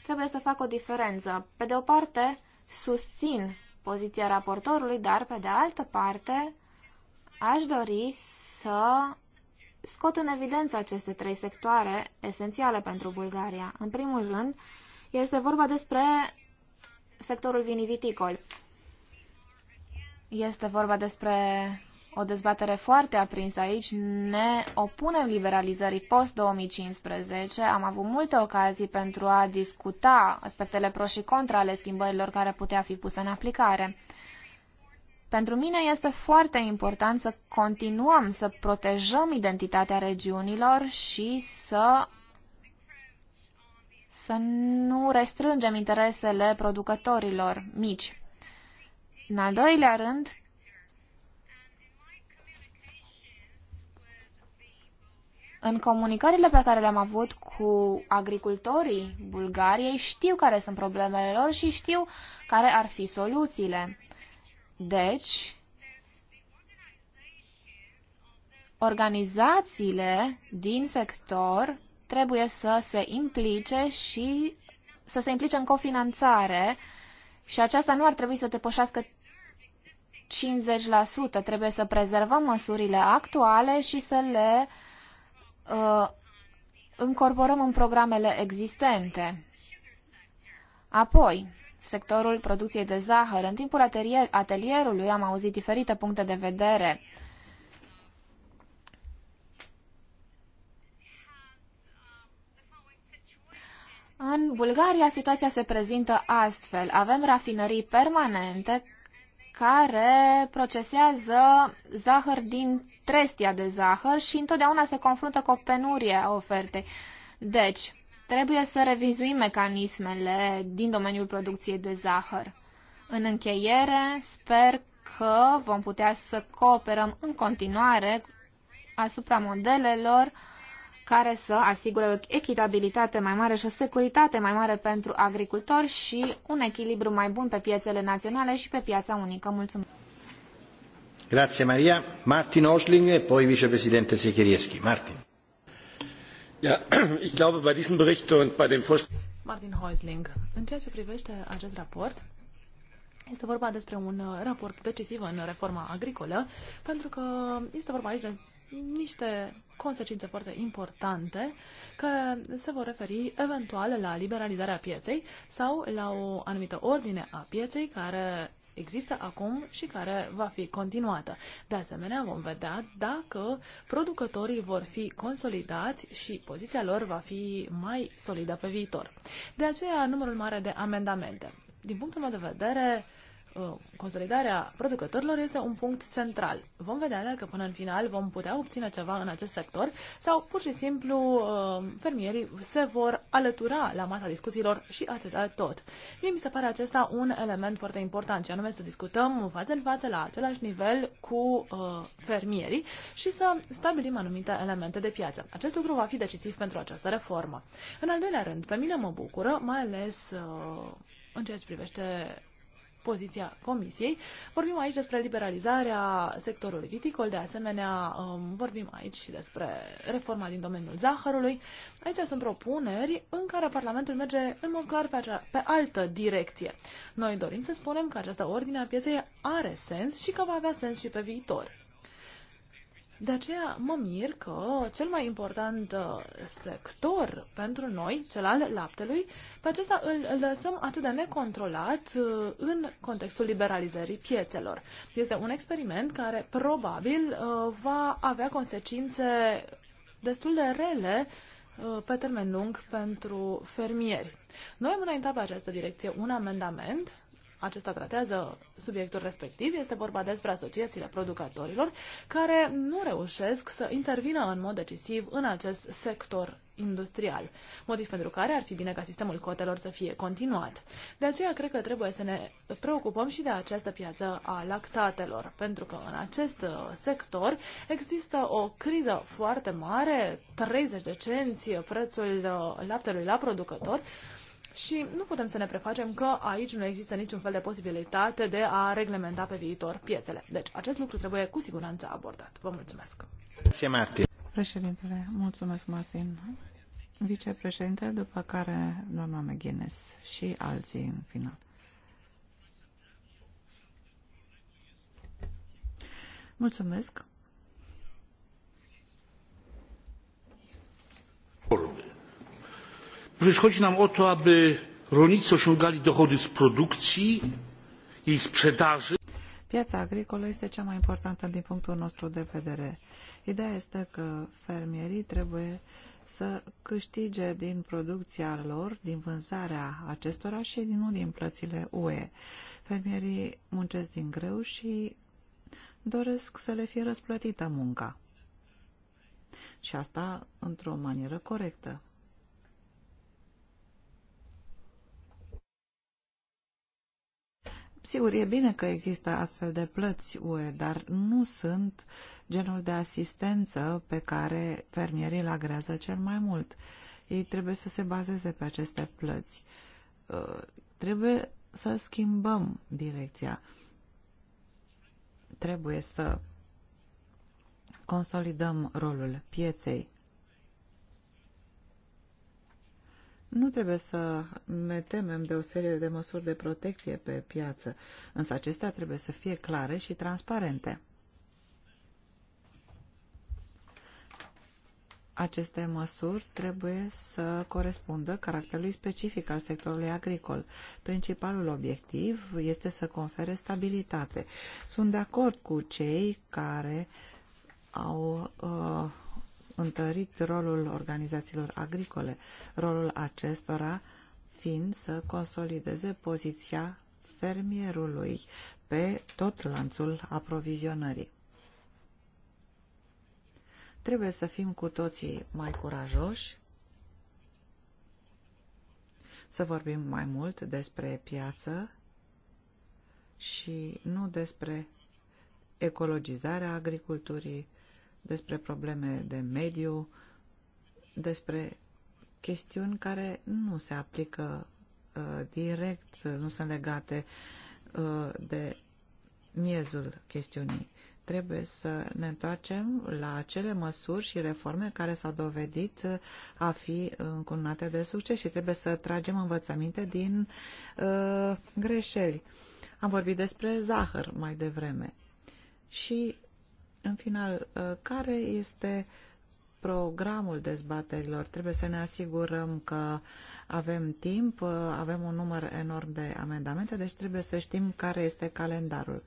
Trebuie să fac o diferență. Pe de o parte, susțin poziția raportorului, dar pe de altă parte, aș dori să scot în evidență aceste trei sectoare esențiale pentru Bulgaria. În primul rând, este vorba despre sectorul viniviticol. Este vorba despre o dezbatere foarte aprinsă aici. Ne opunem liberalizării post-2015. Am avut multe ocazii pentru a discuta aspectele pro și contra ale schimbărilor care putea fi puse în aplicare. Pentru mine este foarte important să continuăm să protejăm identitatea regiunilor și să să nu restrângem interesele producătorilor mici. În al doilea rând, În comunicările pe care le-am avut cu agricultorii Bulgariei, știu care sunt problemele lor și știu care ar fi soluțiile. Deci, organizațiile din sector trebuie să se implice și să se implice în cofinanțare și aceasta nu ar trebui să depășească 50%. Trebuie să prezervăm măsurile actuale și să le uh, încorporăm în programele existente. Apoi, sectorul producției de zahăr. În timpul atelier, atelierului am auzit diferite puncte de vedere uh, În Bulgaria situația se prezintă astfel. Avem rafinării permanente care procesează zahăr din trestia de zahăr și întotdeauna se confruntă cu o penurie a ofertei. Deci, trebuie să revizuim mecanismele din domeniul producției de zahăr. În încheiere, sper că vom putea să cooperăm în continuare asupra modelelor care să asigure o echitabilitate mai mare și o securitate mai mare pentru agricultori și un echilibru mai bun pe piețele naționale și pe piața unică. Mulțumesc! Grazie Maria. Martin Oschling e poi vicepresidente Secherieschi. Martin. Ja, ich glaube, bei diesem Bericht und bei dem Vorschlag... Martin Häusling. În ceea ce privește acest raport, este vorba despre un uh, raport decisiv în reforma agricolă, pentru că este vorba aici de niște consecințe foarte importante că se vor referi eventual la liberalizarea pieței sau la o anumită ordine a pieței care există acum și care va fi continuată. De asemenea, vom vedea dacă producătorii vor fi consolidați și poziția lor va fi mai solidă pe viitor. De aceea, numărul mare de amendamente. Din punctul meu de vedere, Uh, consolidarea producătorilor este un punct central. Vom vedea dacă până în final vom putea obține ceva în acest sector sau pur și simplu uh, fermierii se vor alătura la masa discuțiilor și atâta tot. Mie mi se pare acesta un element foarte important și anume să discutăm față în față la același nivel cu uh, fermierii și să stabilim anumite elemente de piață. Acest lucru va fi decisiv pentru această reformă. În al doilea rând, pe mine mă bucură, mai ales în ceea ce privește poziția Comisiei. Vorbim aici despre liberalizarea sectorului viticol, de asemenea um, vorbim aici și despre reforma din domeniul zahărului. Aici sunt propuneri în care Parlamentul merge în mod clar pe, acea, pe altă direcție. Noi dorim să spunem că această ordine a pieței are sens și că va avea sens și pe viitor. De aceea mă mir că cel mai important uh, sector pentru noi, cel al laptelui, pe acesta îl lăsăm atât de necontrolat uh, în contextul liberalizării piețelor. Este un experiment care probabil uh, va avea consecințe destul de rele pe termen lung pentru fermieri. Noi am înaintat pe această direcție un amendament acesta tratează subiectul respectiv. Este vorba despre asociațiile producătorilor care nu reușesc să intervină în mod decisiv în acest sector industrial, motiv pentru care ar fi bine ca sistemul cotelor să fie continuat. De aceea cred că trebuie să ne preocupăm și de această piață a lactatelor, pentru că în acest uh, sector există o criză foarte mare, 30 de cenți prețul uh, laptelui la producător, și nu putem să ne prefacem că aici nu există niciun fel de posibilitate de a reglementa pe viitor piețele. Deci acest lucru trebuie cu siguranță abordat. Vă mulțumesc. Martin. Președintele, mulțumesc, Martin. Vicepreședinte, după care doamna McGuinness și alții în final. Mulțumesc. Orbe przecież chodzi nam o to aby rolnicy osiągali dochody z produkcji i sprzedaży. Piața agricolă este cea mai importantă din punctul nostru de vedere. Ideea este că fermierii trebuie să câștige din producția lor, din vânzarea acestora și nu din plățile UE. Fermierii muncesc din greu și doresc să le fie răsplătită munca. Și asta într-o manieră corectă. Sigur, e bine că există astfel de plăți UE, dar nu sunt genul de asistență pe care fermierii la agrează cel mai mult. Ei trebuie să se bazeze pe aceste plăți. Uh, trebuie să schimbăm direcția. Trebuie să consolidăm rolul pieței Nu trebuie să ne temem de o serie de măsuri de protecție pe piață, însă acestea trebuie să fie clare și transparente. Aceste măsuri trebuie să corespundă caracterului specific al sectorului agricol. Principalul obiectiv este să confere stabilitate. Sunt de acord cu cei care au uh, întărit rolul organizațiilor agricole, rolul acestora fiind să consolideze poziția fermierului pe tot lanțul aprovizionării. Trebuie să fim cu toții mai curajoși, să vorbim mai mult despre piață și nu despre ecologizarea agriculturii, despre probleme de mediu, despre chestiuni care nu se aplică uh, direct, nu sunt legate uh, de miezul chestiunii. Trebuie să ne întoarcem la acele măsuri și reforme care s-au dovedit uh, a fi încununate de succes și trebuie să tragem învățăminte din uh, greșeli. Am vorbit despre zahăr mai devreme și în final, uh, care este programul dezbaterilor? Trebuie să ne asigurăm că avem timp, uh, avem un număr enorm de amendamente, deci trebuie să știm care este calendarul.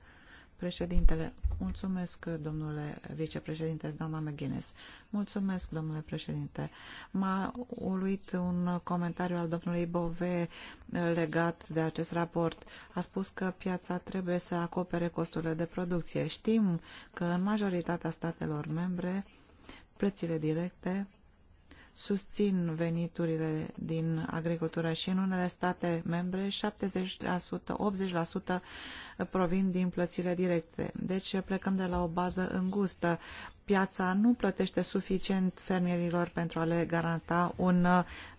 Președintele, mulțumesc, domnule vicepreședinte, doamna McGuinness. Mulțumesc, domnule președinte. M-a uluit un comentariu al domnului Bove legat de acest raport. A spus că piața trebuie să acopere costurile de producție. Știm că în majoritatea statelor membre plățile directe susțin veniturile din agricultură și în unele state membre 70%, 80% provin din plățile directe. Deci plecăm de la o bază îngustă. Piața nu plătește suficient fermierilor pentru a le garanta un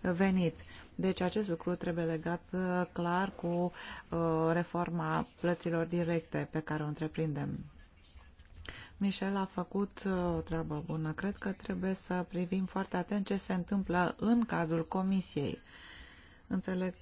venit. Deci acest lucru trebuie legat uh, clar cu uh, reforma plăților directe pe care o întreprindem. Michel a făcut uh, o treabă bună. Cred că trebuie să privim foarte atent ce se întâmplă în cadrul comisiei. Înțeleg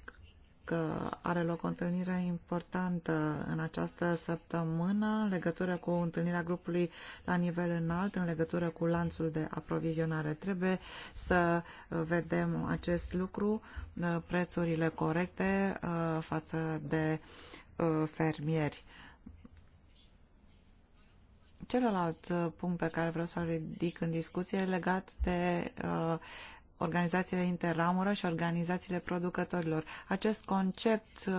că are loc o întâlnire importantă în această săptămână în legătură cu întâlnirea grupului la nivel înalt, în legătură cu lanțul de aprovizionare. Trebuie să uh, vedem acest lucru, uh, prețurile corecte față de fermieri. Celălalt uh, punct pe care vreau să-l ridic în discuție e legat de uh, organizațiile interramură și organizațiile producătorilor. Acest concept uh,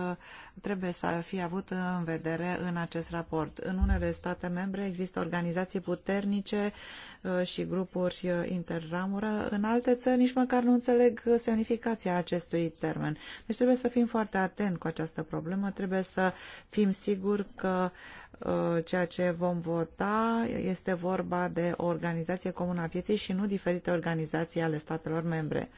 trebuie să fie avut în vedere în acest raport. În unele state membre există organizații puternice uh, și grupuri interramură, în alte țări nici măcar nu înțeleg semnificația acestui termen. Deci trebuie să fim foarte atenți cu această problemă, trebuie să fim siguri că Uh, ceea ce vom vota este vorba de o organizație comună a pieței și nu diferite organizații ale statelor membre.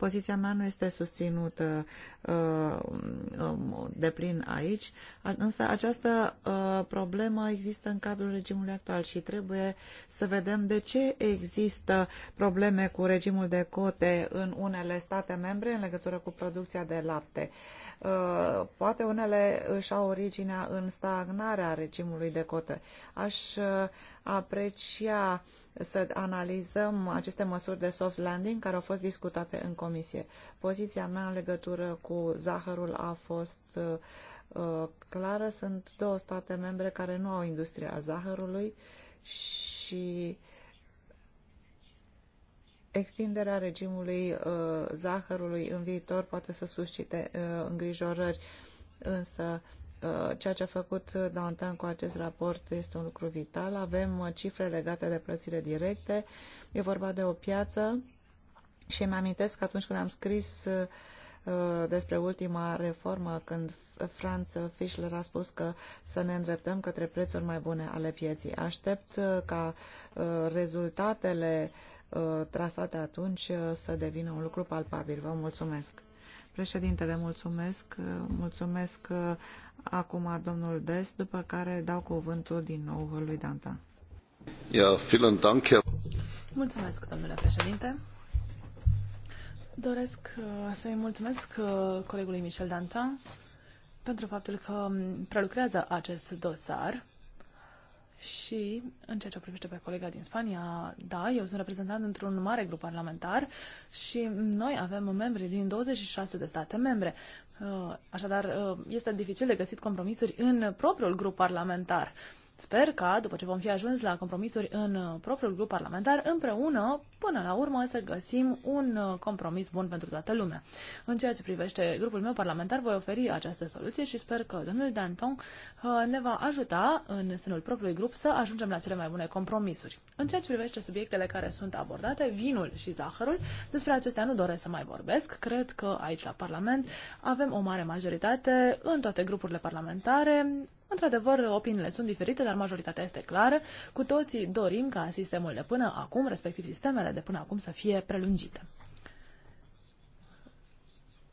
Poziția mea nu este susținută uh, um, um, de plin aici, însă această uh, problemă există în cadrul regimului actual și trebuie să vedem de ce există probleme cu regimul de cote în unele state membre în legătură cu producția de lapte. Uh, poate unele își au originea în stagnarea regimului de cote. Aș aprecia să analizăm aceste măsuri de soft landing care au fost discutate în comisie comisie. Poziția mea în legătură cu zahărul a fost uh, clară. Sunt două state membre care nu au industria zahărului și extinderea regimului uh, zahărului în viitor poate să suscite uh, îngrijorări, însă uh, ceea ce a făcut Downtown cu acest raport este un lucru vital. Avem uh, cifre legate de plățile directe. E vorba de o piață și îmi amintesc că atunci când am scris uh, despre ultima reformă, când Franz Fischler a spus că să ne îndreptăm către prețuri mai bune ale pieții. Aștept uh, ca uh, rezultatele uh, trasate atunci să devină un lucru palpabil. Vă mulțumesc. Președintele, mulțumesc. Mulțumesc acum domnul Des, după care dau cuvântul din nou lui Danta. Ja, vielen Dank, Herr... Mulțumesc, domnule președinte. Doresc uh, să-i mulțumesc uh, colegului Michel Danta pentru faptul că um, prelucrează acest dosar și în ceea ce o privește pe colega din Spania, da, eu sunt reprezentant într-un mare grup parlamentar și noi avem membri din 26 de state membre. Uh, așadar, este dificil de găsit compromisuri în propriul grup parlamentar. Sper ca, după ce vom fi ajuns la compromisuri în uh, propriul grup parlamentar, împreună, până la urmă, să găsim un uh, compromis bun pentru toată lumea. În ceea ce privește grupul meu parlamentar, voi oferi această soluție și sper că domnul Danton uh, ne va ajuta în sânul propriului grup să ajungem la cele mai bune compromisuri. În ceea ce privește subiectele care sunt abordate, vinul și zahărul, despre acestea nu doresc să mai vorbesc. Cred că aici la Parlament avem o mare majoritate în toate grupurile parlamentare Într-adevăr, opiniile sunt diferite, dar majoritatea este clară. Cu toții dorim ca sistemul de până acum, respectiv sistemele de până acum, să fie prelungite.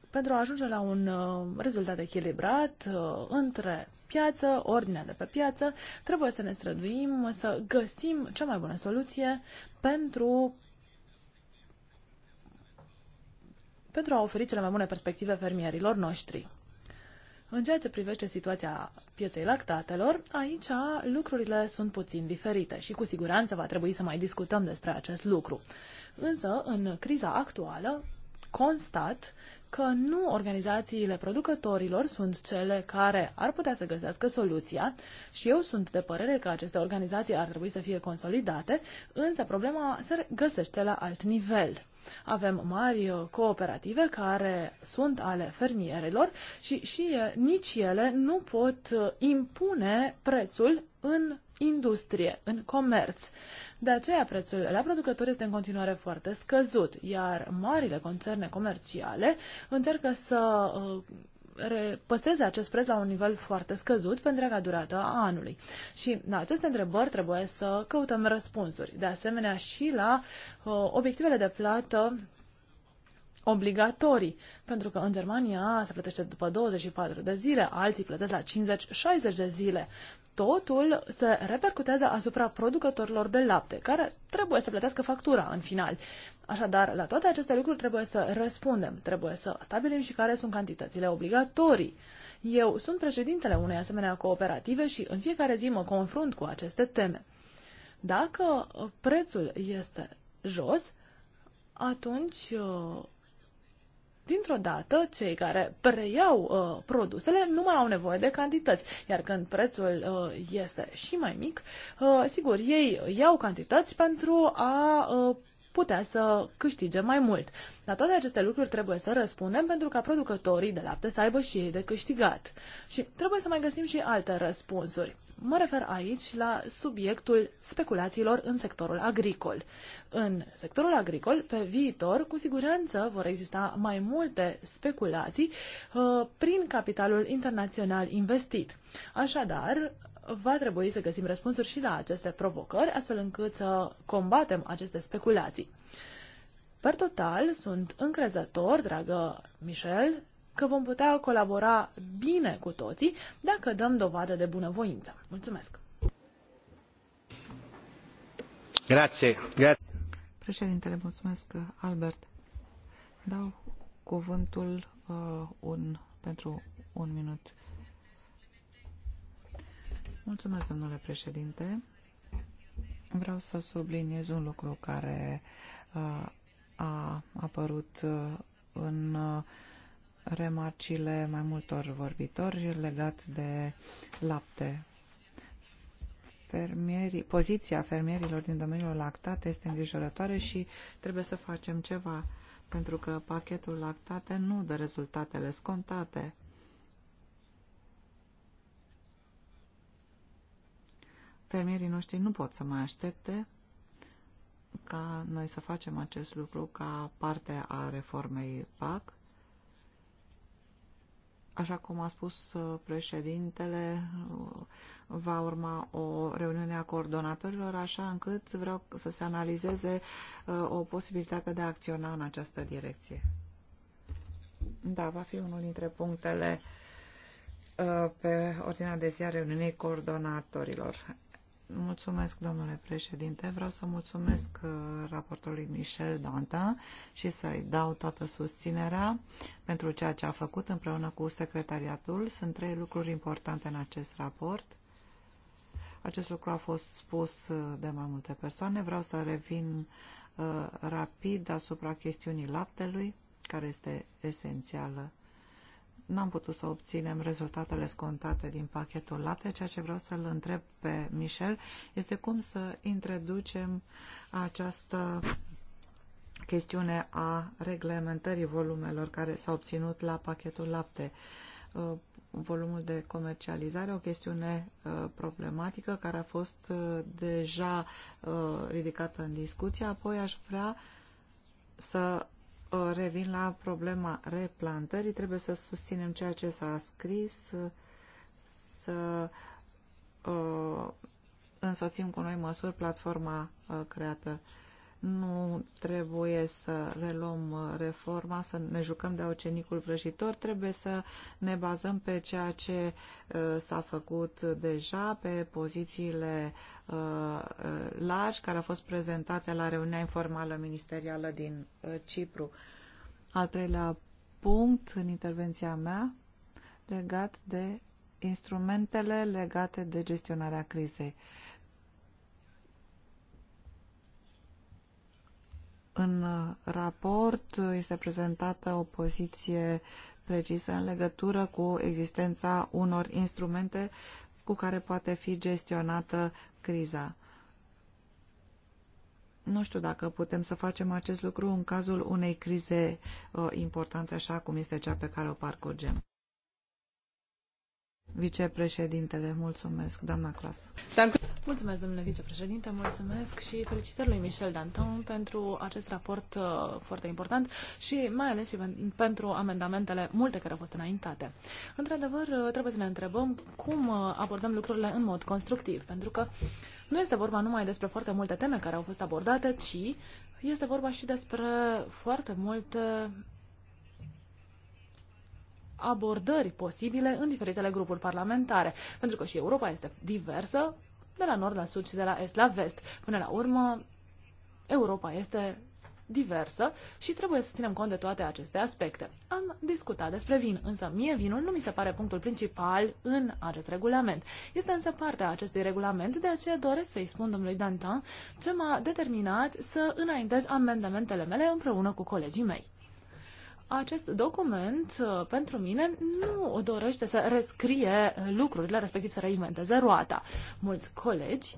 Pentru a ajunge la un uh, rezultat echilibrat uh, între piață, ordinea de pe piață, trebuie să ne străduim să găsim cea mai bună soluție pentru pentru a oferi cele mai bune perspective fermierilor noștri. În ceea ce privește situația pieței lactatelor, aici lucrurile sunt puțin diferite și cu siguranță va trebui să mai discutăm despre acest lucru. Însă, în criza actuală, constat că nu organizațiile producătorilor sunt cele care ar putea să găsească soluția și eu sunt de părere că aceste organizații ar trebui să fie consolidate, însă problema se găsește la alt nivel. Avem mari uh, cooperative care sunt ale fermierilor și, și uh, nici ele nu pot uh, impune prețul în industrie, în comerț. De aceea prețul la producători este în continuare foarte scăzut, iar marile concerne comerciale încearcă să păstreze acest preț la un nivel foarte scăzut pe întreaga durată a anului. Și la da, aceste întrebări trebuie să căutăm răspunsuri. De asemenea și la uh, obiectivele de plată obligatorii, pentru că în Germania se plătește după 24 de zile, alții plătesc la 50-60 de zile totul se repercutează asupra producătorilor de lapte, care trebuie să plătească factura în final. Așadar, la toate aceste lucruri trebuie să răspundem, trebuie să stabilim și care sunt cantitățile obligatorii. Eu sunt președintele unei asemenea cooperative și în fiecare zi mă confrunt cu aceste teme. Dacă prețul este jos, atunci uh, dintr-o dată, cei care preiau uh, produsele nu mai au nevoie de cantități, iar când prețul uh, este și mai mic, uh, sigur, ei iau cantități pentru a uh, putea să câștige mai mult. La toate aceste lucruri trebuie să răspundem pentru ca producătorii de lapte să aibă și ei de câștigat. Și trebuie să mai găsim și alte răspunsuri. Mă refer aici la subiectul speculațiilor în sectorul agricol. În sectorul agricol, pe viitor, cu siguranță vor exista mai multe speculații uh, prin capitalul internațional investit. Așadar, va trebui să găsim răspunsuri și la aceste provocări, astfel încât să combatem aceste speculații. Per total, sunt încrezător, dragă Michel, că vom putea colabora bine cu toții dacă dăm dovadă de bunăvoință. Mulțumesc! Grazie. Grazie. Președintele, mulțumesc, Albert. Dau cuvântul uh, un, pentru un minut. Mulțumesc, domnule președinte. Vreau să subliniez un lucru care uh, a apărut uh, în uh, remarcile mai multor vorbitori legat de lapte. Fermierii, poziția fermierilor din domeniul lactat este îngrijorătoare și trebuie să facem ceva, pentru că pachetul lactate nu dă rezultatele scontate. Fermierii noștri nu pot să mai aștepte ca noi să facem acest lucru ca parte a reformei PAC Așa cum a spus uh, președintele, uh, va urma o reuniune a coordonatorilor, așa încât vreau să se analizeze uh, o posibilitate de a acționa în această direcție. Da, va fi unul dintre punctele pe ordinea de zi a reuniunii coordonatorilor. Mulțumesc, domnule președinte. Vreau să mulțumesc uh, raportorului Michel Danta și să-i dau toată susținerea pentru ceea ce a făcut împreună cu secretariatul. Sunt trei lucruri importante în acest raport. Acest lucru a fost spus uh, de mai multe persoane. Vreau să revin uh, rapid asupra chestiunii laptelui, care este esențială n-am putut să obținem rezultatele scontate din pachetul lapte. Ceea ce vreau să-l întreb pe Michel este cum să introducem această chestiune a reglementării volumelor care s-au obținut la pachetul lapte. Uh, volumul de comercializare, o chestiune uh, problematică care a fost uh, deja ridicată în discuție. Apoi aș vrea să Uh, revin la problema replantării. Trebuie să susținem ceea ce s-a scris, uh, să uh, însoțim cu noi măsuri platforma creată nu trebuie să reluăm uh, reforma, să ne jucăm de ocenicul vrăjitor, trebuie să ne bazăm pe ceea ce uh, s-a făcut deja, pe pozițiile uh, largi care au fost prezentate la reuniunea informală ministerială din Cipru. Al treilea punct în intervenția mea legat de instrumentele legate de gestionarea crizei. Uh, În uh, raport este prezentată o poziție precisă în legătură cu existența unor instrumente cu care poate fi gestionată criza. Nu știu dacă putem să facem acest lucru în cazul unei crize uh, importante, așa cum este cea pe care o parcurgem vicepreședintele. Mulțumesc, doamna Clas. Mulțumesc, domnule vicepreședinte, mulțumesc și felicitări lui Michel Danton pentru acest raport uh, foarte important și mai ales și pentru amendamentele multe care au fost înaintate. Într-adevăr, uh, trebuie să ne întrebăm cum uh, abordăm lucrurile în mod constructiv, pentru că nu este vorba numai despre foarte multe teme care au fost abordate, ci este vorba și despre foarte multe abordări posibile în diferitele grupuri parlamentare, pentru că și Europa este diversă de la nord la sud și de la est la vest. Până la urmă, Europa este diversă și trebuie să ținem cont de toate aceste aspecte. Am discutat despre vin, însă mie vinul nu mi se pare punctul principal în acest regulament. Este însă partea acestui regulament, de aceea doresc să-i spun domnului Dantan ce m-a determinat să înaintez amendamentele mele împreună cu colegii mei acest document uh, pentru mine nu dorește să rescrie lucrurile, respectiv să reinventeze roata. Mulți colegi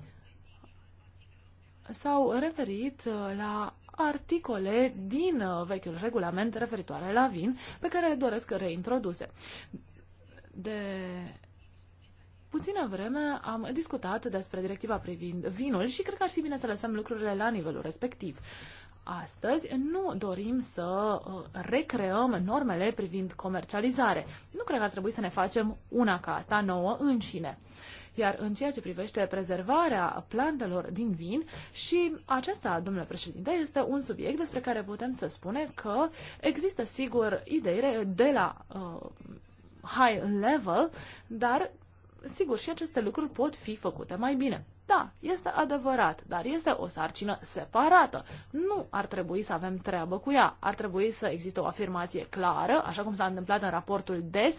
s-au referit uh, la articole din uh, vechiul regulament referitoare la vin pe care le doresc reintroduse. De puțină vreme am discutat despre directiva privind vinul și cred că ar fi bine să lăsăm lucrurile la nivelul respectiv astăzi nu dorim să uh, recreăm normele privind comercializare. Nu cred că ar trebui să ne facem una ca asta nouă înșine. Iar în ceea ce privește prezervarea plantelor din vin, și acesta, domnule președinte, este un subiect despre care putem să spune că există, sigur, idei de la uh, high level, dar, sigur, și aceste lucruri pot fi făcute mai bine. Da, este adevărat, dar este o sarcină separată. Nu ar trebui să avem treabă cu ea. Ar trebui să existe o afirmație clară, așa cum s-a întâmplat în raportul DES.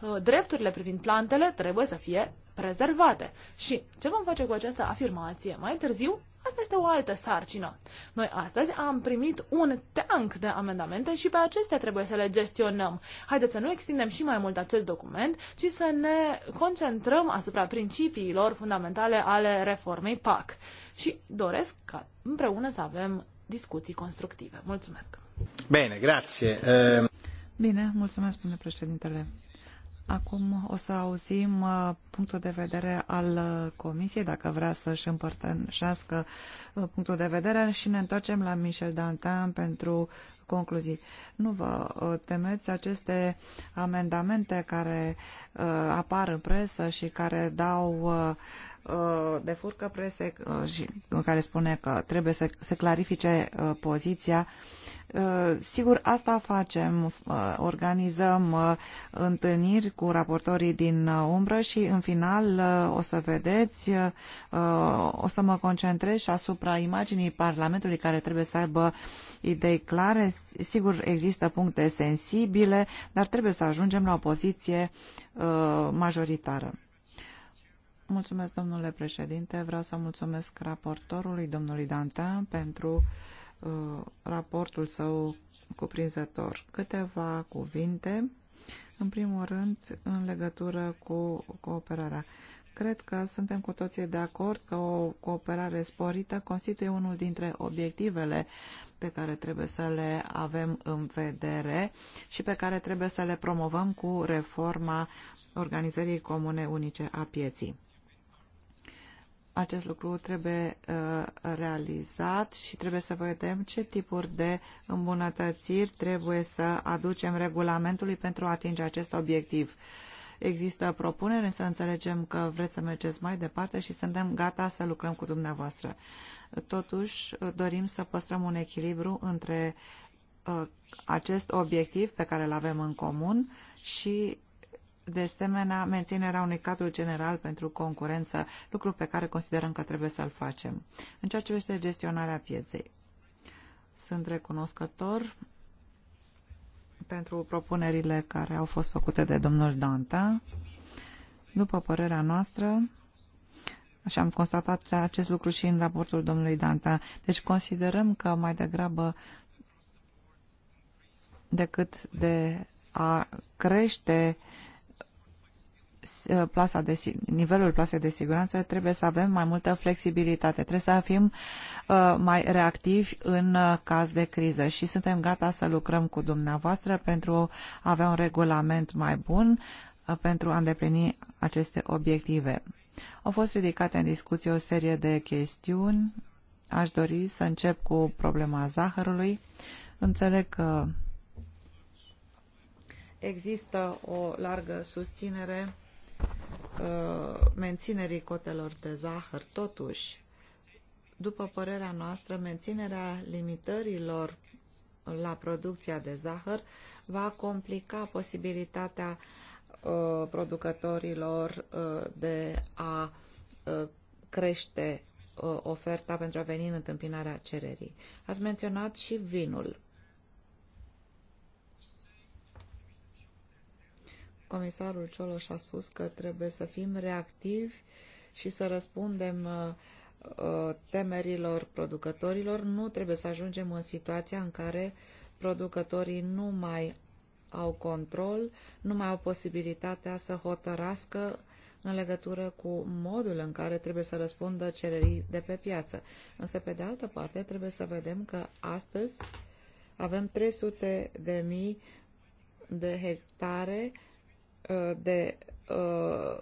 Uh, drepturile privind plantele trebuie să fie prezervate. Și ce vom face cu această afirmație mai târziu? Asta este o altă sarcină. Noi astăzi am primit un tank de amendamente și pe acestea trebuie să le gestionăm. Haideți să nu extindem și mai mult acest document, ci să ne concentrăm asupra principiilor fundamentale ale reformei PAC. Și doresc ca împreună să avem discuții constructive. Mulțumesc! Bine, grație! Ehm, Bine, mulțumesc, spune președintele. Acum o să auzim uh, punctul de vedere al uh, Comisiei, dacă vrea să-și împărtășească uh, punctul de vedere și ne întoarcem la Michel Dantin pentru concluzii. Nu vă temeți aceste amendamente care apar în presă și care dau Uh, de furcă prese uh, și care spune că trebuie să se clarifice uh, poziția. Sigur, asta facem, organizăm întâlniri cu raportorii din umbră și în final o să vedeți, o să mă concentrez și asupra imaginii Parlamentului care trebuie să aibă idei clare. Sigur, există puncte sensibile, dar trebuie să ajungem la o poziție majoritară. Mulțumesc, domnule președinte. Vreau să mulțumesc raportorului, domnului Dantin, pentru uh, raportul său cuprinzător. Câteva cuvinte, în primul rând, în legătură cu cooperarea. Cred că suntem cu toții de acord că o cooperare sporită constituie unul dintre obiectivele pe care trebuie să le avem în vedere și pe care trebuie să le promovăm cu reforma organizării comune unice a pieții acest lucru trebuie uh, realizat și trebuie să vedem ce tipuri de îmbunătățiri trebuie să aducem regulamentului pentru a atinge acest obiectiv. Există propuneri, să înțelegem că vreți să mergeți mai departe și suntem gata să lucrăm cu dumneavoastră. Totuși, dorim să păstrăm un echilibru între uh, acest obiectiv pe care îl avem în comun și de asemenea menținerea unui cadru general pentru concurență, lucru pe care considerăm că trebuie să-l facem. În ceea ce privește gestionarea pieței, sunt recunoscător pentru propunerile care au fost făcute de domnul Danta. După părerea noastră, și am constatat acest lucru și în raportul domnului Danta, deci considerăm că mai degrabă decât de a crește uh, plasa de, nivelul plasei de siguranță, trebuie să avem mai multă flexibilitate, trebuie să fim uh, mai reactivi în uh, caz de criză și suntem gata să lucrăm cu dumneavoastră pentru a avea un regulament mai bun uh, pentru a îndeplini aceste obiective. Au fost ridicate în discuție o serie de chestiuni. Aș dori să încep cu problema zahărului. Înțeleg că există o largă susținere Uh, menținerii cotelor de zahăr. Totuși, după părerea noastră, menținerea limitărilor la producția de zahăr va complica posibilitatea uh, producătorilor uh, de a uh, crește uh, oferta pentru a veni în întâmpinarea cererii. Ați menționat și vinul. comisarul Cioloș a spus că trebuie să fim reactivi și să răspundem uh, uh, temerilor producătorilor, nu trebuie să ajungem în situația în care producătorii nu mai au control, nu mai au posibilitatea să hotărască în legătură cu modul în care trebuie să răspundă cererii de pe piață. Însă, pe de altă parte, trebuie să vedem că astăzi avem 300 de mii de hectare Uh, de uh,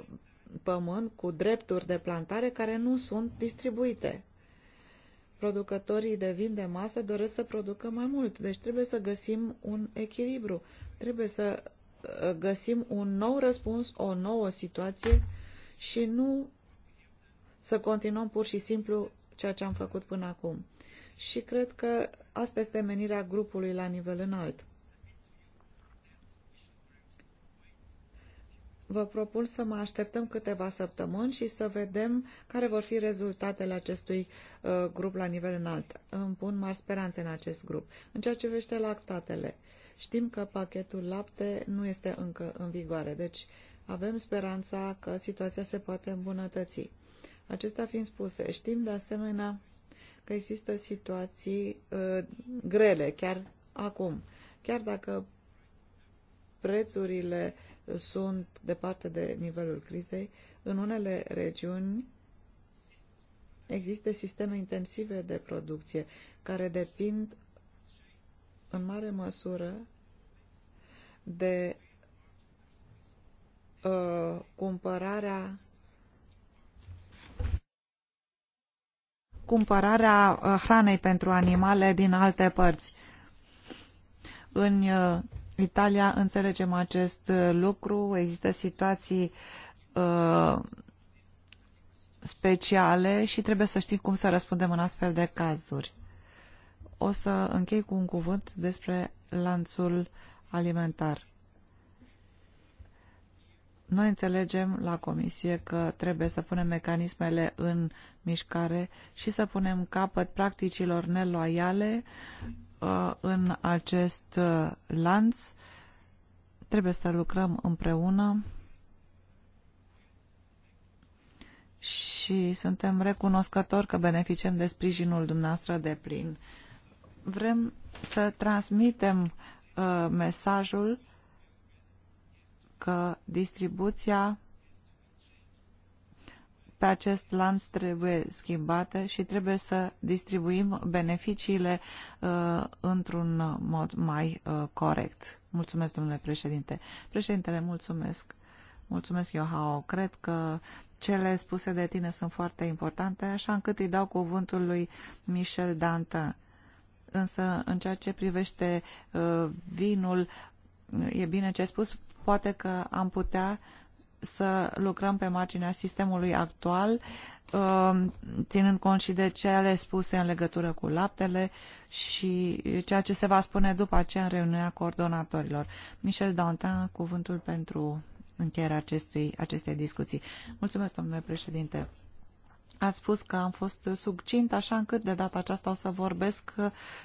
pământ cu drepturi de plantare care nu sunt distribuite. Producătorii de vin de masă doresc să producă mai mult, deci trebuie să găsim un echilibru, trebuie să uh, găsim un nou răspuns, o nouă situație și nu să continuăm pur și simplu ceea ce am făcut până acum. Și cred că asta este menirea grupului la nivel înalt. Vă propun să mai așteptăm câteva săptămâni și să vedem care vor fi rezultatele acestui uh, grup la nivel înalt. Îmi pun mari speranțe în acest grup. În ceea ce privește lactatele, știm că pachetul lapte nu este încă în vigoare, deci avem speranța că situația se poate îmbunătăți. Acestea fiind spuse, știm de asemenea că există situații uh, grele, chiar acum. Chiar dacă prețurile sunt departe de nivelul crizei. În unele regiuni există sisteme intensive de producție care depind în mare măsură de uh, cumpărarea cumpărarea uh, hranei pentru animale din alte părți. În uh, Italia înțelegem acest uh, lucru, există situații uh, speciale și trebuie să știm cum să răspundem în astfel de cazuri. O să închei cu un cuvânt despre lanțul alimentar. Noi înțelegem la Comisie că trebuie să punem mecanismele în mișcare și să punem capăt practicilor neloiale Uh, în acest uh, lanț. Trebuie să lucrăm împreună și suntem recunoscători că beneficiem de sprijinul dumneavoastră de plin. Vrem să transmitem uh, mesajul că distribuția pe acest lanț trebuie schimbate și trebuie să distribuim beneficiile uh, într-un mod mai uh, corect. Mulțumesc, domnule președinte. Președintele, mulțumesc. Mulțumesc, Iohao. Cred că cele spuse de tine sunt foarte importante, așa încât îi dau cuvântul lui Michel Dantin. Însă, în ceea ce privește uh, vinul, e bine ce ai spus, poate că am putea uh, să lucrăm pe marginea sistemului actual, uh, ținând cont și de cele spuse în legătură cu laptele și ceea ce se va spune după aceea în reuniunea coordonatorilor. Michel Dantin, cuvântul pentru încheierea acestui, acestei discuții. Mulțumesc, domnule președinte. Ați spus că am fost succint, așa încât de data aceasta o să vorbesc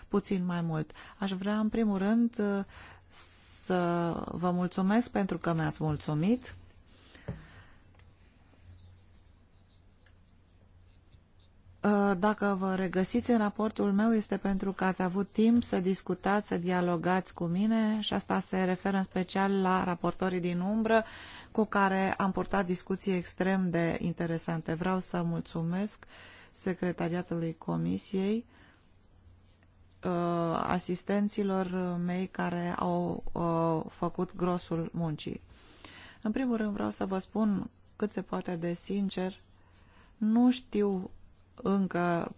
puțin mai mult. Aș vrea, în primul rând, să vă mulțumesc pentru că mi-ați mulțumit Uh, dacă vă regăsiți în raportul meu, este pentru că ați avut timp să discutați, să dialogați cu mine și asta se referă în special la raportorii din umbră cu care am purtat discuții extrem de interesante. Vreau să mulțumesc secretariatului Comisiei, uh, asistenților mei care au uh, făcut grosul muncii. În primul rând vreau să vă spun cât se poate de sincer, nu știu încă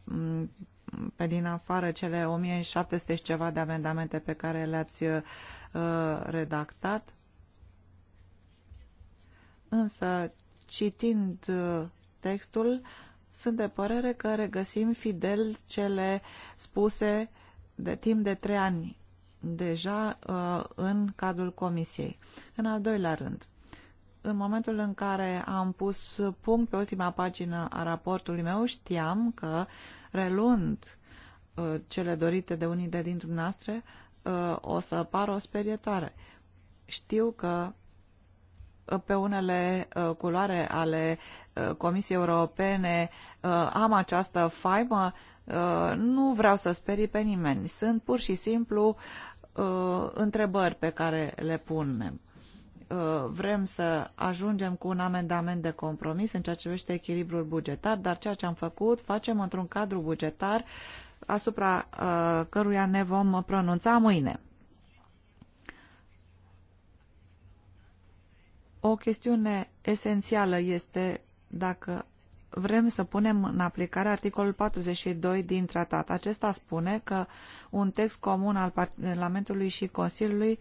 pe din afară cele 1700 și ceva de amendamente pe care le-ați uh, redactat. Însă, citind uh, textul, sunt de părere că regăsim fidel cele spuse de timp de trei ani deja uh, în cadrul comisiei. În al doilea rând, în momentul în care am pus punct pe ultima pagină a raportului meu, știam că, reluând uh, cele dorite de unii de dintre noastre, uh, o să pară o sperietoare. Știu că uh, pe unele culoare ale Comisiei Europene am această faimă, nu vreau să sperii pe nimeni. Sunt pur și simplu întrebări pe care le punem. Uh, vrem să ajungem cu un amendament de compromis în ceea ce privește echilibrul bugetar, dar ceea ce am făcut facem într-un cadru bugetar asupra uh, căruia ne vom pronunța mâine. O chestiune esențială este dacă vrem să punem în aplicare articolul 42 din tratat. Acesta spune că un text comun al Parlamentului și Consiliului uh,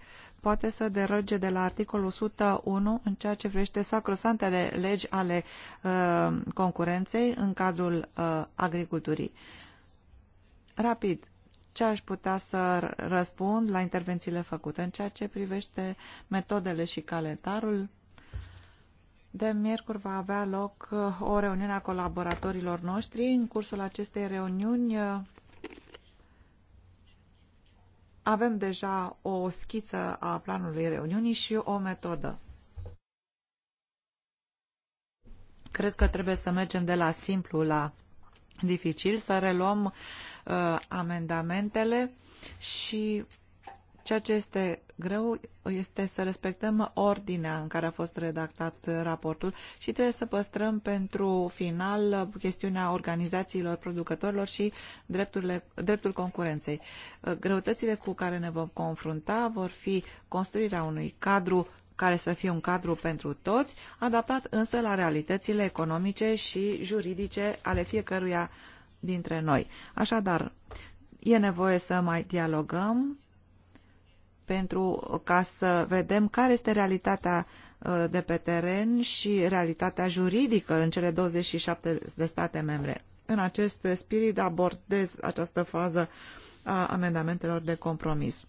poate să deroge de la articolul 101 în ceea ce privește sacrosantele legi ale uh, concurenței în cadrul uh, agriculturii. Rapid, ce aș putea să răspund la intervențiile făcute în ceea ce privește metodele și calendarul? De miercuri va avea loc uh, o reuniune a colaboratorilor noștri. În cursul acestei reuniuni uh, avem deja o schiță a planului reuniunii și o metodă. Cred că trebuie să mergem de la simplu la dificil, să reluăm uh, amendamentele și ceea ce este greu este să respectăm ordinea în care a fost redactat raportul și trebuie să păstrăm pentru final chestiunea organizațiilor producătorilor și drepturile, dreptul concurenței. Greutățile cu care ne vom confrunta vor fi construirea unui cadru care să fie un cadru pentru toți, adaptat însă la realitățile economice și juridice ale fiecăruia dintre noi. Așadar, e nevoie să mai dialogăm, pentru ca să vedem care este realitatea uh, de pe teren și realitatea juridică în cele 27 de state membre. În acest spirit abordez această fază a amendamentelor de compromis.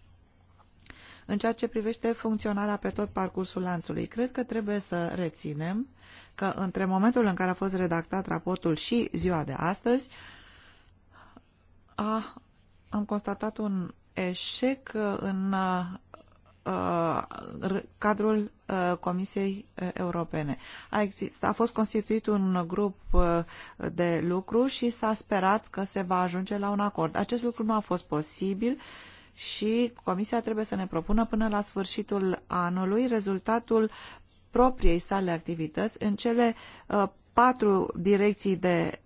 În ceea ce privește funcționarea pe tot parcursul lanțului, cred că trebuie să reținem că între momentul în care a fost redactat raportul și ziua de astăzi, a, am constatat un eșec în uh, cadrul uh, Comisiei uh, Europene. A, exist, a fost constituit un grup de lucru și s-a sperat că se va ajunge la un acord. Acest lucru nu a fost posibil și Comisia trebuie să ne propună până la sfârșitul anului rezultatul propriei sale activități în cele patru direcții de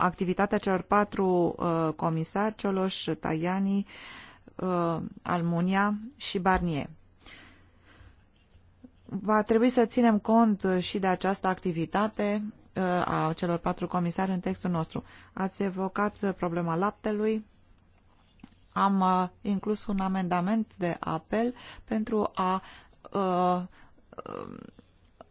activitatea celor patru uh, comisari, Cioloș, Tajani, uh, Almunia și Barnier. Va trebui să ținem cont și de această activitate uh, a celor patru comisari în textul nostru. Ați evocat problema laptelui. Am inclus un amendament de apel pentru a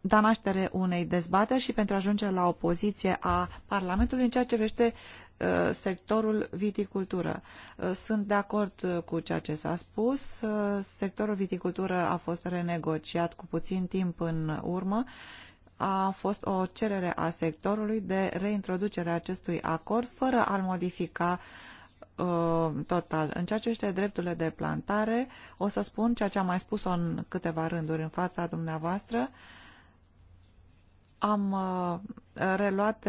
da naștere unei dezbateri și pentru a ajunge la o poziție a Parlamentului în ceea ce privește uh, sectorul viticultură. Uh, sunt de acord uh, cu ceea ce s-a spus. Sectorul viticultură a fost renegociat cu puțin timp în urmă. A fost o cerere a sectorului de reintroducere a acestui acord fără a-l modifica total. În ceea ce este drepturile de plantare, o să spun ceea ce am mai spus-o în câteva rânduri în fața dumneavoastră. Uh, am uh, reluat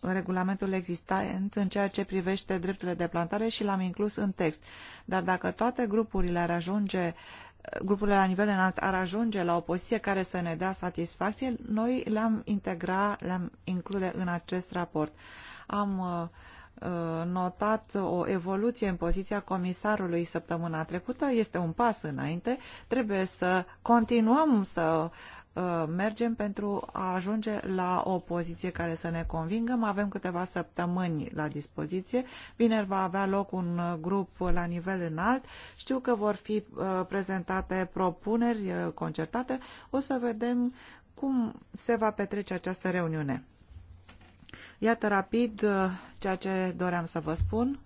regulamentul existent în ceea ce privește drepturile de plantare și l-am inclus în text. Dar dacă toate grupurile ar ajunge grupurile la nivel înalt ar ajunge la o poziție care să ne dea satisfacție, noi le-am integra, le-am include în acest raport. Am uh, uh, notat o evoluție în poziția comisarului săptămâna trecută, este un pas înainte, trebuie să continuăm să uh, Uh, mergem pentru a ajunge la o poziție care să ne convingă. Mai avem câteva săptămâni la dispoziție. Vineri va avea loc un grup la nivel înalt. Știu că vor fi uh, prezentate propuneri uh, concertate. O să vedem cum se va petrece această reuniune. Iată rapid ceea ce doream să vă spun.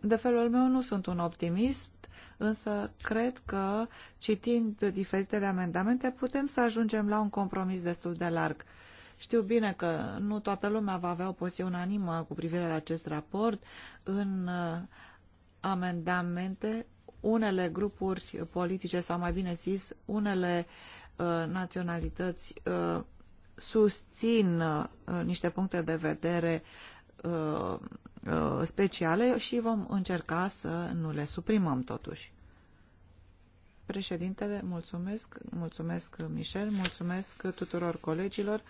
De felul meu nu sunt un optimist, însă cred că, citind diferitele amendamente, putem să ajungem la un compromis destul de larg. Știu bine că nu toată lumea va avea o poziție unanimă cu privire la acest raport. În uh, amendamente, unele grupuri politice, sau mai bine zis, unele uh, naționalități uh, susțin niște puncte de vedere Uh, speciale și vom încerca să nu le suprimăm totuși. Președintele, mulțumesc, mulțumesc Michel, mulțumesc tuturor colegilor.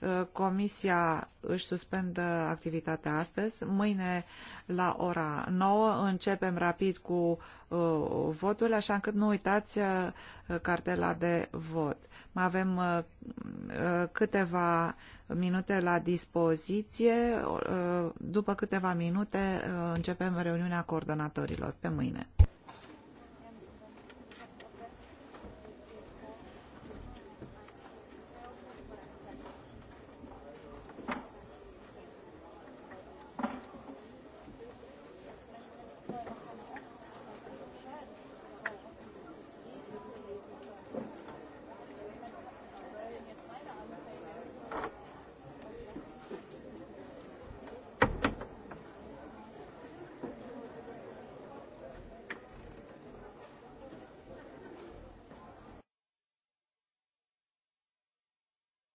Uh, comisia își suspendă activitatea astăzi. Mâine la ora 9 începem rapid cu uh, votul, așa încât nu uitați uh, cartela de vot. Mai avem uh, uh câteva minute la dispoziție. Uh, după câteva minute începem reuniunea coordonatorilor pe mâine.